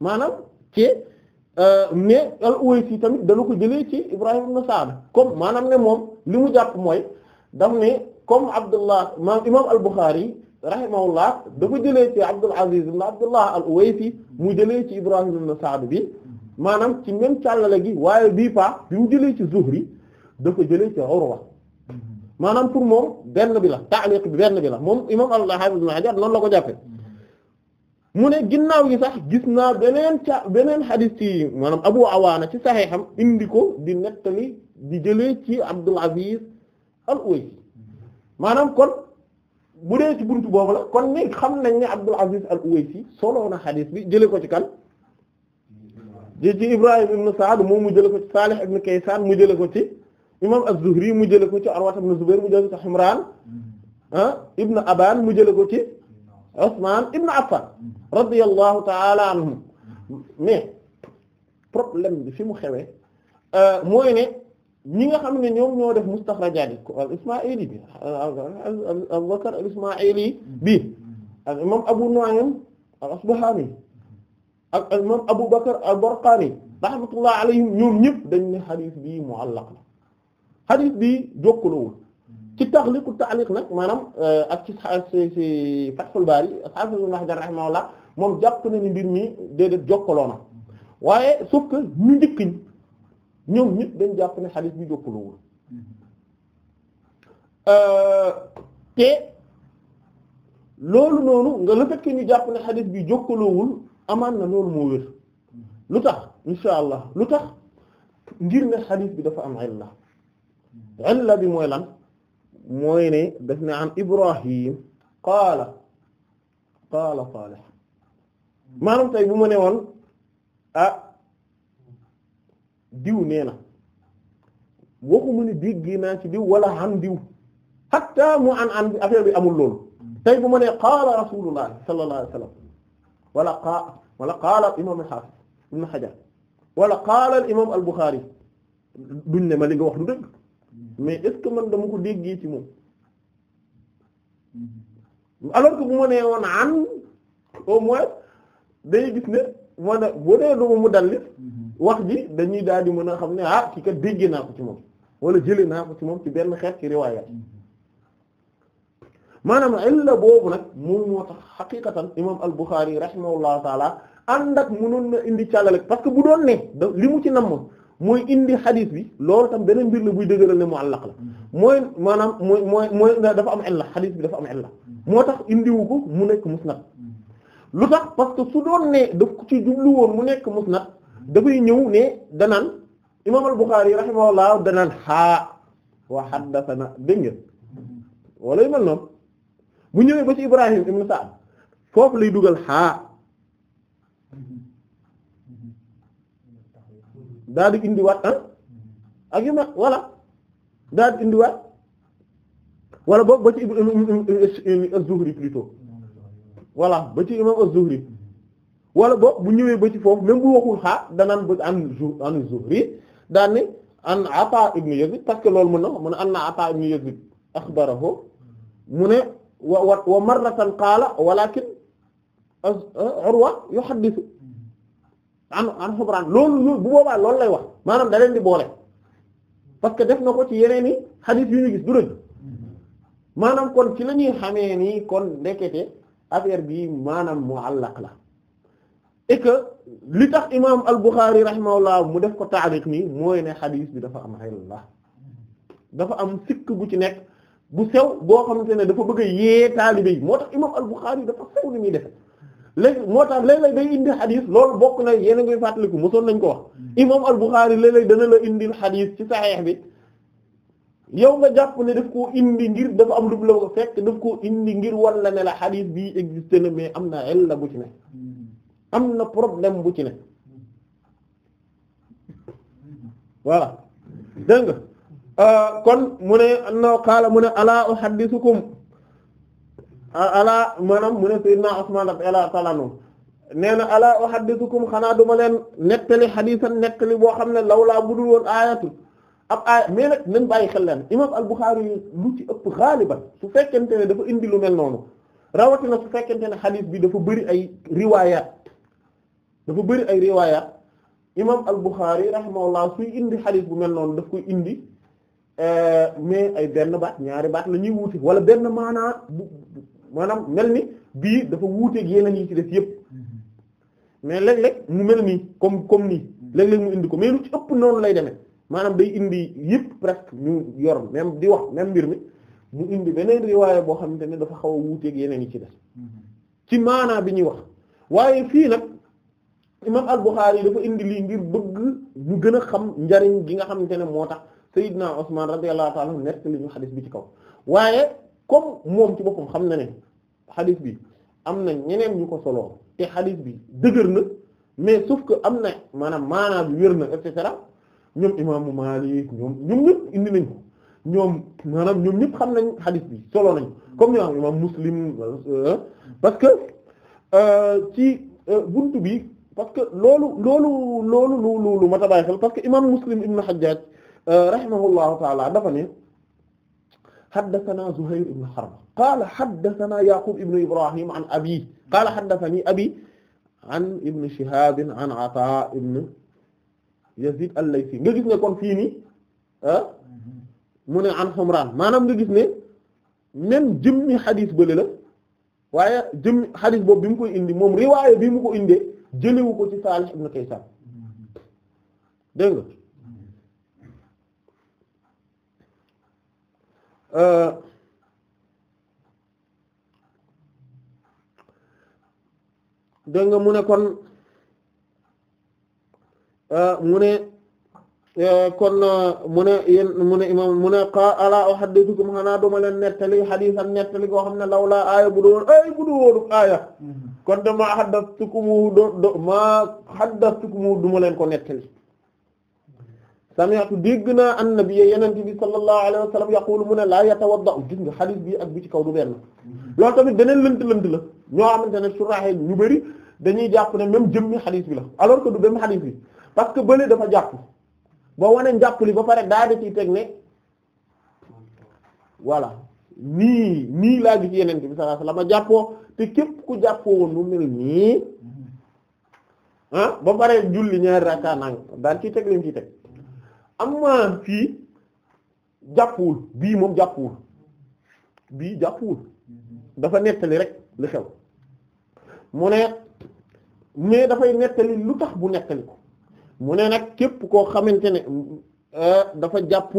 maanaam ci euh, ne al-Uwaysi tamit dana ko jëlee ci Ibrahim ibn Sa'd comme maanaam ne moom li mu jàpp mooy daf ne comme Abdullah maanaam imaam al-Bukhari rahimahullah dafa jëlee ci Abdul Aziz ibn Abdullah al-Uwaysi mu jëlee ci Ibrahim ibn Sa'd bi maanaam ci même càllale gi waaye bii pa bi mu jëlee ci Zuhri dafa jëlee ci Urwa maanaam pour moom benn bi la taaliq bi benn bi la moom imam Allah hafiz ibn Hajar noonu la ko jàppe mu ne ginnaaw gi sax gis naa beneen ca beneen xadis ci maanaam Abu Awaana ci xam indi ko di nettali di jëlee ci Abdul Aziz al-Uwaysi maanaam kon bu dee ci buntu boobu la kon ni xam nañ ne Abdul Aziz al-Uwaysi soloo na xadis bi jëlee ko ci kan ji ci Ibrahim ibn Saad moom mu jëlee ko ci Salih ibn Kaysan mu jëlee ko ci imam az-Zuhri mu jële ko ci Urwa ibn Zubayr mu jële ko ci Imraan ah ibn Aban mu jële ko ci Usmaan ibn Affan radiyallahu ta'ala anhum mais problème bi fi mu xewee euh, mooy ne ñi nga xam ne ñoom ñoo def mustaxrajaat yi al ismaili bi Abu Bakr al ismaili bi ak imam Abu Nu'aym al Asbahani ak imam Abu Bakr al Barqani rahmatullah alayhim ñoom ñëpp dañ ne xadiis bi mu'allaq la xadis bi jokkalowul mm-hmm. ci taxliqu taaliq nag maanaam euh, ak ci ci Fathul Bari xaafis Ibn Hajar rahimahullah moom jàpp na ni mbir mi déedéet jokkaloo na mm-hmm. waaye sauf ñu njëkk ñi dañ jàpp ne xadis bi jokkalowul mm-hmm. euh, te loolu noonu nga le fait ñu jàpp ne xadis bi jokkaloowul amaan na loolu moo wér lu tax insha allah lu tax ngir ne xadis bi dafa am illa illa bi mooy lan mooy ne daf ne an Ibrahim qaala qaala Saalih maanaam tey bu ma ne woon ah diw nee na waxu mu ne dégg naa ci diw wala an diw hatta mu an an affaire bi amul loolu tey bu ma nee qaala rasulullah sallallahu alayhi wasallam wala qaa wala qaala imaam al-Hafiz ibn Hajar wala qaala al imaam al-Bukhari duñ ne ma li nga wax du dëgg. mais est-ce man dama ko déggee ci moom alors que bu ma nee woon an au moins day gis ne moo ne boo dee duma mu dalli wax ji dañuy daal di mën a xam ne ah ci kat déggee naa ko ci moom wala jëlee naa ko ci moom ci benn xeet ci riwaayat maanaam illa boobu nag moom moo tax xaqiqatan imam al-Bukhari rahimahullahu taala ànd ak mënoon na indi càllale parce que bu doon ne li mu ci namm mooy indi xadis bi loolu tam beneen mbir la buy dëgëral ne muallaq la mooy maanaam mooy mooy mooy dafa am la xadis bi dafa am la moo tax indiwu ko mu nekk musnad lu tax parce que su doon ne daf ko ci jublu woon mu nekk musnad dafay ñëw ne danaan imaam al-Bukhari rahimahullah danaan xaa wa haddathana dégg ngeen wala yu noonu bu ñëwee ba ci Ibrahim ibn Sa'd foofu lay dugal xaa daal di indiwaat ah ak yu ma indiwaat wala boog ba ci a zuhri plutôt voilà ba ci imam az-Zuhri wala boog ñëwee ba ci foofu même bu waxul xaa danaan ba an an Zuhri an Ata ibn Yazid parce que loolu mën na mu ne anna Ata ibn Yazid axbarahu mu wa wa wa marratan qaala walakin Urwa yuhaddisu an an xubran loolu loolu bu boobaa loolu lay wax maanaam da leen di boole parce que def na ko ci yeneen i xadis yu ñu gis du rëj maanaam kon ci la ñuy xamee nii kon ndekete affaire bii maanaam muallaq la et que li tax imam al-Bukhari rahimahullah mu def ko taaliq nii mooy ne xadis bi dafa am xaylallah dafa am sikk bu ci nekk bu sew boo xamante ne dafa bëgg a yee taalibe yi moo tax imam al-Bukhari dafa sew ni muy defe léegi moo tax léeg-léeg da indi xadis loolu bokk na yéen a ngi fàttaliku mosoon nañ ko wax imam al-Bukhari léeg-léeg dana la indi xadis ci saxeex bi yow nga jàpp ne daf koo indi ngir dafa am lu la ko fekk daf koo indi ngir walla ne la xadis bii existé na mais am na illa bu ci ne am na problème bu ci ne voilà dégg nga euh, kon mu ne no qaala mu ne ala uhaddithukum alaa maanaam mu ne sayyidina Usman radiyallahu ta'ala anhu nee na alaa uhaddithukum xanaa duma leen nettali xadiisan nettali boo xam ne lawlaa budul woon aayatu ab aaya mais nag nañ bàyyi xel leen imaam al-Bukhari yi lu ci ëpp xaaliban su fekkente ne dafa indi lu mel noonu rawatina su fekkente ne xadiis bi dafa bëri ay riwaayaat dafa bëri ay riwaayaat imaam al-Bukhari rahimahullah suy indi xadiis bu mel noonu daf koy indi eh, mais ay benn baat ñaari baat la ñuy wuti wala benn maanaa maanaam mel ni bii dafa wuuteeg yeneen yi ci def yépp mais léeg-léeg mu mel nii comme comme nii léeg-léeg mu indi ko mais lu ci ëpp noonu lay demee maanaam day indi yépp presque ñu yor même di wax même mbir mi mu indi beneen riwaaya boo xamante ne dafa xaw a wuuteeg yeneen yi ci def ci maanaa bi ñuy wax waaye fii nag imam al-Bukhari yi dafa indi lii ngir bëgg ñu gën a xam njariñ gi nga xam xamante ne moo tax Seydina Usman radiyallahu ta'ala anhu nekk li ñu bi ci kaw waaye comme moom ci boppam xam na ne xadis bi am na ñeneen ñu ko solo te xadis bi dëgër na mais sauf ko am na maanaam maanaam wér na et cetera ñoom imaamu Maalik ñoom ñoom ñëpp indi nañ ñoom maanaam ñoom ñëpp xam nañ xadis bi solo nañ comme ñoo am imaam Muslim euh, parce que euh, ci euh, buntu bi parce que loolu loolu loolu lu lu lu ma tabaay xel parce que imaam Muslim ibn Hajjaj rahimahullahu taala dafa ne haddathana Zuhayr ibn Harb qaala haddathana Yaqub ibn Ibrahim an abi qaala haddathani abi an ibn Shihab an Ata ibn Yazid al-Laythi nga gis ne kon fii nii ah, mu ne an Humran maanaam nga gis ne même jëmmi xadis bële la waaye jëmmi xadis boobu bi mu koy indi moom riwaaya bi mu ko indee jëlewu ko ci Salih ibn Kaysan dégg nga Euh, dégg nga mu ne kon euh, mu ne euh, kon mu ne yéen mu ne imam mu ne xa alaa uhaddithukum xanaa duma leen nettali xadiisan nettali koo xam ne lawla aaya bu doon ay bu doon aaya mm-hmm. kon dama haddathtukum do do ma haddathtukum duma leen ko nettali sami'tu dégg naa annabi yonent bi sallallahu alayhi wa sallam yaqulu mu ne laa yatawadda gis nga xadiis bi ak bi ci kaw du benn loolu tamit beneen lënt lënt la ñoo xamante ne suraaxee ñu bari dañuy jàpp ne même jëmmi xadiis bi la alors que du même xadiis bi parce que bële dafa jàpp ba wane njàpp li ba pare daa de teg ne voilà nii nii laa gis yonent bi sallallahu alayhi wa jàppoo te képp ku jàppoo woon mu mel nii ah ba pare julli ñaari rakka nang daal ciy teg lañ ciy amma fii jàppuwul bii moom jàppuwul bii jàppuwul dafa nettali rek li xew mu ne mais dafay nettali lu tax bu nettali ko mu ne nag képp koo xamante ne euh, dafa jàpp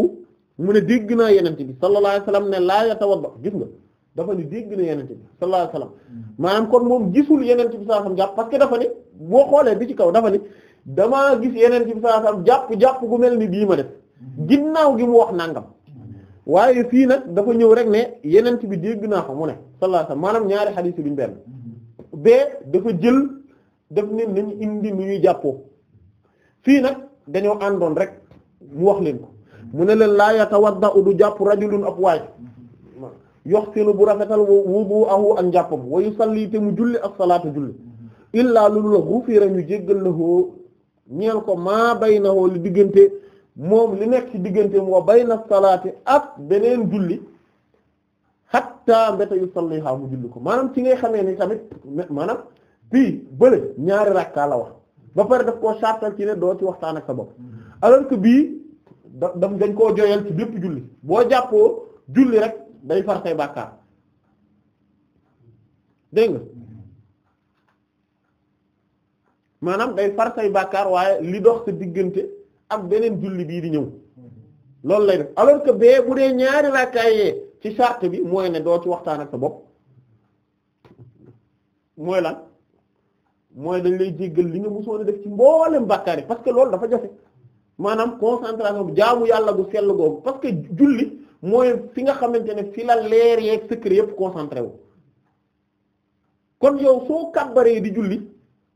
mu ne dégg naa yenente bi sallallahu alayhi wasallam ne laa yatawadda gis nga dafa na yenente bi sallallahu alayhi wasallam mm. maanaam kon moom gisul yenente bi sallallahu alayhi wasallam jàpp parce que dafa ne boo xoolee bi ci kaw dafa ne damaa gis yeneen ci saa jàpp jàpp gu mel ni bii ma def ginnaaw gi mu wax nangam waaye fii nag dafa ñëw rek ne yeneen bi dégg naa ko mu ne sallallahu maanaam ñaari xadiis yi duñ benn jël daf ne nañu indi jàppoo fii nag dañoo àndoon rek mu wax leen ko mu ne leen laa yatawadda du jàpp rajulun ab waay yoxsinu bu rafetal wudu'ahu ak njàppam wa yusalli te mu julli ak salaata julli illaa lu la ghufira ñu jéggal la ñeel ko maa na woo li diggante moom li nekk ci diggante wa na salaati ak beneen julli hatta mbéta yu salliha mu julli ko maanaam ci ngay xamee ni tamit maanaam fii bële ñaari rakka la wax ba pare daf koo sartal ci ne doo ci waxtaan ak sa bopp alors bii da dañ koo joyal ci bépp julli boo jàppoo julli rek day far bàkkaar dégg nga maanaam day far say bàkkaar waaye li dox sa diggante ak beneen julli bii di ñëw loolu lay def alors que bee bu dee ñaari rakkaay ci charte bi mooy ne doo ci waxtaan ak sa bopp mooy la mooy dañ lay jéggal li nga mosoon ne def ci mboolem bàkkaar yi parce que loolu dafa jafe maanaam concentration bu jaamu yàlla gu sell googu parce que julli mooy fi nga xamante ne fi la leer yeeg secret yëpp concentré wu kon yow soo kàbbaree di julli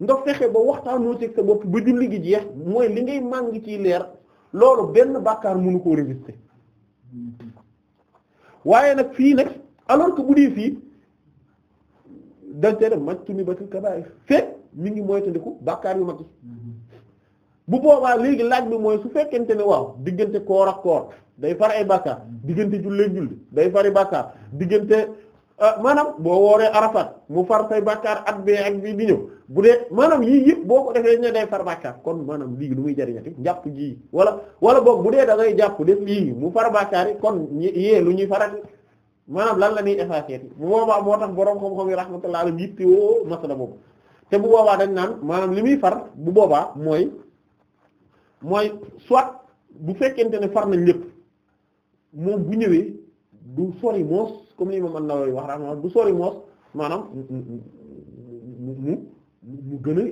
nga fexe ba waxtaanoo ci sa bopp ba julli gi jeex mooy li ngay màng ciy leer loolu benn bàkkaar mënu koo résister waaye nag fii nag alors que bu dee fii dante def maj tuni batil kabaa'ir fekk mi ngi moytandiku bàkkaar yu mag bu boobaa léegi laaj bi mooy su fekkente ne waaw diggante koor ak koor day far ay bàkkaar diggante jullee julli day fari bàkkaar diggante Ah, maanaam boo wooree arafat mu far say bàkkaar at bee ak bii di ñëw bu dee maanaam yii yëpp boo ko defee ne day far bàkkaar kon maanaam lii lu muy jariñati jàpp ji wala wala boog bu dee da ngay jàpp def lii mu far bàkkaar yi kon yee lu ñuy farati maanaam lan la ñuy effacer bu boobaa moo tax borom xam-xam yi rahmatullah alam yitte woo masala boobu te bu boobaa dañ naan maanaam li muy far bu boobaa mooy mooy soit bu fekkente ne far nañ lépp moom bu ñëwee du sori moos comme li man An-Nawawi wax raxma du sori moos maanaam mu mu gën a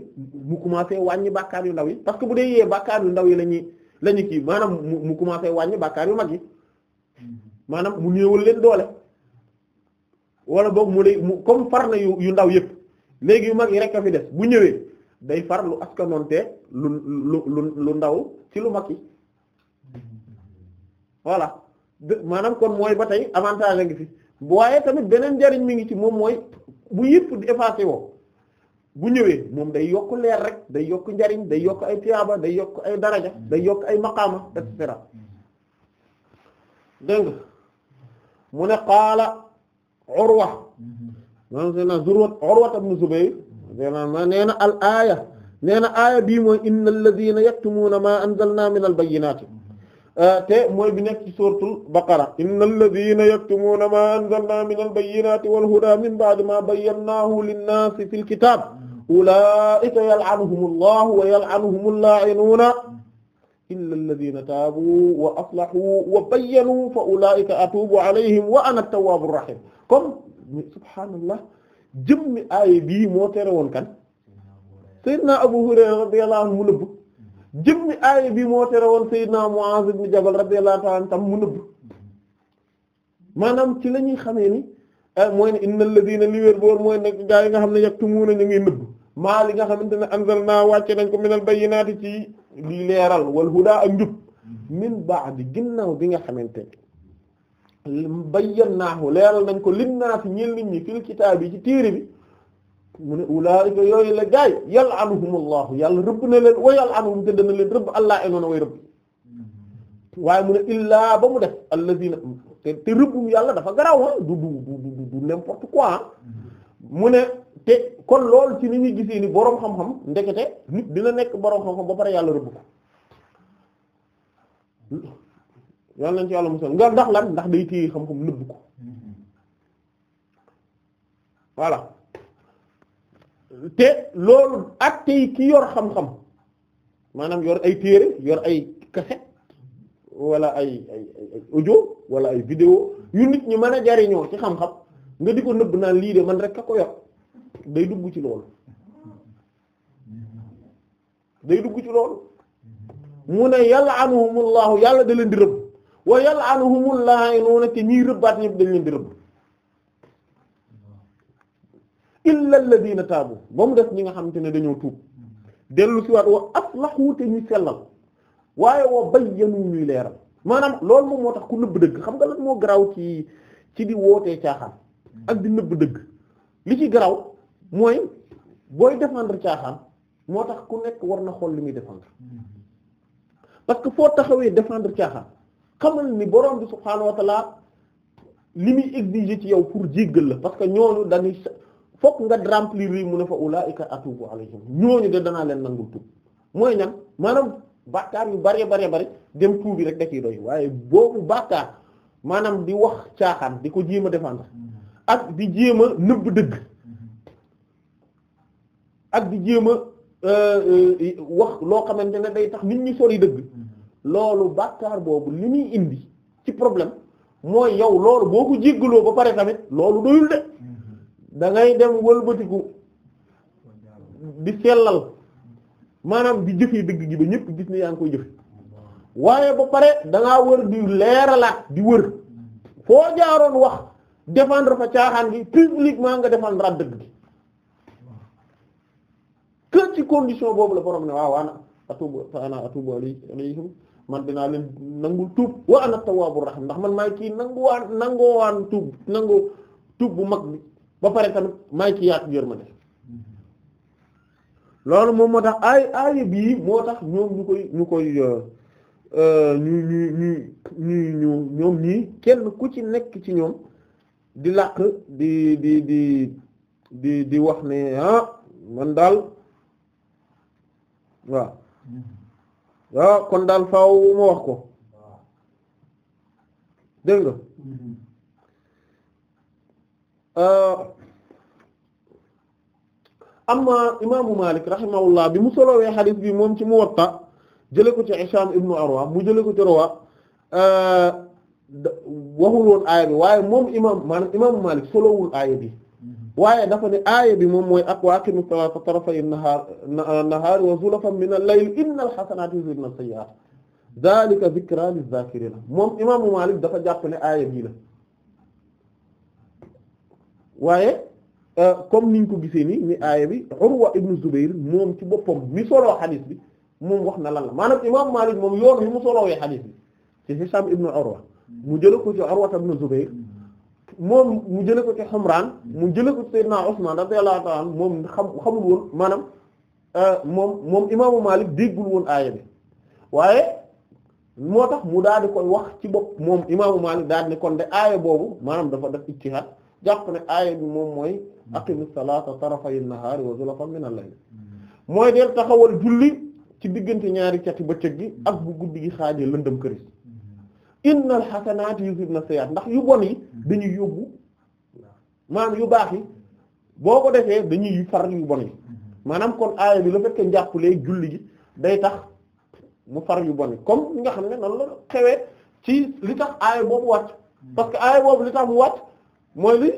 mu commencé wàññi bàkkaar yu ndaw yi parce que bu dee yee bàkkaar yu ndaw yi la ñuy la kii maanaam mu commencé wàññi bàkkaar yu yi maanaam mu néewal leen doole wala boog mu day mu comme far na yu ndaw yëpp léegi yu mag yi rek a fi des bu ñëwee day far lu askanoonte lu lu lu ndaw ci lu mag yi voilà maanaam kon mooy ba tey avantage a ngi fi waaye tamit beneen njariñ mi ngi ci moom mooy bu yëpp di effacé woo bu ñëwee moom day yokk leer rek day yokk njariñ day yokk ay tiyaaba day yokk ay daraja day yokk ay maqaama et cetera dégg mu ne qaala Urwa maanaam seen naa Zurwa Urwa ibn Zubayr ma nee na al aaya nee na aaya bii mooy innal ladina Euh, te mooy bi nekk ci suuratul baqara innal ladhina yaktumuna ma anzalna minal bayyinati wal huda min ba'di ma bayyanahu lin-nasi fil kitab ulaika yal'anuhumullahu wa yal'anuhumul la'inuna illa alladhina taabu wa aslahu wa bayyanu fa ulaika atubu alayhim wa ana at-tawwabur rahim comme subhanallah jëmmi aaya bii moo tere woon kan sayyidina Abu Hurayra radiyallahu anhu mu jëmmi aaya bi moo tere woon Seydina Muaz ibn Jabal radiyallahu ta'ala tam mu nëbb maanaam ci la ñuy xamee ni eh, mooy ne innal ladina li wér boor mooy nekk gaa yi nga xam ne yaktumuuna ñu ngi nëbb maa li nga xamante ne anzalna wàcce nañ ko minal bayyinaati ci lii leeral wal huda ak njub min ba'di ginnaaw bi nga xamante ne bayyannaahu leeral nañ ko linnaasi ñeel nit ñi fil kitaabi ci téere bi mu ne ulaa'ika yooyu la gaay yal'anuhumullahu yàlla rëbb na leen wa yal'anuhum te dana leen rëbb allah ay noonu waaye mu ne illaa ba mu def allazina te te rëbbum yàlla dafa garaaw ah du du du du ah. mu ne te kon loolu ci ni ñuy gisee ni boroom xam-xam nit dina nekk boroom xam-xam ba pare yàlla rëbb ko yàlla nañ ci yàlla musal nga ndax lan ndax day téye xam-xam nëbb ko voilà. te loolu ak tey ki yor xam-xam maanaam yor ay téere yor ay cassette wala ay ay audio wala ay vidéo yu nit ñi mën a jariñoo ci xam-xam nga di ko nëbb naan lii de man rek ka ko yor day dugg ci loolu day dugg ci loolu mu ne yal'anuhumullahu yàlla da leen di rëbb wa yal'anuhumul la'inuuna te ñiy rëbbaat ñëpp dañ leen di rëbb la alladhina taabu ba mu def ñi nga xamante ne dañoo tuub dellu si waat wa aslahu te ñu sellal waaye woo wa bayyanu ñuy leeral maanaam loolu moom moo tax ku nëbb dëgg xam nga lan moo garaaw ci ci di wootee caaxaan ak di nëbb dëgg li ci garaaw mooy booy défendre caaxaan moo tax ku nekk war na xool li muy défendre parce que foo taxawee défendre caaxaan xamal ni borom bi subhaanahu wa ta'ala li muy exiger ci yow pour jéggal la parce que ñooñu dañuy fokk nga remplir yi mu ne fa ulaa'ika atuubu alayhim ñooñu de danaa leen nangul tuub mooy ñan maanaam bàkkaar yu bëree baree bëri dem tuubi rek da ciy doy waaye boobu bàkkaar maanaam di wax caaxaan di ko jéem a défendre ak di jéem a nëbb dëgg ak di jéem a euh, wax loo xamante ne day tax nit ñi sori dëgg loolu bàkkaar boobu li muy indi ci problème mooy yow loolu boo ko jéggaloo ba pare tamit loolu doyul de da ngay dem wëlbatiku di sellal maanaam di jëfee dëgg gi ba ñëpp gis ne yaa ngi koy jëf waaye ba pare da ngaa wër di leeralaat di wër foo jaaroon wax défendre fa caaxaan gi maa nga défendre ak dëgg gi que ci condition boobu la borom ne waaw waana atubu ana atubu alayhim man dinaa leen nangul tuub wa ana tawwabur rahim ndax man maay kii nanguwaan nangoo waan tuub nangoo tuub bu mag bi ba pare tamit maa ngi ciy yaatu yërmande loolu moom moo tax ay ay bii moo tax ñoom ñu koy ñu koy euh, euh, ñu ñu ñu ñu ñu ñoom ñii kenn ku ci nekk ci ñoom di làq di di di di di wax ne ah man daal waaw kon daal faw ma wax ko dégg nga. Mm-hmm. Euh, amma imaamu Malik rahimahullah bi mu solowee xadis bi moom ci Muwatta jële ko ci Hisham ibnu Arwa mu jële ko ci Rawa euh, waxul woon aaya bi waaye moom imaam maanaam imaamu Malik solowul aaya bi waaye dafa ne aaya bi moom mooy ak wa aqimu salata tarafay nahaar nahaari wa zulafan min al-layli inna al-hasanati yuzhibna as-sayyi'at dhalika dhikra liz-zakirin moom imaamu Malik dafa jàpp ne aaya bii la waaye euh, comme niñ ko gisee ni ni aaya bi Urwa ibn Zubayr moom ci boppam mi soloo xadis bi moom wax na lan la maanaam imam Malik moom yoon wi mu solowee xadis bi ci Hisham ibn Urwa hmm. mu jële ko ci Urwa ibn Zubayr hmm. moom mu jële ko ci Humran hmm. mu jële ko ci Sayyidina Usman radiyallahu ta'ala anhu moom xam xamul woon maanaam euh, moom moom imaamu Malik déggul woon aaya bi waaye moo tax mu daal di koy wax ci bopp moom imaamu Malik daal di ne kon de aaya boobu maanaam dafa def ijtihaad jàpp ne aaya bi moom mooy aqimis salata tarafay nahaari wa zulafan min al-layl mm-hmm. mooy deel taxawal julli ci diggante ñaari cati bëccëg gi ak bu guddi gi xaajee lëndëm këris mm-hmm. innal xasanaati yuzhibna sayyi'aat ndax yu bon yi mm-hmm. dañuy yóbbu maanaam yu baax yi boo ko defee dañuy far yu bon yi maanaam kon aaya bi la fekk njàppalee julli gi day tax mu far yu bon yi comme nga xam ne na la xewee ci li tax aaya boobu wàcc parce que aaya boobu li tax mu wàcc mooy li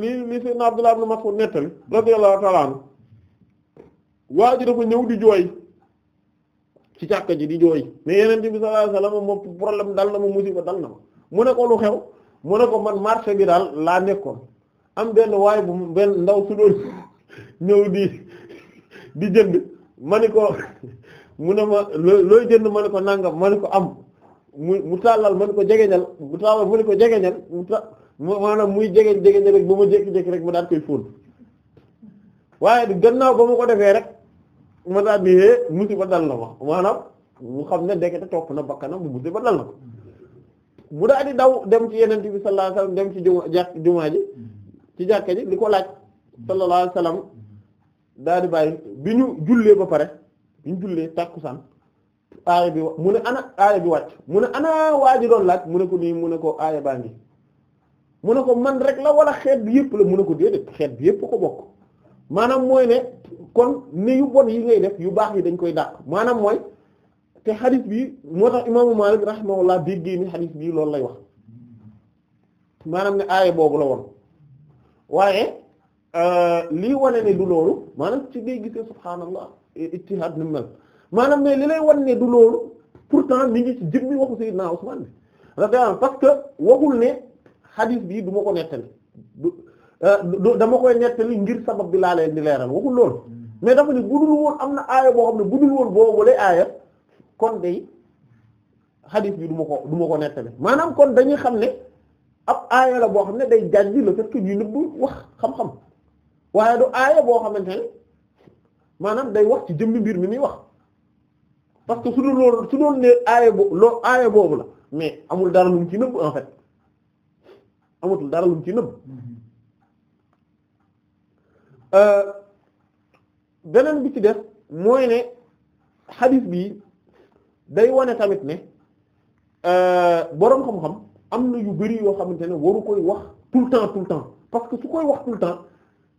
li li sayyidna Abdullah ibn Mas'ud nettali radiyallahu ta'ala anhu waa ji dafa ñëw di jooy ci càkk ji di jooy ne yeneen bi sallallahu alayhi la moom problème dal na mu ne mu ne ko man marché bi daal laa nekkoon am benn waaye bu benn ndaw su ñëw di di jënd ma ni ko mu ne looy jënd ma ne ko nangam ma ne ko am mu mu tàllal ma ne ko jegeñal mu tàllal ma ne ko jegeñal mu ta maanaam muy jegeñ jegeñ rek ba ma jékki-jékki rek ma daal koy fóon waaye gannaaw ba ma ko defee rek ma daal di hee musiba dal na ma maanaam mu xam ne ndekete topp na bakkanam bu musiba dal na ko mu daal di daw dem ci yeneen bi sallallahu alayhi wasallam dem ci juma jàkk jumaa ci jàkka ji di ko laaj sallallahu alayhi wasallam daal bàyyi bi ñu jullee ba pare bi ñu jullee tàkkusaan aaya bi mu ne ana aaya bi wàcc mu ne ana waaj ji doon laaj mu ne ko nii mu ne ko aaya baa mu ne ko man rek la wala xeet bi yëpp la mu ne ko déedéet xeet bi yëpp ko bokk maanaam mooy ne kon ni yu bon yi ngay def yu baax yi dañ koy dàq maanaam mooy te xadis bi moo tax imaamu Maalik rahimahullah déggee ni xadis bii loolu lay wax maanaam ne aaye boobu la woon waaye euh, lii wane ne du loolu maanaam ci ngay gisee subhaanallah ijtihaad ni mel maanaam mais li lay wan ne du loolu pourtant mi ngi ci jëmmi waxu Sayyidina Usmaan bi radiyallahu parce que waxul ne xadis bii du ma ko nettali euh, du dama koy nettali ngir sabab bi laa leen di leeral waxul loolu mm-hmm. mais dafa ni budul woon am na aaya boo xam ne budul woon boobu lay aaya kon day xadis bi du ko du ko nettali maanaam kon dañuy xam ne ab aaya la boo xam ne day jànji le fait que ñuy nëbb wax xam-xam waaye du aaya boo xamante ne maanaam day wax ci jëmmi mbir mi muy wax parce que su dul loolu su doon ne aaya boobu la mais amul dara lu mu ci nëbb en fait amatul dara lu mu ci nëbb mm-hmm. euh, beneen bi ci def mooy ne xadis bi day wane tamit ne euh, boroom xam-xam am na yu bari yoo xamante ne waru koy wax tout le temps tout temps parce que su koy wax tout le temps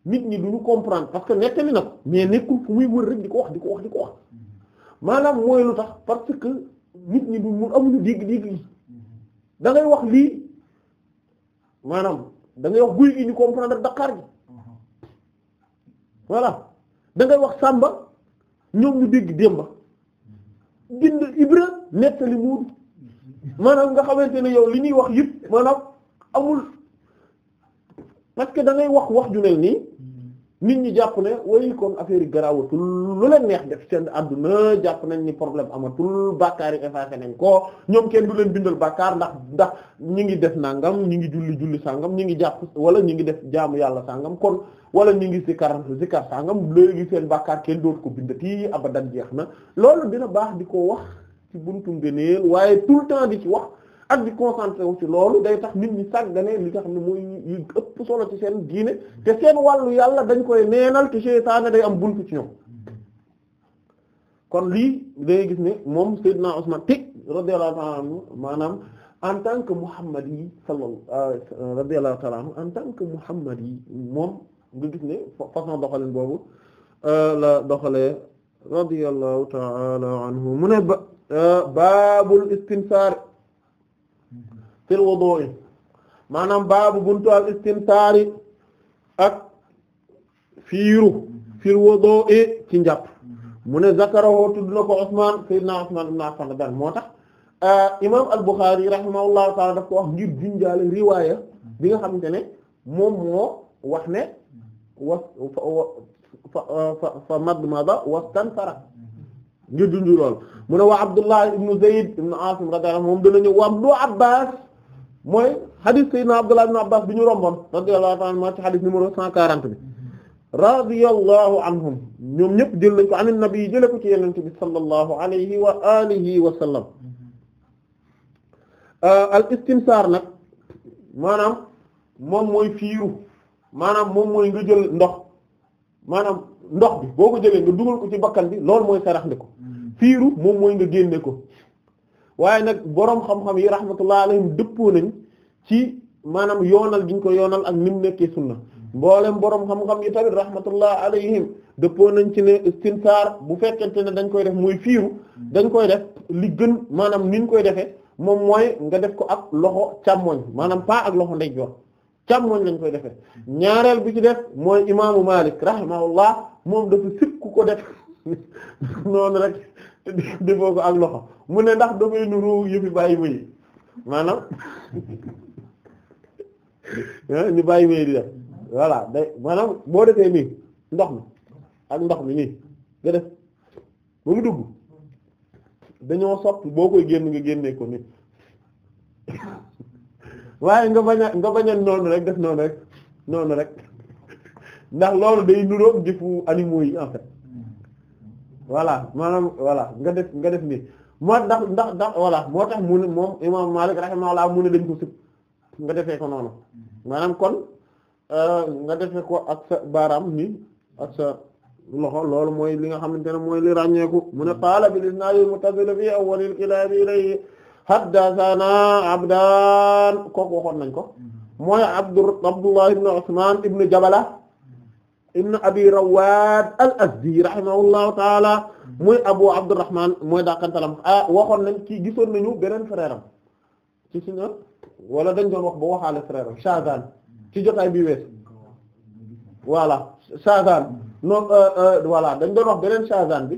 nit ñi duñu comprendre parce que nettali na ko mais nekkul fu muy wër rek di ko wax di ko wax di ko mm-hmm. maanaam mooy lu tax parce que nit ñi du mun amuñu dégg-dégg yi mm-hmm. wax lii maanaam da ngay wax guy gi ñu comprendre Dakar gi voilà da ngay wax sàmba ñoom ñu dégg Demba bind Ibra nettali Moodu maanaam nga xamante ne yow li ñuy wax yëpp maanaam amul parce que da ngay wax wax ju mel nii nit ñi jàpp ne way kon affaire yi garaawatul lu leen neex def seen àdduna jàpp nañ ni problème amatul bàkkaar yi effacé nañ ko ñoom kenn du leen bindal bàkkaar ndax ndax ñi ngi def nangam ñi ngi julli julli sangam ñi ngi jàpp wala ñi ngi def jaamu yàlla sangam kon wala ñi ngi zikar zikar sangam léegi seen bàkkaar kenn dootu ko bindati abadan jeex na loolu dina baax di ko wax ci buntu ngëneel waaye tout le temps di ci wax ak di concentré wu ci loolu day tax nit ñi sàggane li nga xam ne mooy yu ëpp solo ci seen diine te seen wàllu yàlla dañ koy neenal te seytaane day am buntu ci ñoom kon lii day gis ne moom Seydina Usman tig radiyallahu ta'ala anhu maanaam en tant que Muhammad yi sallallahu radiyallahu en tant que Muhammad yi moom nga gis ne façon doxalin boobu euh, la doxalee radiyallahu ta'ala anhu mu ne euh, baabul istinsaar fil wudu'i maanaam baabu buntu al istimtaari ak fiiru fil wudu'i ci njàpp mu ne zakarahu tudd na ko Usmaan sayyidina Usmaan ibn Affaan ben moo tax euh, imaam al Buxaari rahimahullahu taala daf ko wax ngir junjaale riwaaya bi nga xamante ne moom moo wax ne was fa fa fa madmada wastanfara ngir junju lool mu ne wa Abdullah ibn Zayd ibn Aasim radiyallahu moom dana ñëw wa Abdu Abbaas mooy xadis sayyidina Abdullah ibn Abbas bi ñu romboon radiyallahu ta'ala anhuma ci xadis numéro cent quarante bi radiyallahu anhum ñoom ñëpp jël nañ ko anin nabi yi jële ko ci yenente bi sallallahu alayhi wa alihi wa sallam euh, al istimsaar nag maanaam moom mooy fiiru maanaam moom mooy nga jël ndox maanaam ndox bi boo ko jëlee nga dugal ko ci bakkan bi loolu mooy sarax ndi ko mm-hmm. fiiru moom mooy nga génne ko waaye nag boroom xam-xam yi rahmatullah alayhim dëppoo nañ ci maanaam yoonal gi koy yoonal ak ni mu nekkee sunna mboolem boroom xam-xam yi tamit rahmatullah alayhim dëppoo nañ ci ne istinsaar bu fekkente ne dañ koy def muy fiiru dañ koy def li gën maanaam ni ñu koy defee moom mooy nga def ko ak loxo càmmoñ maanaam pas ak loxo ndeyjoor càmmoñ lañ koy defee ñaareel bi ci def mooy imaamu Maalik rahimahullah moom dafa sikku ko def noonu rek te defoo ko ak loxo mu ne ndax dafay nuru yëfi bàyyi ma maanaam ñu ah, bàyyi ma yi di def voilà day maanaam boo defee nii ndox mi ak ndox mi nii nga def ba mu dugg dañoo sopp boo koy génn nga génnee ko nii waaye nga bañ nga bañ a noonu rek def noonu rek noonu rek ndax loolu day nuroog jëfu animaux yi voilà maanaam voilà nga def nga def nii moo ndax ndax ndax voilà moo tax mu moom imam Malik rahimahullah mu ne dañ ko sib nga defee ko noonu mm-hmm. maanaam kon euh, nga defee ko ak sa baaraam nii ak sa loxo loolu mooy li nga xamante ne mooy li ràññeeku mu ne mm-hmm. qaala bil isnaad al muttasil fi awwal al kitaab ilayhi haddathana abdaan kooku waxoon nañ ko mm-hmm. mooy abdu ibn usman ibn jabala ibn abi rawad al asdi rahimahullahu taala muy abu abdurrahman mooy daakantalam a ah, waxoon nañ ci gisoon nañu beneen frère am ci suñu wala dañ doon wax ba waxaale frère am Shazan ci jotaay bi wees voilà Shazan non euh, euh, voilà dañ doon wax beneen Shazan bi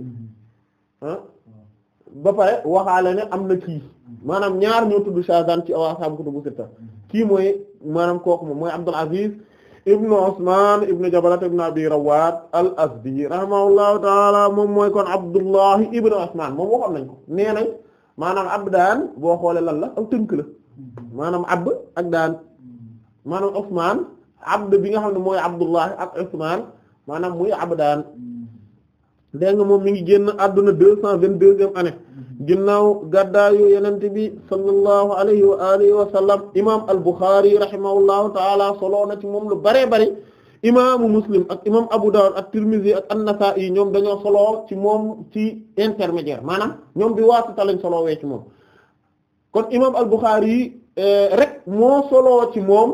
ah, ba pare waxaale ne am na kii maanaam ñaar ñoo tudd Shazan ci awaa sahabu kutubu sitta kii mooy maanaam kooku moom mooy Abdul Aziz ibnu Usmaan ibnu Jabalat ibnu Abi Rawaat al-Azdi rahimahullahu taala moom mooy kon Abdullahi ibnu Usmaan moom waxoon nañ ko nee nañ maanaam abdaan boo xoolee lan la aw tënk la maanaam abd ak daan maanaam Usmaan abd bi nga xam ne mooy Abdullahi ak Usmaan maanaam muy abdaan dégg nga moom mi ngi génn àdduna deux cent vingt-deuxième année ginnaaw gàddaayu yenente bi sallallahu alayhi wa alihi wa sallam imam al-Bukhari rahimahullahu taala soloo na ci moom lu bare bari imaamu Muslim ak imam Abu Dawud ak Tirmidhi ak an-Nasa'i ñoom dañoo soloo ci moom ci intermédiaire maanaam ñoom bi waasita lañ solowee ci moom kon imam al eh, rek moo soloo ci moom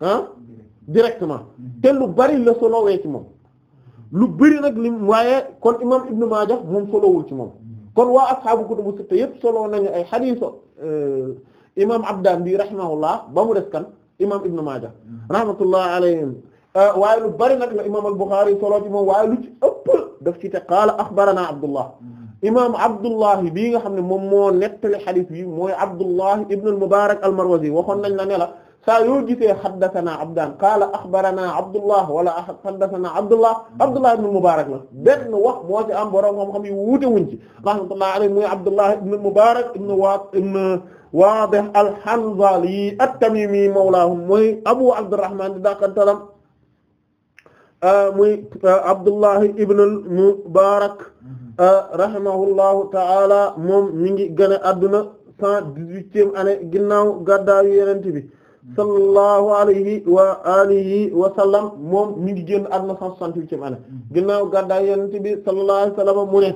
ah directement te lu bari la solowee ci moom lu bari nag lim waaye kon imam Ibn Maaja moom solowul ci moom kon waa asxaabu kutubu sitta yëpp solo nañu ay xadiiso euh, imaam Abdaan bi rahimahullah ba mu des kan imaam Ibn Maaja rahmatullah alayhim euh, waaye lu bari nag la imaam al-Buxaari solo ci moom waaye lu ci ëpp daf ci te qaala axbaranaa Abdullah imaam Abdullahi bii nga xam ne moom moo nettali xadiis bi mooy Abdullahi Ibn al-Mubaarak al-Marwazi waxoon nañ la ne la saa yoo gisee xaddasanaa abdaan qaala axbaranaa abdullah wala xaddasanaa abdullah abdullah ibn mubaarak la benn wax moo ci am borom xam-xam yi wuute wuñ ci rahmatullahi alayhi muy abdullah ibn mubaarak ibn wa ibn waadih al-hanzali at-tamimi mawlaahum muy abu abdurrahman di dakantalam muy abdullah ibn al-mubaarak rahimahullahu ta'ala moom mi ngi gën a adduna cent dix-huitième année ginnaaw gàddaayu yenente bi sallallahu alayhi wa alihi wa sallam moom mi ngi génn àdduna 168e année ginnaaw gàddaay yonent bi sallallahu alayhi wa sallam mu ne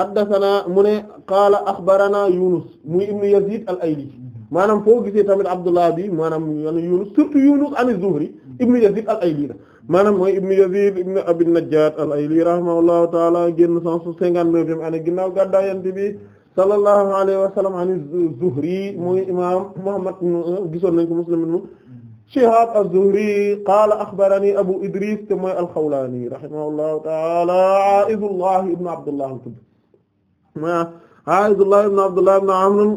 haddathana mu ne qaala akhbarana Yunus mu ibnu Yazid al-Ayli maanaam foo gisee tamit Abdullah bi maanaam Yunus surtout Yunus az-Zuhri ibnu Yazid al-Ayli la maanaam mooy ibnu Yazid ibnu Abi an-Najjad al-Ayli rahimahullahu ta'ala génn 159e année ginnaaw gàddaay yonent bi sallallahu alayhi wa sallam an az-Zuhri muy imam Muhammad gisoon nañ ko Muslim ibn Shihab az-Zuhri qaala axbarani Abu Idris te mooy al-Xawlaani rahimahullahu ta'ala A'izullah ibn Abdullah ma A'izullah ibn Abdullah ibn Amr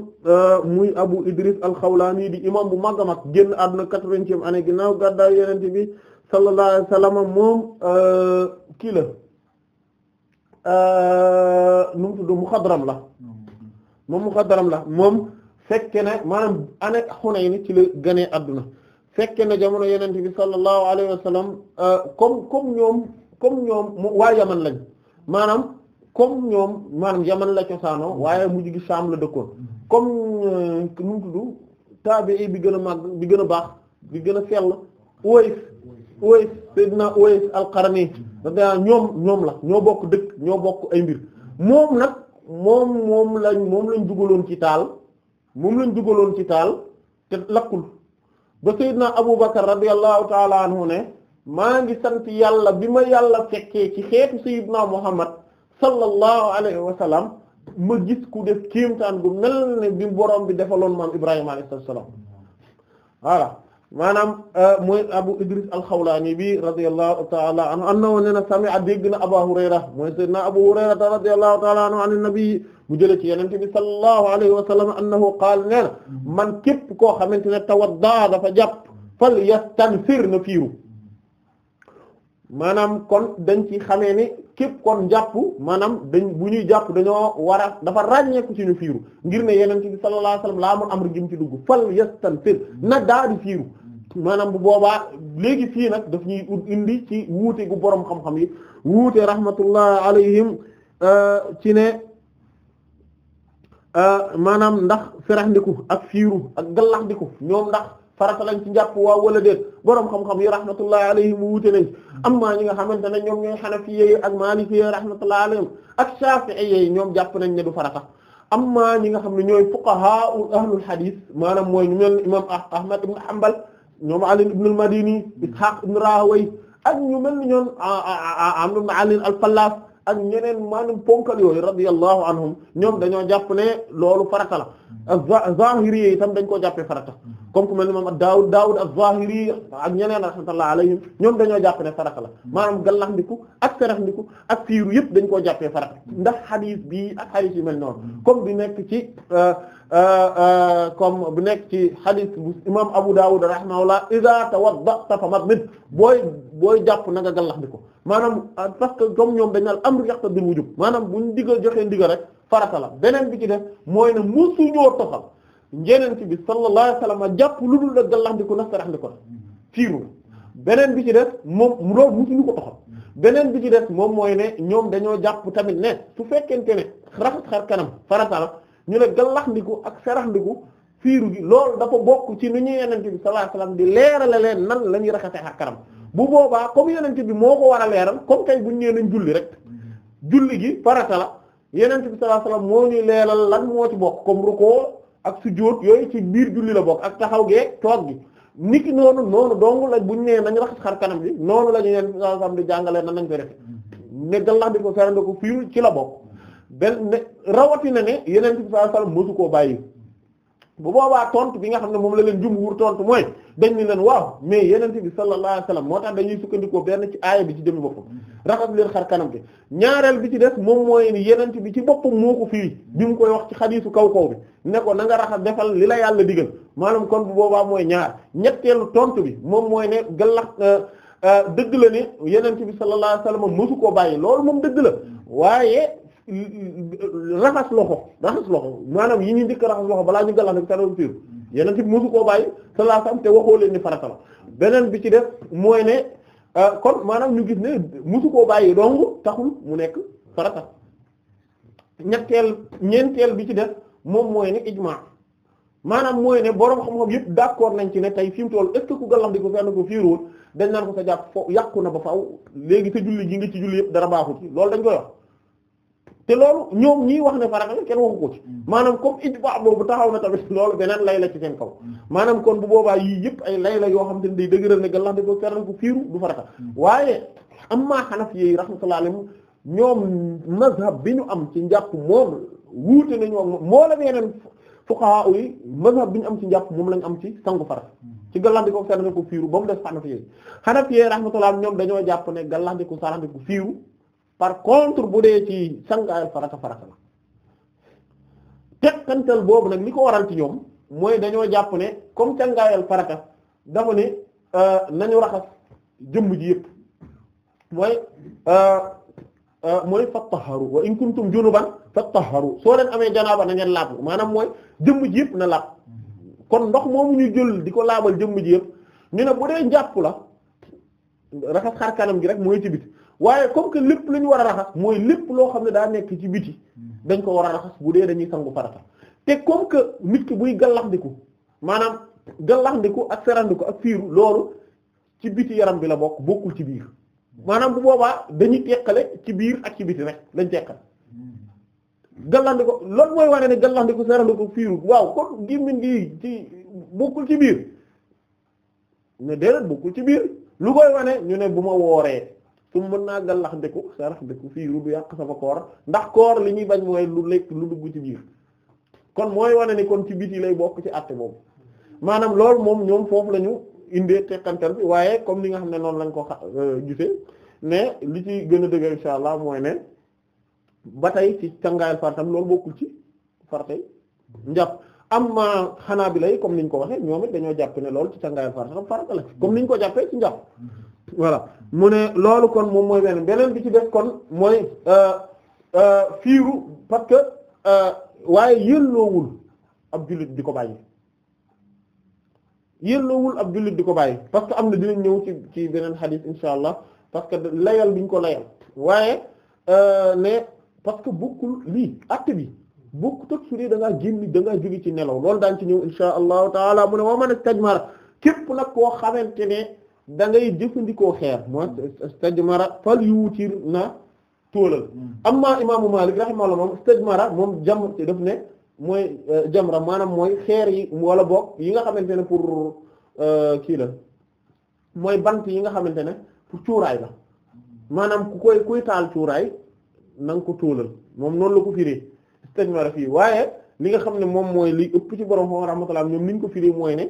muy Abu Idris al-Xawlaani di imam bu mag a mag génn àdduna quatre-vingtième année ginnaaw gàddaay Yonent bi sallallahu alayhi wa sallam moom kii la nu mu tudd muxadram la moom muxadram la moom fekke na maanaam anek Hunayn ci la gënee àdduna fekke na jamono yenente bi sallallahu alayhi wa sallam euh, comme comme ñoom comme ñoom waa yaman lañ maanaam comme ñoom maanaam yaman la cosaano waaye mujj gi Saam la dëkkoon comme euh, nu mu tudd taabi'i bi gën a màgg bi gën a baax bi gën a sell Uways Uways Seydina Uways al-Qarni ñoom ñoom la ñoo bokk dëkk ñoo bokk ay mbir moom nag moom moom lañ moom lañ jugaloon ci taal moom lañ jugaloon ci taal te lakkul ba Seydina Abu Bakar radiyallahu taala anhu ne maa ngi sant yàlla bi ma yàlla fekkee ci xeetu Seydina Muhammad sallallahu alayhi wa sallam ma gis ku def kéemtaan gu mel ne bi borom bi defaloon maam Ibrahima alayhi salaam voilà maanaam euh, mooy Abu Idris al-Xawlaani bi radiyallahu ta'ala anhu annahu nee na sami'a dégg na Abu Hurayra mooy sayyidina Abu Hurayra radiyallahu ta'ala anhu an nabi mu jëlee ci Yonent bi sallallahu alayhi wa sallam annahu qaala nee na man képp koo xamante ne tawadda dafa jàpp fal yastansir na fiiru maanaam kon dañ ci xamee ne képp kon jàpp maanaam dañ bu ñuy jàpp dañoo war a dafa ràññeeku ci ñu fiiru ngir ne Yonent bi sallallahu laa mun amr gi mu ci dugg fal yastansir na daadi fiiru maanaam bu boobaa léegi fii nag daf ñuy indi ci wuute gu borom xam-xam yi wuute rahmatullah alayhim euh, ci ne euh, maanaam ndax feraxndiku ak fiiru ak gallaxndiku ñoom ndax farata lañ ci njàpp waaw wala déet borom xam-xam yi rahmatullahi alayhim wuute nañ amma ñi nga xamante ne ñoom ñooy xanafiyye ak maalikiyye rahmatullahi alayhim ak shaafi'iyye ñoom jàpp nañ ne du farata amma ñi nga xam ne ñooy fuqahaa ahlul hadith maanaam mooy ñu mel imam Ahmad ibn Hanbal ñoom Ali ibn al-Madini Ishaq ibn Rahawayh ak ñu mel ni ñoom Amr ibn Ali al-Fallaas ak ñeneen maanaam ponkal yooyu radiyallahu anhum ñoom dañoo jàpp ne loolu farata la mm-hmm. az-Zahiri itam dañ koo jàppee farata mm-hmm. comme ku mel ni moom Daawud Daawud az-Zahiri ak ñeneen rahmatullahi alayhim ñoom dañoo jàpp ne farata la mm-hmm. maanaam gallax ndiku ak serax ndiku ak fiiru yëpp dañ koo jàppee farata ndax xadiis bii ak xadiis yu mel noonu comme bi nekk ci euh, Euh, euh, comme bu nekk ci hadith bu imam Abu Dawud rahimahullah iza mat famaddid booy booy jàpp na nga gàllax ko maanaam euh, parce que comme ñoom dañ naan amru yaqtadil wujub maanaam bu ñu digal joxe ndigal rek farata la beneen bi ci def mooy ne musu ñoo toxal njëriñ bi sallallahu alayhi a jàpp lu dul la gàllax ko na sarax ko tiiru beneen bi ci def moom loolu beneen bi ci def moom mooy ne ñoom dañoo jàpp tamit ne su fekkente ne rafet xar kanam farata ñu ne gallaxndiku ak seraxndiku fiiru gi loolu dafa bokk ci nu ñu yenente bi sallallahu alayhi wasallam di leerale leen nan la ñuy raxasee ak bu boobaa comme yenente bi moo ko war a leeral comme kay buñ ñëwee nañ julli rek julli gi farata la yenente bi sallallahu alayhi lan moo ci bokk comme ruko ak sujjóot yooyu ci biir julli la bokk ak taxaw geeg toog gi niki noonu noonu dong la buñ nee nañ raxas xar kanam bi noonu la ñu yenente bi sallallahu alayhi wasallam di jàngalee nan lañ koy def mm-hmm. ne gallaxndiku seraxndiku fiiru ci la bokk benn ne rawatina ne yeneen bi sallallahu alayhi wasallam koo bàyyi bu boobaa tontu bi nga xam ne moom la leen jumhur tontu mooy dañ ni leen waaw mais yeneen bi sallallahu alayhi wasallam moo tax dañuy sukkandikoo benn ci aaya bi ci jëmi boppam raxas leen xar kanam bi ñaareel bi ci des moom mooy ni yeneen bi ci boppam moo ko fii bi mu koy wax ci xadiisu kaw kaw bi ne na nga raxas defal li la yàlla digal maanaam kon bu boobaa mooy ñaar ñetteelu tontu bi moom mooy ne gàllax. Euh, euh, dëgg la ne yenent bi sallallahu alayhi wasallam mësu koo bàyyi loolu moom dëgg la waaye raxas loxo raxas loxo maanaam yi ñu njëkk raxas loxo balaa ñu gàllax nag sadoon fiir yeneen ci mosu koo bàyyi sallallahu alayhi wasallam te waxoo ni farata beneen bi ci def mooy ne euh, kon maanaam ñu gis ne mosu koo bàyyi dong taxul mu nekk farata ñetteel ñeenteel bi ci def moom mooy ne ijmaa maanaam mooy ne boroom xam-xam yëpp d'accord nañ ci ne tey mu toll est ce que ku ko fenn ko fiiroon dañ naan ko sa jàpp fo yàqu na ba faaw léegi sa julli gi ngi ci julli yëpp dara baaxul loolu dañ koy wax te loolu ñoom ñii wax ne farata la kenn waxu ko ci mm. maanaam comme ijma boobu taxaw na tamit loolu beneen lay la ci seen kaw mm. maanaam kon bu boobaa yii yëpp ay lay la yoo xam te ne day dëgëral ne gàllankoor di ko feral ko fiiru du farata mm. waaye am maa xanaf yi rahmatullahi alayhim ñoom mazhab bi ñu am ci njàpp moom wuute nañu ak moo la yeneen fuqaha yi mazhab bi ñu am ci njàpp moom lañ am ci sangu farata ci gàllankoor feral ko fiiru ba mu def xanaf yi xanaf yi rahmatullahi ñoom dañoo jàpp ne gàllankoor salandiku fiiru par contre bu dee ci sangaayal farata farata la tekkantal boobu nag ni ko waral ci ñoom mooy dañoo jàpp ne comme sangaayal farata dafa ne euh, nañu raxas jëmm ji yëpp mooy euh, euh, mooy fattaharu wa in kuntum junuban fattaharu soo leen amee janaaba na ngeen laab maanaam mooy jëmm ji yëpp na laab kon ndox moomu ñu jël di ko laabal jëmm ji yëpp ñu ne bu dee njàpp la raxas xar gi rek mooy ci biti waaye comme que lépp lu ñu war a raxas mooy lépp loo xam ne daa nekk ci biti dañ ko war a raxas bu dee dañuy sangu farata te comme que nit ki buy gallaxndiku maanaam gallaxndiku ak serandiku ak fiiru loolu ci biti yaram bi la bokk bokkul ci biir maanaam bu boobaa dañuy teqale ci biir ak ci biti rek lañ teqal gallaxndiku loolu mooy wane ne gallaxndiku serandiku fiiru waaw kon gémmiñ gi ci bokkul ci biir ne déedéet bokkul ci biir lu koy wane ñu ne bu ma wooree su um mën naa gàllax ndeku sarax ndeku fiiru du yàq sama koor ndax koor li ñuy bañ mooy lu lekk lu dugg ci biir kon mooy wane ni kon ci biti lay bokk ci àtte boobu maanaam loolu moom ñoom foofu lañu indee tekkantal bi waaye comme li nga xam ne noonu lañ ko xa euh, gisee mais li ci gën a dëgg insha allah mooy ne ba tey ci cangaayal fartam loolu bokkul ci fartay njàpp amma xanaa bi lay comme niñ ko waxee ñoom it dañoo jàpp ne loolu ci cangaayal fartam farata la comme niñ ko jàppee ci voilà mu ne loolu kon moom mooy beneen beneen bi ci def kon mooy euh, euh, fiiru parce que euh, waaye yelloowul ab jullit di ko bàyyi yelloowul ab jullit di ko bàyyi parce que am na dina ñëw ci ci beneen xadis insha allah parce que layal biñ ko layal waaye ne parce que bokkul lii acte bi bokkut ak su dee da ngaa génn da ngaa jóge ci nelaw loolu daan ci ñëw insha allahu taala mu ne wa man istajmara képp nag koo xamante ne. da ngay jëfandikoo xeer mooy hmm. stajmara fal yuutir na tóolal hmm. amma imaamu Maalik rahimahullah moom stajmara moom jam ci def ne mooy euh, jamra maanaam mooy xeer yi wala boog yi nga xamante ne pour euh, kii la mooy bant yi nga xamante ne pour cuuraay la hmm. maanaam ku koy kuy taal cuuraay na ko tóolal moom noonu la ko firee stajmara fii waaye li nga xam ne moom mooy li ëpp ci borom xom rahmatullah ñoom niñ ko firee mooy ne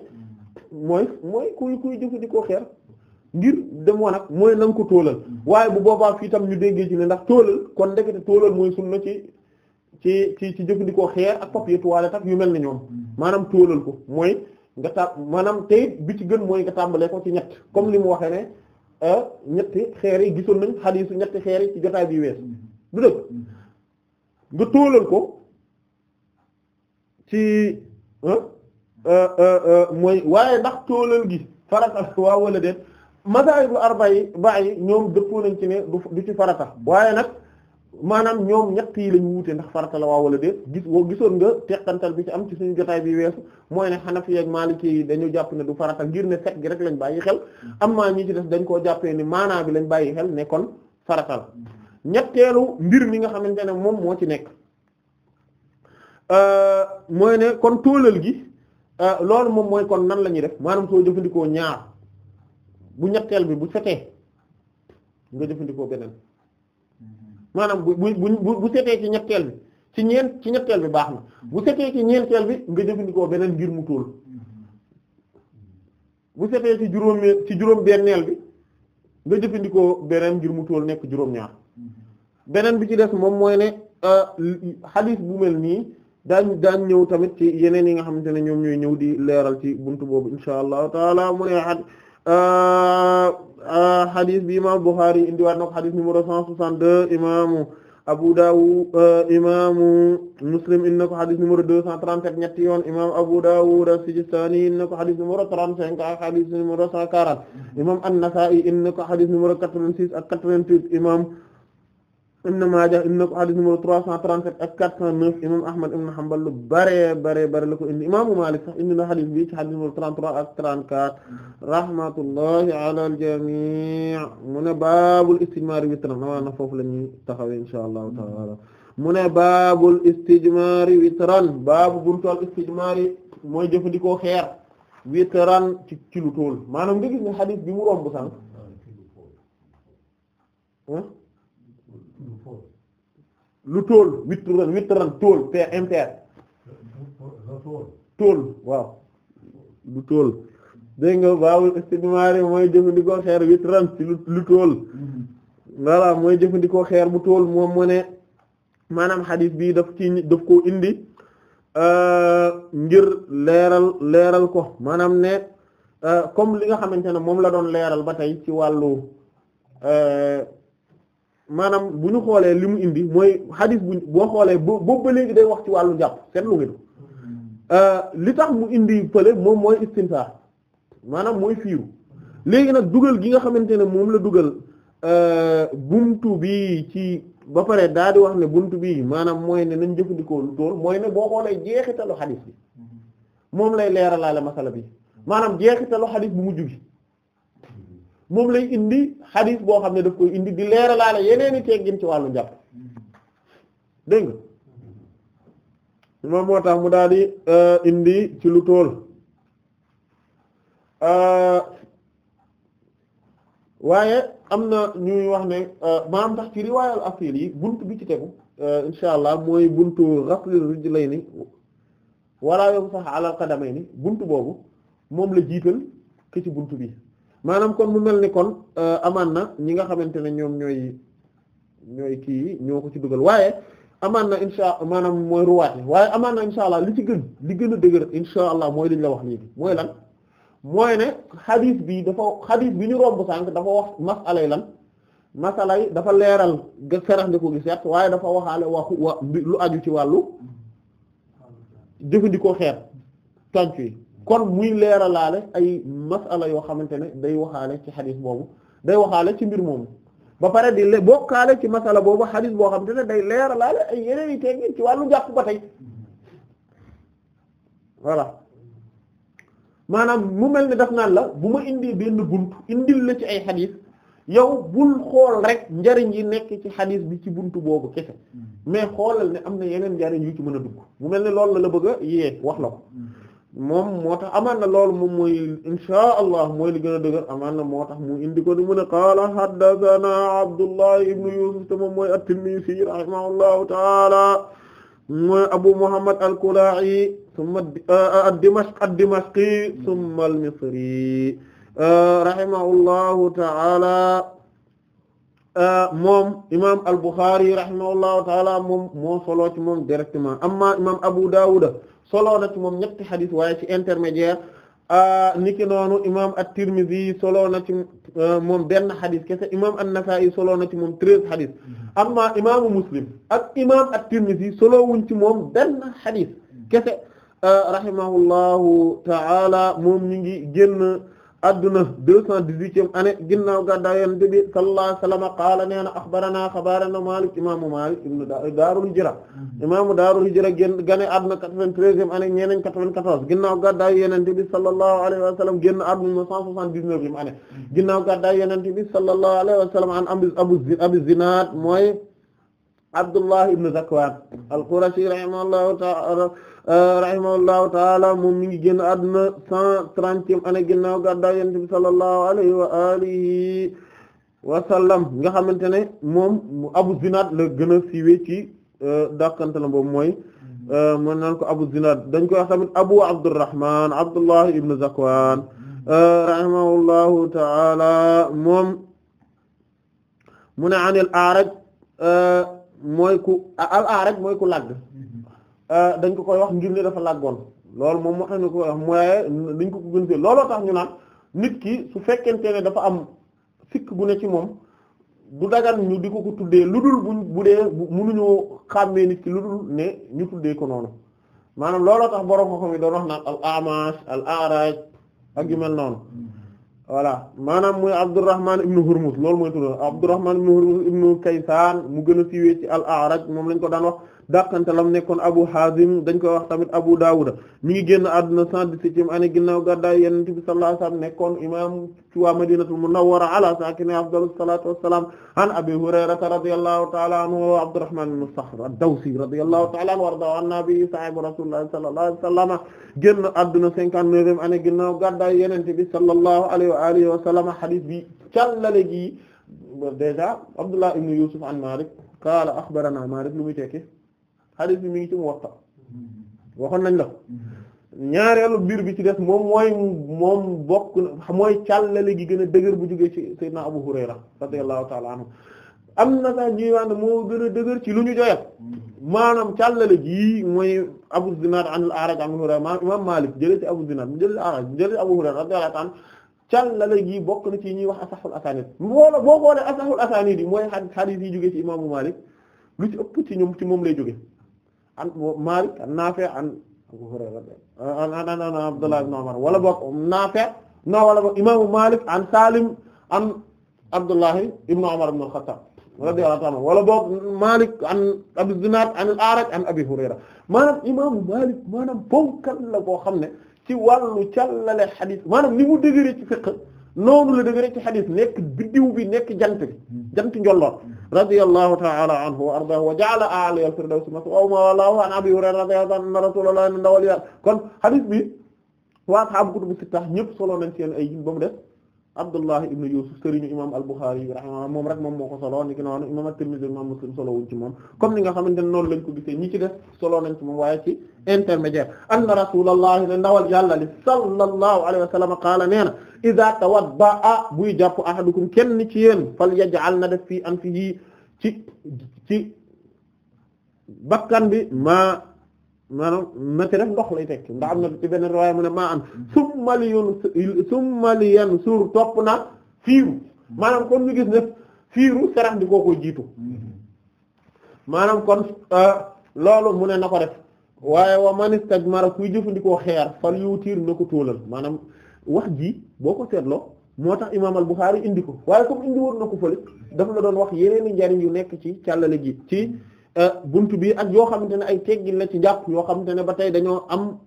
mooy mooy kuy kuy jëfandikoo xeer ngir dem ak mooy na ko tóolal waaye bu boobaa fii tam ñu déggee ci ne ndax tóolal kon ndekete tóolal mooy sunna ci ci ci ci jëfandikoo xeer ak papier toilette ak yu mel ne ñoom maanaam tóolal ko mooy nga maanaam tey bi ci gën mooy nga tàmbalee ko ci ñett comme li mu waxee ne euh, ñetti xeer yi gisoon nañ xadiisu ñetti xeer yi ci jotaay bi ko ci euh, euh, mooy waaye ndax tóolal gi farata waa wala déet mazahibul arba yi bàyyi ñoom dëppoo nañ ci ne du ci farata waaye nag maanaam ñoom ñett yi lañ wuute ndax farata la waa wala déet gis woo gisoon nga teqantal bi ci am ci suñu jotaay bi weesu mooy ne Hanafi ak Maliki yi dañu jàpp ne du farata ngir ne set gi rek lañ bàyyi xel amma ñi ci def dañ koo jàppee ni maanaa bi lañ bàyyi xel ne kon farata la ñetteelu mbir mi nga xamante ne moom moo ci nekk euh, mooy ne kon tóolal gi euh, loolu moom mooy kon nan la ñuy def maanaam soo jëfandikoo ñaar bu ñetteel bi bu setee nga jëfandikoo beneen maanaam bu bu bu bu setee ci ñetteel bi ci ñeen ci ñetteel bi baax na bu setee ci ñeenteel bi nga jëfandikoo beneen ngir mu tóol bu setee ci juróom ci juróom bi nga jëfandikoo beneen ngir mu tóol nekk juróom-ñaar beneen bi ci des moom mooy ne euh, xadiis bu mel nii daañ daan ñëw tamit ci yeneen yi nga xamante ne ñoom ñooy ñëw di leeral ci bunt boobu insha allahu taala mu ne xadis euh, euh, bi imam Bukhari indiwaat na ko xadis numéro 162 imaamu Abu Dawud euh, imaamu Muslim indi na ko xadis numéro 237 ñetti yoon imam Abu Dawud as-Sijistani indi na ko xadis numéro 35 ak xadis numéro 140 imam An-Nasa'i indi na ko xadis numéro 86 ak 88 imam Ibn Maaja indi na ko hadith numéro 337 ak 409 imam Ahmad ibn Hanbal bare bare bare la ko indi imaamu Maalik sax indi na hadith bi ci hadith numéro 33 ak 34 rahmatullahi ala al-jamii mu ne baabul istijmaar witran waaw na foofu la ñuy taxawee inshaa Allahu taala mu ne witran baabu buntal istijmaar mooy jëfandikoo xeer witran ci ci lu tool lu tool witran witran tool te tool waaw bu tool dégg nga baawul istimari mooy jëfandikoo xeer witran lu tool mm-hmm. voilà mooy jëfandikoo xeer bu tool moom mu ne maanaam xadis bi daf ci daf koo indi euh, ngir leeral leeral ko maanaam ne euh, comme li nga xamante ne moom la doon leeral ba tey ci wàllu euh, maanaam bu ñu xoolee li mu indi mooy xadis bu boo xoolee boobu ba léegi day wax ci wàllu jàpp seetlu nga du euh, li tax mu indi fële moom mooy istinsaar maanaam mooy fiiru léegi nag dugal gi nga xamante ne moom la dugal euh, buntu bi ci ba pare daal di wax ne buntu bi maanaam mooy ne nañ jëfandikoo lu tool mooy ne boo xoolee jeexitalu xadis bi mm-hmm. moom lay leeralaale masala bi maanaam jeexitalu xadis bu mujj bi moom lay indi xadis boo xam ne daf koy indi di leeralaale yeneen i teggin ci wàllu njàpp dégg nga moom moo tax mu daal di euh, indi ci lu tool euh, waaye am na ñuy wax ne euh, maanaam tax ci riwaayal asil yi buntu bi ci tegu insha allah mooy buntu ghasl rijlayni wala yamsah ala qadamayni bunt boobu moom la jiital ke ci bunt bi maanaam kon mu mel ni kon euh, amaan na ñi nga xamante ne ñoom ñooy ñooy kii ñoo ko ci dugal waaye amaan na insha maanaam mooy ruwaat waaye amaan na insha allah li ci gën li gën a dëgër insha allah mooy liñ la wax léegi mooy lan mooy ne xadiis bi dafa xadiis bi ñu romb sànq dafa wax masalay lan masalay dafa leeral sarax ndi ko gi set waaye dafa waxaale waxu wa lu aju ci wàllu jëfandikoo xeer tàncu yi kon muy leeralaale ay masala yoo xamante ne day waxaale ci xadis boobu day waxaale ci mbir moomu ba pare di bokkaale ci masala boobu xadis boo xamante ne day leeralaale ay yeneen yi teggin ci wàllu njàpp ba tey voilà maanaam mu mel ni daf naan la bu ma indi benn bunt indil la ci ay xadis yow bul xool rek njariñ yi nekk ci xadis bi ci bunt boobu kese hmm. mais xoolal ne am na yeneen njariñ yu ci mën a dugg mu mel ne loolu la la bëgg a yee wax la ko hmm. moom moo tax amaan na loolu moom mooy inshaa allah mooy li gën a dëgër amaan na moo tax mu indi ko ni mu ne qaala haddathana abdullah ibnu yusuf te moom mooy at-tinnisi rahimahullahu taala mooy abu muhammad al-kula'i thumma ad-dimashq ad-dimashqi thumma al-misri rahimahullahu taala moom imam al-bukhari rahimahullahu taala moom moo solo ci moom directement amma imam abu dawud solo na ci moom ñetti xadis waaye ci intermédiaire niki noonu imaam at-Tirmidhi solo na ci moom benn xadis kese imaam an-Nasa'i solo na ci moom treize xadis mm-hmm. amma imaamu Muslim ak imaam at-Tirmidhi solo wuñ ci moom benn xadis kese rahimahullahu ta'ala moom ñu ngi génn. adduna deux cent dix-huitième année ginnaaw gàddaay yonent bi sallallahu alayhi wa sallam qaala nee na axbarana xabarana Maalik imaamu Maalik ibnu Daarul Hijra imaamu Daarul Hijra génn gane adduna quatre-vingt-treizième année ñeneen quatre-vingt-quatorze ginnaaw gàddaay yonent bi sallallahu alayhi wa sallam génn adduna cent soixante-dix-neuvième année wa sallam an abu Zinaad mooy Abdullah ibnu Zakwaan al-Qurashi rahimahullahu ta'ala Euh, rahimahullahu taala moom mi ngi génn àdduna cent trentième année ginnaaw gàddaay yonent bi sallallahu alayhi wa alihi wa nga xamante ne moom mu Abu Zinad la gën a siiwee ci euh, dàqante boobu mooy euh, mën naan ko Abu Zinad dañ koy wax tamit Abu Abdurrahman Abdullah ibn Zakwan rahimahullahu taala moom mu ne anil A'raj mooy ku al A'raj mooy ku làgg Euh, dañ ko koy wax ngir ne dafa làggoon loolu moom moo tax ñu ko mooy dañ ko ko gën fee looloo tax ñu naan nit ki su fekkente ne dafa am sikk bu ne ci moom du dagan ñu di ko ko tuddee lu dul buñ bu dee munuñoo xàmmee nit ki lu dul ne ñu tuddee ko noonu maanaam looloo tax borom ko mi doon wax naan al amash al araj ak yu mel noonu voilà maanaam muy Abdurrahman ibn Hurmuz loolu mooy tudd Abdurrahman ibn Hurmuz ibn Kaysan mu gën a siiwee ci al araj moom lañ ko daan dàqantalam nekkoon Abu Hazim dañ koy wax tamit Abu Dawud mi ngi génn àdduna 117e année ginnaaw gàddaay Yonent bi sallallahu nekkoon imaam ci waa Madinatul Munawwara ala saakinihaa afdalu salaatu wassalaam an Abi Hurayrata radiyallahu ta'ala anhu wa Abdurrahman ibn Sakhr ad-Dawsi radiyallahu ta'ala anhu wa ardaahu an nabiyyi sahibi Rasulillahi sallallahu alayhi wasallam génn àdduna 59e année ginnaaw gàddaay Yonent bi sallallahu wa alihi wa sallam hadith bi càllale gi déjà Abdullah ibn Yusuf an Malik qaala axbarana Malik lu muy tekki xadis bi mi ngi ci Muwatta mm-hmm. waxoon nañ la mm-hmm. ñaareelu mbir bi ci des moom mooy moom bokk mooy càllale gi gën a dëgër bu jógee ci Seydina Abu Hurayra radiyallahu ta'ala anhu am na sax ñuy moo gën a dëgër ci lu ñu joyal mm-hmm. maanaam càllale gi mooy Abu Zinad an al-A'raj an Hurayra ci Abu Zinad mu jëlee al-A'raj mu jëlee bokk na ci ñuy wax asaxul asaanid boola boo xoolee asaxul asaanid yi mooy xadiis yi jógee ci imaamu Malik lu ci ëpp ci ñoom ci moom lay jóge an Maalik an Naafi' an Abu Hurayra an an an Abdullah ibn Umar wala boog Naafi' non wala boog imaamu Maalik an Saalim an Abdullah ibn Umar ibn al-Khattab radiyallahu anhu wala boog Maalik an Abi Zinaad an al-A'raj an Abi Hurayra maanaam imaamu Maalik maanaam ponkal la koo xam ne ci wàllu càllale xadiis maanaam ni mu dëgëre ci fiqh noonu la dëgëre ci xadis nekk biddiw bi nekk jant bi jant njolloor radiyallahu ta'ala anhu wa ardahu wa ja'ala a al-firdaws maswa'ahu wa lahu an abi hurayra radiyallahu anhu rasulullah ndawal yàlla kon xadis bi waa ashabu kutubu sitta ñëpp solo nañ seen ay jin ba mu def Abdullah ibn Yusuf sëriñu imam al-Bukhari yi rahimahullah moom rek moom moo ko solo ni ki noonu imam at-Tirmidhi imam Muslim solo wuñ ci moom comme ni nga xamante ne noonu lañ ko gisee ñi ci def solo nañ ci moom waaye ci intermédiaire anna rasulallahi ne ndawal yàlla li sallallahu alayhi wa sallam qaala nee na idha tawadda'a buy jàpp ahadukum kenn ci yéen fal yaj'al na def fii anfihi ci ci bakkan bi ma maanaam nati rek ndox lay tekk ndax am na ci benn riwaaya mu ne maa am summa li yun summa li yan suur topp na fiiru maanaam kon ñu gis ne fiiru sarax di koo koy jiitu maanaam kon ah, loolu mu ne na ko def waaye wa man istajmara kuy jëfandikoo xeer fal yuutir na ko tóolal maanaam wax ji boo ko seetloo moo tax imaam al Buxaari indi ko waaye comme indi woon na ko fële dafa la doon wax yeneen i njariñ yu nekk ci càllale gi ci Euh, bunt bi ak yoo xamante ne ay teggin la ci jàpp yoo xamante ne ba tey dañoo am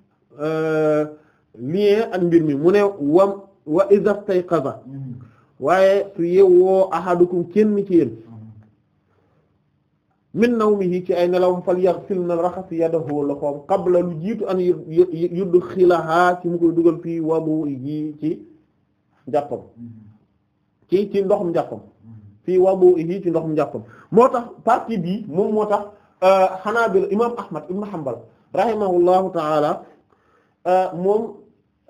euh, lien ak mbir mi mu ne wam wa izastayqaza waaye su yewwoo ahadukum kenn ci yéen min nawmihi ci ay nelawam fal yaghsil na raxas yadahu loxoom qabla lu jiitu an yudxilaha ci mu koy dugal fii wabu yi ci njàppam ci ci ndoxum njàppam fii wadu'ihi ci ndoxum njàppam moo tax partie bii moom moo tax Hanabila euh, imam Ahmad ibn Hanbal rahimahullahu ta'ala euh, moom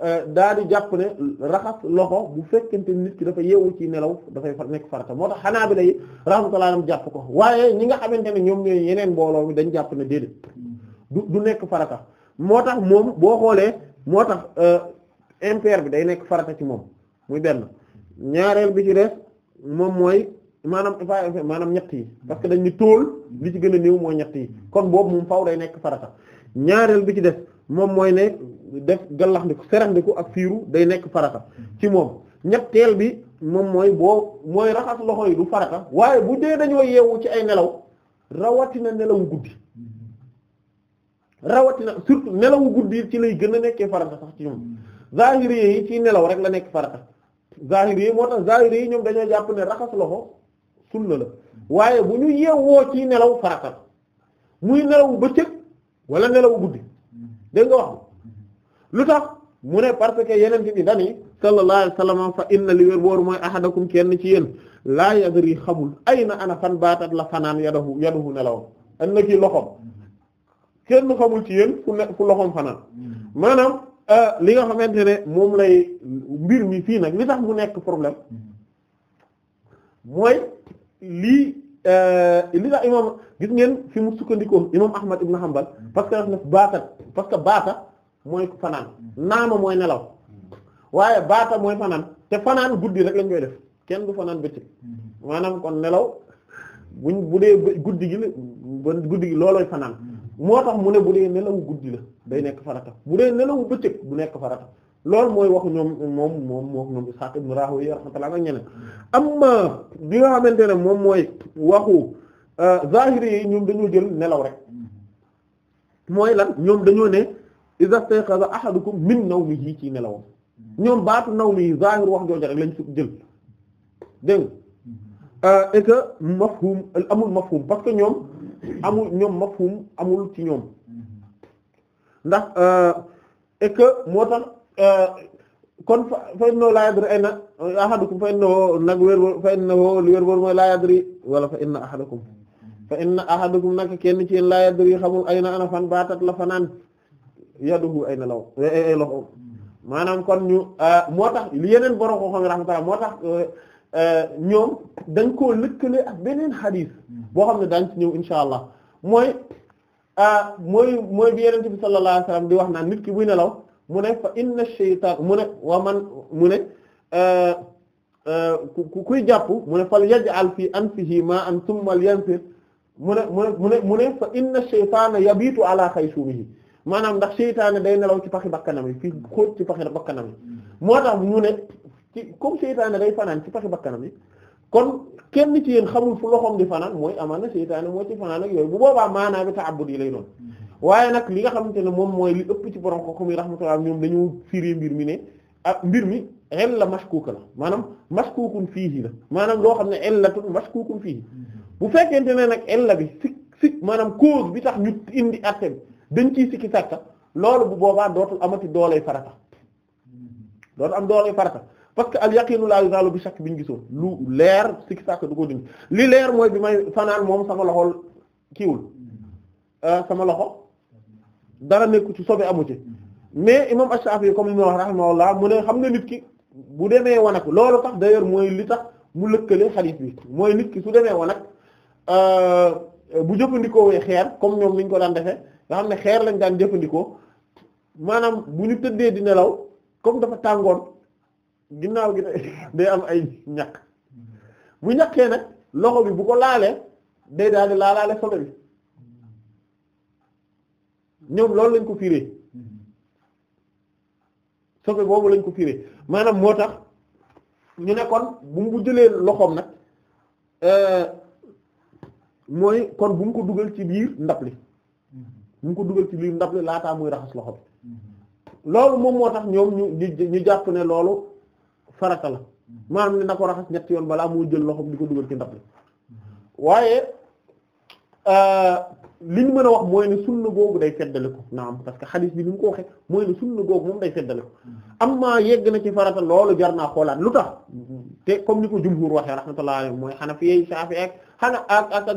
euh, daal di jàpp ne raxas loxo bu fekkente nit ki dafa yeewu ci nelaw dafay nekk farata moo tax Hanabila yi rahmatullah alam jàpp ko waaye ñi nga xamante ne ñoom ñooy yeneen mbooloo mi dañ jàpp ne déedéet du nekk farata moo tax moom boo xoolee moo tax impair bi day nekk farata ci moom muy benn ñaareel bi ci def moom mooy maanaam maanaam ñett yi parce que dañ ni tóol li ci gën a néew mooy ñett yi kon boobu moom faaw day nekk farata ñaareel bi ci def moom mooy ne def gallaxndiku seraxndiku ak fiiru day nekk farata ci moom ñetteel bi moom mooy boo mooy raxas loxo yi du farata waaye bu dee dañoo yeewu ci ay nelaw rawatina nelawu guddi rawatina surtout nelawu guddi ci lay gën a nekkee farata sax ci ñoom zahiri yi ci nelaw rek la nekk farata zahiri yi moo tax zahiri yi ñoom dañoo jàpp ne raxas loxo sunna la waaye bu ñu yeewoo ci nelaw farata muy nelaw bëccëg wala nelaw guddi dégg nga wax lu tax mu ne parce que yeneen bi dani sallallahu alayhi wasallam fa ci yéen laa yadri xamul ay na la fanaan yadahu yadahu nelawam an na kii loxom kenn ci yéen fu ne loxom fanaan maanaam euh, li nga xamante ne moom mi fii nag li tax mu nekk problème mooy lii li euh, tax imam gis ngeen fi mu sukkandikoo imam Ahmad ibn Hanbal parce que daf na baata parce que baata mooy fanaan naama mooy nelaw waaye baata mooy fanaan te fanaan guddi rek lañ koy def kenn du fanaan bëccëg maanaam kon nelaw buñ bu dee guddi gi la guddi gi loolooy fanaan moo tax mu ne bu dee nelawu guddi la day nekk farata bu dee nelawu bëccëg du nekk farata loolu mooy waxu ñoom moom moom moom ñoom Ishaq ibn Rahowi rahmatullah ak ñeneen nga xamante ne moom mooy waxu euh, zahiri yi ñoom dañoo jël nelaw rek mooy lan ñoom dañoo ne iza stayqaza ahadukum min nawmihi ci nelawam ñoom baatu naw nawmi zahir wax jooju rek lañ su jël dégg euh, et que mafhum amul mafhum parce que ñoom amul ñoom mafhum amul ci ñoom ndax euh, et que moo tax Eh, kon fa innahu laa yadri ayna ahadukum fa nag wér fa innahu lu wér wóor nag kenn ci yéen laa yadri xamul ayna ana fan baatat la fanaan yaduhu ayna law ay loxo maanaam kon ñu eh, moo tax yeneen borom ko xam moo tax eh, ñoom dañ koo lëkkale ak beneen xadiis boo xam ne daañ ci ñëw insha allah mooy mooy mooy bi yeneen bi sallallahu alayhi wasallam di wax naan nit ki buy nelaw mu ne fa inna shaytaan mu ne wa man mu ne euh, euh, ku kuy jàpp mu ne fal yaj'al fii anfihi ma'an thumma yanfir mu ne mu ne mu ne mu ne fa inna shaytaana yabiitu ala xaysumihi maanaam ndax seytaane day nelaw ci paxi bakkanam yi fii xóot ci paxi bakkanam yi moo tax mu ne ci comme seytaane day fanaan ci paxi bakkanam yi kon kenn ci yéen xamul fu loxoom di fanaan mooy amaana seytaane moo ci fanaan ak yooyu bu boobaa maanaa bi ta'abbud yi lay doon waaye nag li nga xamante ne moom mooy li ëpp ci borom kooku muy rahmatullah ñoom dañoo firi mbir mi ne ah mbir mi el la mashkuuka la maanaam mashkuukun fiihi la maanaam loo xam ne el la tun mashkuukun fiihi mm-hmm. bu fekkente ne nag el bi si maanaam cause bi tax ñu indi atte dañ ciy sikki sàkka loolu bu boobaa dootul amati dooley farata mm-hmm. dootul am dooley farata parce que al yaqinu la yuzalu bi shakk bi ñu gisoon lu leer sikki sàkka du ko dindi li leer mooy bi may fanaan moom sama loxol kiiwul mm-hmm. euh, sama loxo dara nekku ci sobe amu ci mais imam Ash-Shafi'i comme li ma wax rahimahullah mu ne xam nga nit ki bu demee wanag loolu tax d'ailleurs mooy li tax mu lëkkale hadith bi mooy nit ki su demee wanag euh, bu jëfandikoo xeer comme ñoom niñ ko daan defee nga xam ne xeer lañ daan jëfandikoo maanaam bu ñu tëddee di nelaw comme dafa tàngoon ginnaaw gi day am ay ñàkk bu ñakkee nag loxo bi bu ko laalee day daal di laalaale sobe bi. ñoom loolu lañ ko firé sobe boobu lañ ko firé maanaam moo tax ñu ne kon bu mu jëlee loxoom nag euh, mooy kon bu mu ko dugal ci biir ndab li bu ko dugal ci biir ndab li laataa muy raxas loxo loolu moom moo tax ñoom ñu ñu jàpp ne loolu farata la maanaam ne na ko raxas ñetti yoon balaa muy jël loxoom di ko dugal ci ndab li waaye euh, li mën a wax mooy ne sunna googu day feddali ko naam parce que xadis bi ni mu ko waxee mooy ne sunna googu moom day feddali ko mm-hmm. amma yegg na ci farata loolu jar naa xoolaat lu tax te comme ni ko jumhur waxee rahmatullahi alayhi mooy xanafiyey saafi ak xana ak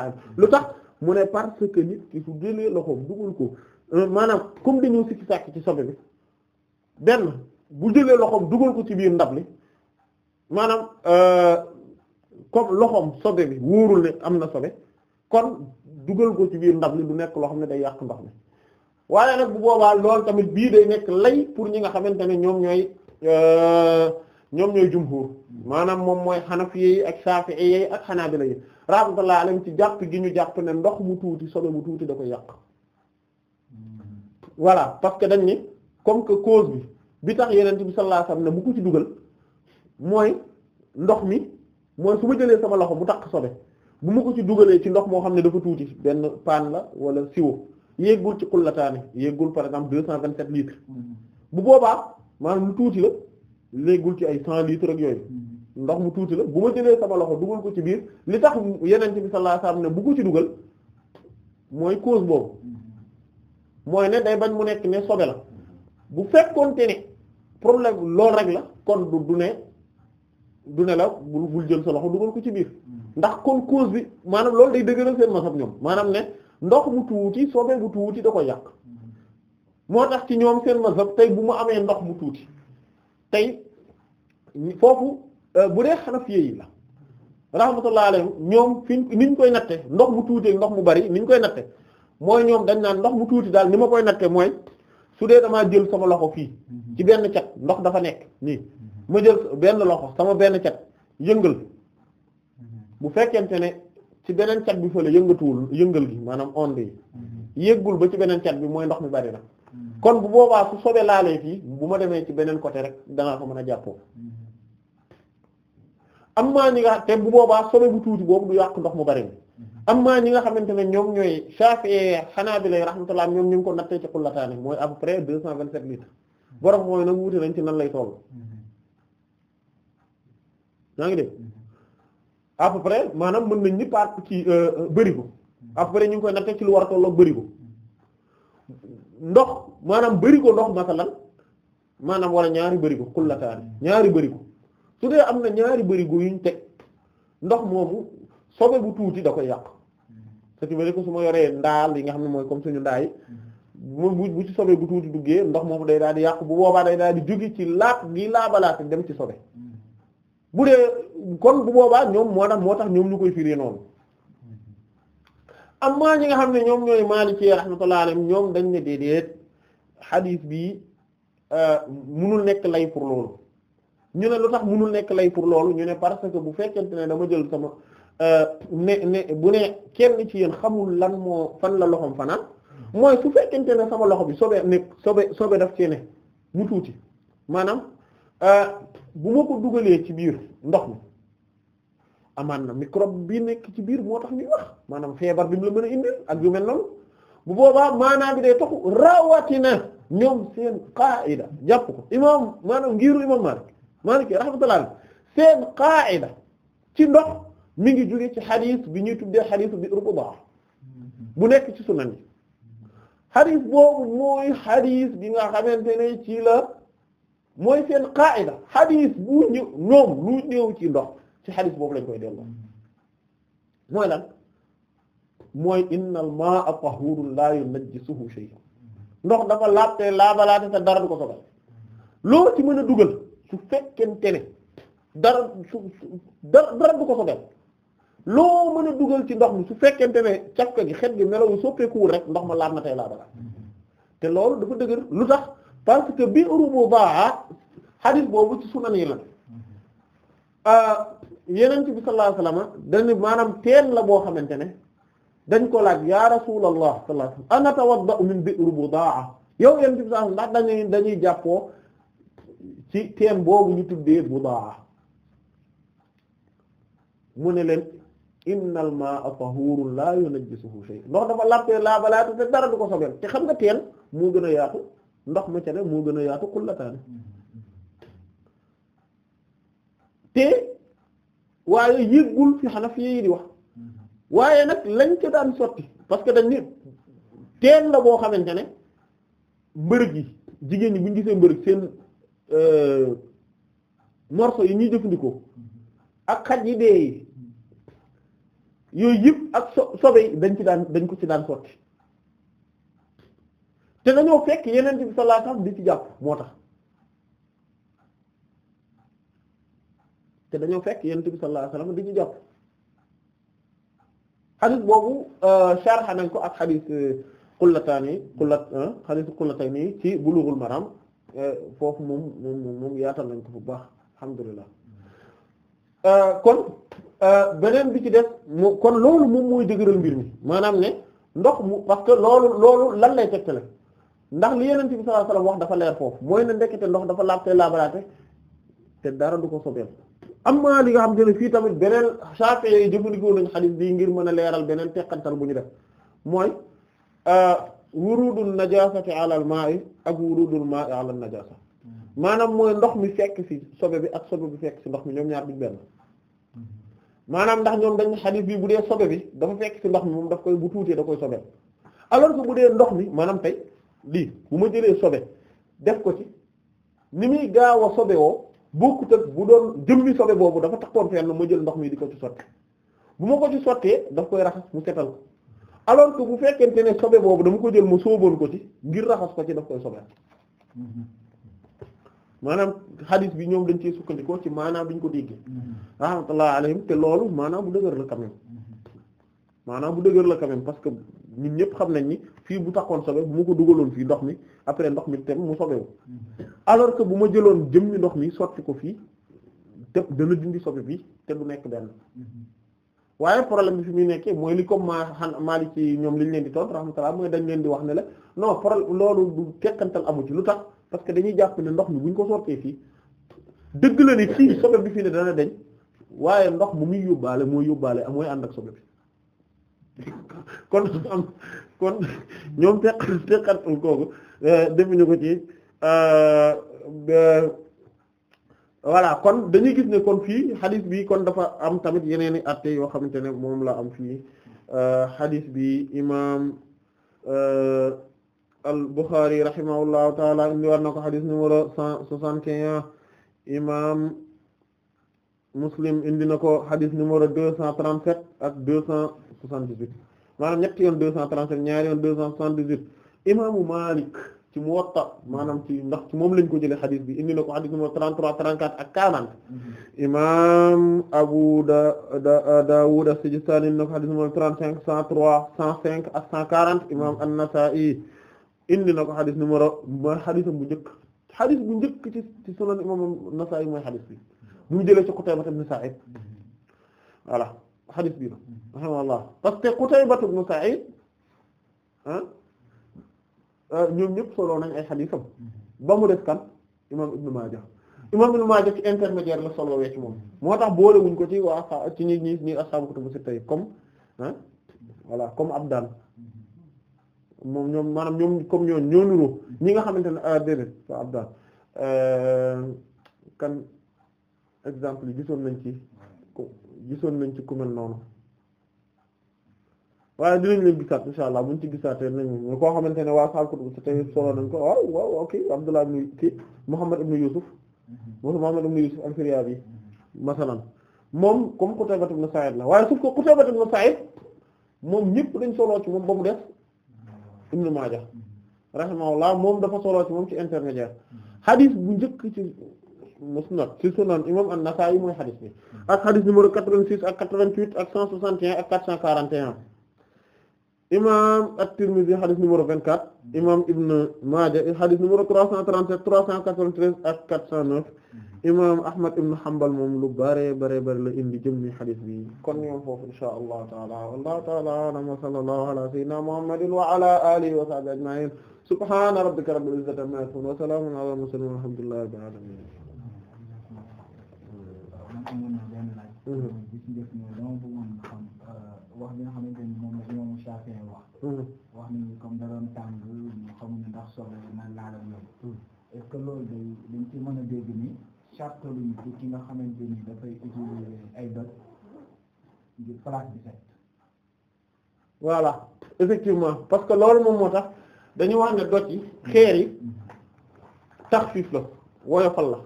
ak lu tax mu ne parce que nit ki su jëlee loxoom dugal ko euh, maanaam comme dañu sikki sàkk ci sobe bi benn bu jëlee loxoom dugal ko ci biir ndab li maanaam euh, comme loxoom sobe bi wóorul ne am na sobe kon dugal ko ci biir ndab li du nekk loo xam ne day yàq ndox mi waaye nag bu boobaa loolu tamit bii day nekk lay pour ñi nga xamante ne ñoom ñooy euh, ñoom ñooy jumhur maanaam moom mooy xanafiye ak saafiiye yi ak xanaabila yi rahmatullah alayhim ci jàpp gi ñu jàpp ne ndox bu tuuti sobe mu tuuti da koy yàq mm-hmm. voilà parce que dañ ni comme cause bi bi tax yeneen bi sallallahu alayhi wasallam ne bu ko ci dugal mooy ndox mi mooy su ma jëlee sama loxo bu takk sobe bu ma ko ci dugalee ci ndox moo xam ne dafa tuuti benn paan la wala siwo yéegul ci xullataani yéegul par exemple deux cent vingt sept litres mm-hmm. bu boobaa maanaam lu tuuti la léegul ci ay cent litres ak yooyu mm-hmm. ndox mu tuuti la bu ma jëlee sama loxo dugal ko ci biir li tax yeneen bi sallallahu alayhi wasallam ne bu ko ci dugal mooy cause boobu mm-hmm. mooy ne day bañ mu nekk ne sobe la bu fekkoon fekkoonte ne problème lool rek la kon du du ne du nelaw bul bul jël sa loxo dugal ko ci biir hmm. ndax kon cause bi maanaam loolu day dëgëral seen masab ñoom maanaam ne ndox mu tuuti soobee bu tuuti da ko yàq hmm. moo tax ci ñoom seen masab tey bu mu amee ndox mu tuuti tey foofu euh, bu dee xanafiye yi la rahmatullah alayhim ñoom fi niñ koy natte ndox mu tuuti ndox mu bari niñ koy natte mooy ñoom dañ naan ndox mu tuuti daal ni ma koy natte mooy su dee damaa jël sama loxo fii hmm. ci benn cat ndox dafa nekk nii ma jël benn loxo sama benn cat yëngal bu fekkente ne ci beneen cat bi fële yëngatuwul yëngal gi maanaam onde yi mm-hmm. yëggul ba ci beneen cat bi mooy ndox mi bari na mm-hmm. kon bu boobaa su sobe laalee fii bu ma demee ci beneen côté rek danaa ko mën a jàppoo mm-hmm. am maa ñi nga te bu boobaa sobe bu tuuti boobu du yàq ndox mu bari am maa ñi nga xamante ne ñoom ñooy Shafi'i Hanabila rahmatullah ñoom ñu ngi ko nattee ci xullataani mooy à peu près deux cent vingt-sept litres borom mooy nag wuute nañ ci nan lay toog yaa ngi de à peu maanaam mën nañ ni ci euh, euh, bërigo à ñu ngi koy natte ci lu war a tolloog bërigo ndox maanaam bërigo ndox masalan maanaam wala ñaari bërigo kullataani ñaari bërigo su dee am na ñaari bërigo ñu teg ndox moomu sobe bu tuuti da koy yàq c'est-à-dire que su ma yoree ndaal yi nga xam ne mooy comme suñu ndaa yi bu bu ci sobe bu tuuti duggee ndox moomu day daal di yàq bu boobaa day daal di jóge ci laat laab laa laabalaate dem ci sobe. bu dee kon bu boobaa ñoom moo tax moo tax ñoom ñu koy fiiree noonu amma ñi nga xam ne ñoom ñooy ci rahmatullahi alayhim ñoom dañ ne déedéet xadiis bi euh, munul nekk lay pour loolu ñu ne lu tax munul nekk lay pour loolu ñu ne parce que bu fekkente ne dama jël sama euh, ne ne bu ne kenn ci yéen xamul lan moo fan la loxom fanaan mooy su fekkente ne sama loxo bi sobe ne sobe sobe daf ci ne mu tuuti maanaam Euh, bu ma ko dugalee ci biir ndox mi amaan na microbe bi nekk ci biir moo tax ñuy wax maanaam feebar bi la mën a indil ak yu mel noonu bu boobaa maanaam bi day toxu rawatina ñoom seen qaida jàpp ko imaam maanaam ngiru imaam Maalik Maalik rahmatullah seen qaida ci ndox mu ngi jóge ci xadiis bi ñuy tuddee xadiis bi urbuda bu nekk ci sunan yi xadiis boobu mooy xadiis bi nga xamante ne ci la mooy seen qaida xadis bu ñëw ñoom lu ñëw ci ndox ci xadis boobu lañ koy delloo mooy lan mooy innal ma'a tahurun la yunajjisuhu shay ndox dafa laabte laabalaate te dara du ko sobal loo mën a dugal su fekkente ne dara su ko sobal loo mën a dugal ci ndox mi su fekkee ne cafka gi xet gi melawu soppeekuwul rek ndox ma laab na tey laabalaat te loolu dafa dëgër lu tax parce que bi'ru Budaa xadis boobu ci sunan yi la euh, yeneen bi sallallahu alayhi wasallam dañu maanaam teen la boo xamante ne dañ ko laaj ya rasulallah sallallahu alayhi wasallam ana tawadda'u min bi'ru Budaa yow yeneen bi sallallahu ndax dañuy dañuy jàppoo ci teen boobu ñu ti bu Budaa mu ne leen innal maa'a tahuurun laa yunajjisuhu shay ndox dafa lappee laa balaatu te dara du ko sobeel te xam nga teen moo gën a yaatu ndox mu ca ne moo gën a yaatu xullataane te waaye yëggul fi xanaf yi di wax waaye nag lañ ca daan sotti parce que dañ ni teen la boo xamante ne mbërëg yi jigéen ñi bu ñu gisee mbërëg seen euh, morceau yi ñuy jëfandikoo ak xaj yi dee yi yooyu yëpp ak so sobe yi dañ ci daan dañ ko ci daan sotti te dañoo fekk yeneen bi sallallahu alayhi wasallam di ci jàpp moo tax te dañoo fekk yeneen bi sallallahu alayhi wasallam di ci jàpp xadis boobu euh, sharh nañ ko ak xadis euh, qullataani qullat xadis euh, qullataani ci bulughul maram foofu moom moom moom yaatal nañ ko bu baax alhamdulillah kon beneen bi ci def kon loolu moom mooy dëgëral mbir mi maanaam ne ndox mu parce que loolu loolu lan lay tegtale ndax li yenente bi sallallahu alayhi wasallam wax dafa leer foofu mooy ne ndekete ndox dafa laab te laabalaate te dara du ko sobeel amma li nga xam te ne fii tamit beneen Shafi'i jëfandikoo nañ xadis bi ngir mën a leeral beneen teqantal bu ñu def mooy euh, wurudul najasati ala al ma'i ak wurudul ma'i ala al maanaam mooy ndox mi fekk ci sobe bi ak sobe bi ci ndox mi ñoom ñaar duñ benn maanaam ndax ñoom dañ xadis bi bu dee sobe bi dafa fekk ci ndox mi moom daf koy bu tuutee da koy sobeel alors que bu dee ndox mi maanaam tey lii bu ma jëlee sobe def ko ci ni muy gaaw a sobe woo bokkut ak bu doon jëmmi sobe boobu dafa taxoon fenn ma jël ndox mi di ko ci sotti bu ma ko ci sottee daf koy raxas mu setal ko alors que bu fekkente ne sobe boobu dama ko jël ma sóoboon ko ci ngir raxas ko ci daf koy sobe maanaam hadith bi ñoom dañ cee sukkandikoo ci maanaam bi ñu ko déggee rahmatullah alayhim te loolu maanaam bu dëgër la quand même maanaam bu dëgër la quand même parce que ñun ñëpp xam nañ ni fii bu takkoon sobe bu ma ko dugaloon fii ndox mi après ndox mi tam mu sobewu alors que bu ma jëloon jëmmi ndox mi sotti ko fii te dana dindi sobe bi te du nekk benn waaye problème bi fi muy nekkee mooy li comme maa xan maali ci ñoom lañ leen di toon rahmatullah mooy dañ leen di wax ne la non problème loolu du tekkantal amu ci lu tax parce que dañuy jàpp ne ndox mi buñ ko sottee fii dëgg la ni fii sobe bi fii ne dana deñ waaye ndox mu muy yóbbaale mooy yóbbaale mooy ànd ak sobe bi kon am kon ñoom teq teqatul kooku euh, defuñu ko ci euh, euh, voilà kon dañuy gis ne kon fii xadis bi kon dafa am tamit yeneen i atte yoo xamante ne moom la am fii xadis bi imam al-Bukhari rahimahullahu taala indi war na ko xadis numéro cent soixante et un imam Muslim indi na ko xadis numéro deux cent trente-sept ak deux cent soixante-dix-huit maanaam ñetti yoon deux cent trente-sept ñaari yoon deux Maalik ci Muwatta maanaam ci ndax ci moom lañ ko jëlee xadis bi indi na ko xadis numéro 33 34 a 40 imaam Abu Dawud as-Sijistani indi na ko xadis numéro 35 103 105 ak 140 imaam An-Nasa'i indi na ko xadis numéro mooy xadisam bu njëkk xadis bu njëkk ci ci sunan imaam An-Nasa'i mooy xadis bi mu jëlee ci Qutayba ibn Sa'id voilà xadis bi la rahimahullah mhm. parce que Qutayba ibn Sa'id ah, ah, ñoom ñëpp soloo nañ ay xadisam mhm. ba mu def kan imam Ibn Maaja imam Ibn Maaja ci intermédiaire la solo wecc moom moo tax boole guñ ko ci waa ci ñi ñi ñi ashaabu kutubu sitta comme ah voilà comme Abdaan moom ñoom maanaam ñoom comme ñoo ñoo nuroo ñi nga xamante ne ah, déedéet Abdaan euh, kan exemple yi gisoon nañ ci gisoon nañ ci ku noonu waaye dinañ leen gisaat insha allah buñ ci gisaatee nañ koo xamante ne waa salkot te solo nañ ko waaw waaw ok Abdullah ibn ki Muhammad ibn Yusuf Muhammad mhm. ibn Yusuf al-Firyaabi masalan moom comme Qutayba ibn Sa'id la waaye suuf moom ñëpp dañ soloo ci moom ba mu Maaja mhm. rahimahullah moom dafa soloo ci moom ci intermédiaire hadith bu njëkk ci musnad ci sunan imam an-Nasa'i mooy xadis bi ak xadis numéro 86 ak 88 ak 161 ak 441 imam at-Tirmidhi xadis numéro 24 imam Ibn Maaja xadis numéro 337 393 ak 409 imam Ahmad ibn Hanbal moom lu bare bare bare la indi jëmmi xadis bi kon ñoom foofu insha Allah taala wallahu taala alam wa sallallahu ala sayyidina Muhammadin wa ala alihi wa sahbihi ajma'in subhana rabbika rabbil izzati amma yasifun wa salamun ala al mursalin walhamdulillahi rabbil alamin man amoon na benn laaj. Mm-hmm. bi ci njëkk mooy dama bëggoon xam euh, wax bi nga xamante ni moom la imaamu Shaafi'i wax. Mm-hmm. wax ni comme da doon tàng ñu xamuñu ndax sobe na laal ak yooyu. Mm-hmm. loolu ci mën a dégg ni charte luñ nga xamante ay doj effectivement parce que loolu moom moo tax dañu wax ne doj yi xeer yi taxfiif la woyofal la.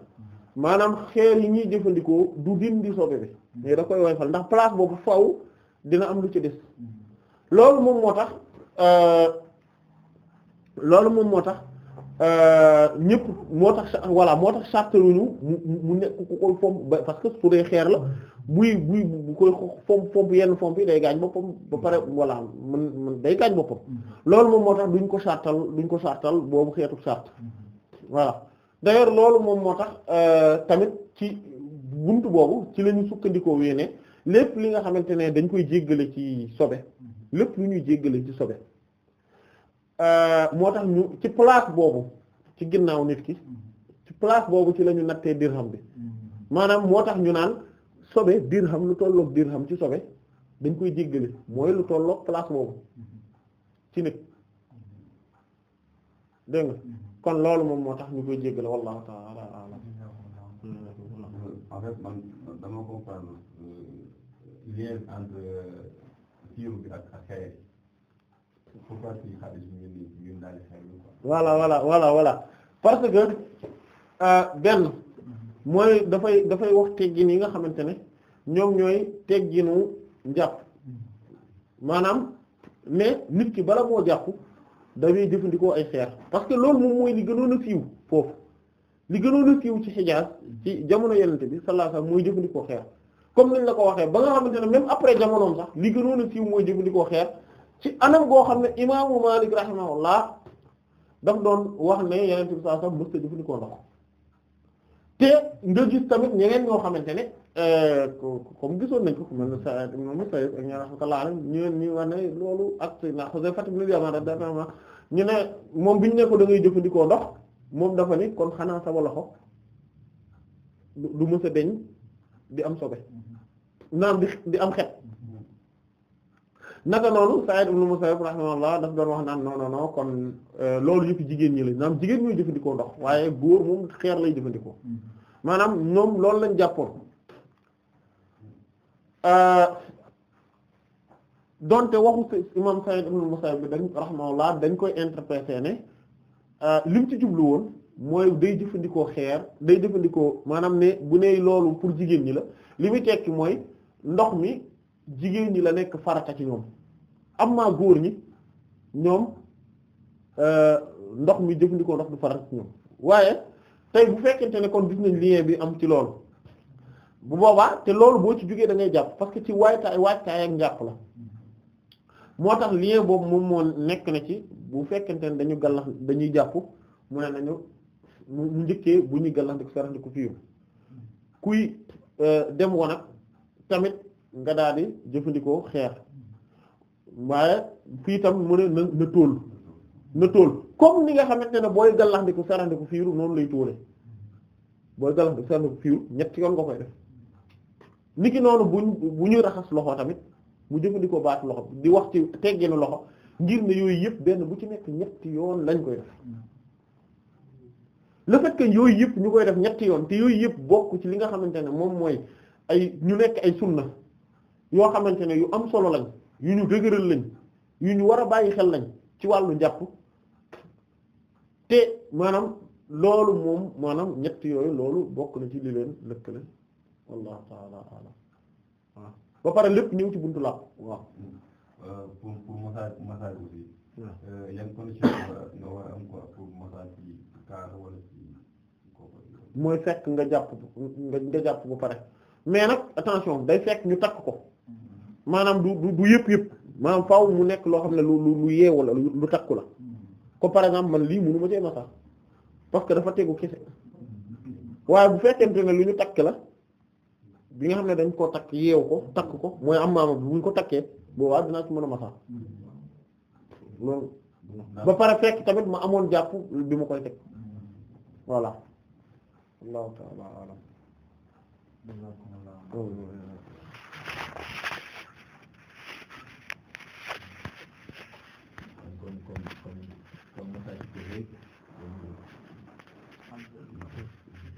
maanaam xeer yi ñuy jëfandikoo du dindi sobe bi mais da koy fal ndax place boobu faaw dina am lu ci des loolu moom moo tax euh, loolu moom moo tax euh, ñëpp moo tax voilà moo tax sartaluñu ba parce que su xeer la buy buy bu koy fomp fomp yenn fomp yi day gaañ boppam ba pare voilà man man day gaañ boppam mm-hmm. loolu moom moo tax duñ ko sartal duñ ko sartal boobu xeetu sart mm-hmm. voilà d'ailleurs loolu moom moo tax euh, tamit ci buntu boobu ci la ñu sukkandikoo wee lépp li nga xamante ne dañ koy jéggale ci sobe lépp lu ñuy jéggale ci sobe euh, moo tax ñu ci place boobu ci ginnaaw nit ki ci place boobu ci la ñu nattee dirham bi maanaam moo tax ñu naan sobe dirham lu tolloog dirham ci sobe dañ koy jéggale mooy lu tolloog place boobu ci nit nga kon loolu moom moo tax ñu koy jéggale wallahu ta'ala a'lam euh, en euh, parce que euh, benn mooy dafay dafay wax teggin yi nga xamante ne ñoom ñooy tegginu njàpp maanaam mais nit ki bala moo jàpp dafay jëfandikoo ay xeer parce que loolu moom mooy li gënoon a siiw foofu li gënoon a siiw ci Hijaaz ci jamono yenente bi sallallahu alayhi mooy jëfandikoo xeer comme niñ la ko waxee ba nga xamante ne même après jamonoom sax li gënoon a siiw mooy jëfandikoo xeer ci anam goo xam ne imaamu Maalik rahimahullah daf doon wax ne yenente bi sallallahu alayhi wasallam mësta jëfandikoo ndox te nga gis tamit ñeneen ñoo xamante ne euh, comme gisoon nañ ko ku mel ne Sa'id ibn Musayyib ak ñaar ñu ñu wax ne loolu ak Sayyidina Huzayfa ibn Yaman radiyallahu ñu ne moom biñu ne ko da jëfandikoo ndox moom dafa ni kon xanaa sama loxo du mës a deñ di am sobe naam di di am xet naka noonu Sa'id ibn Musayyib doon wax naan non non non kon euh, loolu yëpp jigéen ñi lañ maanaam jigéen ñuy jëfandikoo ndox waaye góor moom xeer lay jëfandikoo maanaam ñoom loolu lañ jàppoon euh, donte waxu imam Sa'id ibn Musayyib bi dañ rahimahullah dañ koy interpréter ne euh, lim ci jublu woon mooy jëfandikoo xeer day jëfandikoo maanaam bu ne loolu pour jigéen ñi la li muy tekki mooy ndox mi jigéen ñi la nekk farata ci ñoom amma góor ñi ñoom euh, ndox mi jëfandikoo ndox du farata ci ñoom waaye tey bu fekkente ne kon gis nañ lien bi am ci loolu bu boobaa te loolu boo ci jógee da ngay jàpp parce que ci waaytaay waajtaay ak njàpp la moo tax lien boobu moom moo nekk na ci bu fekkente ne dañu gàllax dañuy jàpp mu ne nañu mu njëkkee bu ñuy gàllax ndik sarax ko fiyu kuy euh, dem woon tamit nga daal di jëfandikoo xeer waaye fii tam mu ne na tóol na tóol comme ni nga xamante ne booy gallaxndiku saraxndiku fiiru noonu lay tóole booy gallaxndiku saraxndiku fiiru ñetti yoon nga koy def niki noonu bu ñuy raxas loxo tamit mu jëfandikoo baat loxo di wax ci tegginu loxo ngir ne yooyu yëpp benn bu ci nekk ñetti yoon lañ koy def le fait yooyu yëpp ñu koy def ñetti yoon te yooyu yëpp bokk ci li nga xamante ne moom mooy ay ñu nekk ay sunna yoo xamante ne yu am solo lañ yu ñu dëgëral lañ yu ñu war a bàyyi xel lañ ci wàllu njàpp te maanaam loolu moom maanaam ñett yooyu loolu bokk na ci li leen lëkkale wallahu ta'ala a'lam waaw ba pare lépp ñëw ci buntu làpp waaw pour pour massage euh, a am quoi pour mooy fekk nga jàpp nga jàpp ba pare mais nag attention day fekk ñu takk ko maanaam du du yëpp yëpp maanaam faw mu nekk loo xam ne lu lu yeewu la lu takku la ko par exemple man lii mënu ma cee masaa parce que dafa tegu kese waaye bu fekkente ne lu ñu takk la bi nga xam ne dañ koo takk yeewu ko takk ko mooy am maama bu ñu ko takkee boobaa dinaa ci mën a masaa loolu ba pare fekk tamit ma amoon jàpp bi ma koy teg voilà allahu